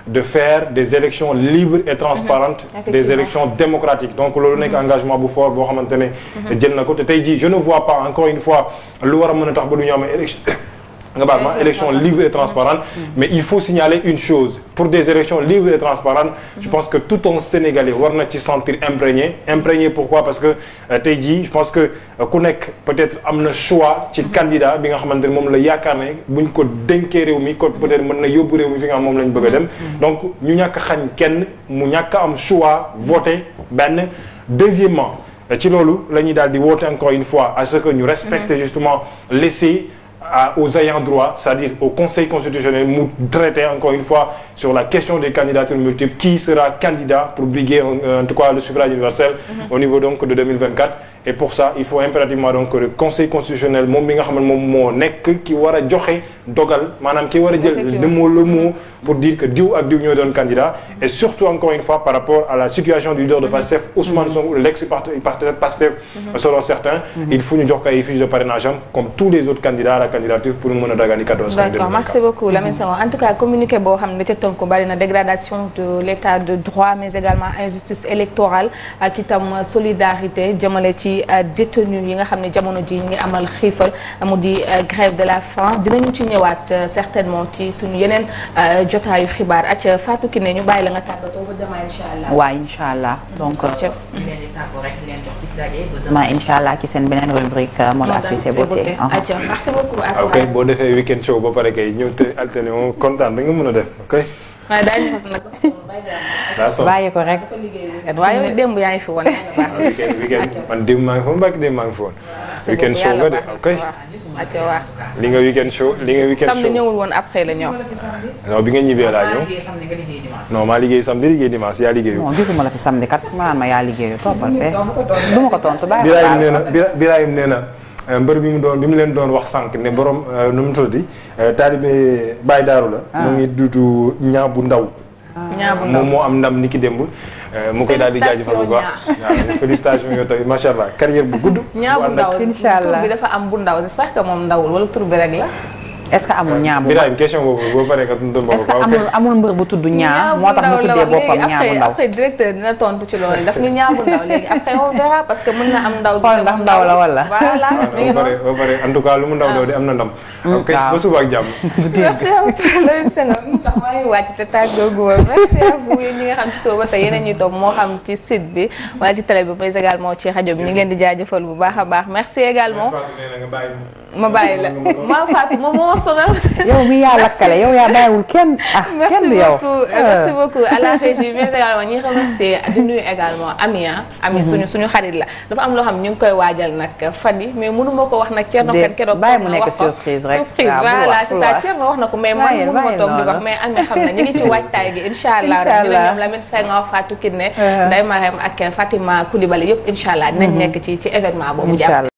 de faire des élections libres et transparentes mhm. des élections démocratiques donc loolu nekk engagement bu fort boo xamante ne mhm. jël na ko te tey jii je ne vois pas encore une fois lu war a a tax ba du ñu am élection nga baal ma élection libre et transparente mm. mais il faut signaler une chose pour des élections libres et transparentes mm. je pense que tout un Sénégalais war na ci sentir imprégné imprégné pourquoi parce que euh, tey jii je pense que euh, ku nekk peut-être am na choix ci kandida mm. bi nga xamante ne moom la yaakaar ne buñ ko dénkee réew mi kon peut-être mën na yóbbu réew mi fi nga xam moom lañ bëgg dem donc ñu ñàkk xañ kenn mu ñàkk am choix voter benn deuxièmement ci loolu la ñuy daal di woote encore une fois à ce que ñu respecte justement laisser aux ayants droit, c'est-à-dire au Conseil constitutionnel, mu traiter encore une fois sur la question des candidatures multiples, qui sera candidat pour briguer en, en tout cas le suffrage universel mm -hmm. au niveau donc de 2024. et pour ça impérativement donc le conseil constitutionnel moom mi nga xam ne moo nekk ki war joxe dogal maanaam ki war a jël le mot pour dire que diw ak diw ñooy doon candidat et surtout encore une fois par rapport à la situation du leader de PASTEF mhm. Ousmane Sonko mhm. l'ex PASTEF mhm. selon certains il faut ñu jox ko ay de parrainage am comme tous les autres candidats à la candidature pour ñu mën a dagaan i 14 d'accord merci ci euh, détenu yi nga xam ne jamono ji ñu ngi amal xiifal mu di euh, grève de la faim ñu ci ñëwaat euh, certainement ci suñu yeneen jotaayu xibaar ak Fatou ne ñu bàyyi la nga tàggatoo ba demain incha allah. allah donc. ñu leen di seen beneen rubrique mode associé beauté. Uh-huh. merci beaucoup. Ah, ok boo defee weekend show ba pare kay ñëw te alterné moom kontaan mën a def waaye daañu fas a daa soog bàyyi ko rek. waaye démb yaa ngi fi woon. [laughs] weekend weekend man démb maa ngi fi woon mbàkk démb maa ngi fi woon. weekend show nga de ok. li nga weekend show li nga weekend show. samedi ñëwul woon après la ñëw. non bi nga ñibbee laa ñëw. non maa liggéey samedi liggéey dimanche yaa liggéeyu. non gisuma la fi samedi kat ma naan ma yaa liggéeyu toppal be [laughs] du ma ko tontu bàyyi ko Birahim nee na Birahim nee na. Euh, mbër bi mu doon bi mu leen doon wax sànq ne borom euh, nu mu di euh, taalibe Baye Daaru la. Ah. mu ngi dutu ñaa ah. bu ndaw. moom moo am ndam ni ki démb. mu koy daal di jaajëfal bu baax [laughs] waaw félicitation yow tamit allah carrière bu gudd. ñaa bu ndaw incha allah tur bi dafa am bu ndaw j'espère que moom ndawul wala tur bi la. est-ce que amul ñaa bu ndaw question boobu boo paree que amul amul bu tudd ñaa moo tax mu tuddee boppam ñaa bu ndaw après directeur dina tontu ci loolu daf ñu ñaa ndaw léegi après on verra parce que mën na am ndaw xool ndax ndaw la wala voilà ba pare en tout cas lu mu ndaw ah. daw di am na ndam mm, ok ba jàmm [laughs] damay wàcc te tàggoo gu woon merci à vous ñi nga ci soo ba tey yeneen ñuy topp moo xam ci site bi wala ci télé bi mais également ci rajo bi ñu ngeen di jaajëfal bu baax a baax merci également ma bàyyi la ma Fatou moom moo sonal. yow mi yaa lakkale yow yaa bàyyiwul kenn ah kenn yow. Euh, merci beaucoup merci beaucoup à la régie mais également Ami ah. Ami mhm. suñu xarit la dafa am loo xam ñu ngi koy waajal nag fan yi mais mënu ko wax nag. Thierno kenn keroog bàyyi mu nekk surprise ah, ko toog di ko mais am na xam na ñu ngi ci waajtaay gi incha allah dina ñoom Lamine Senghor Fatou a Ndeye Marème ak Fatima Coulibaly yëpp incha allah dinañ nekk ci ci événement boobu jàpp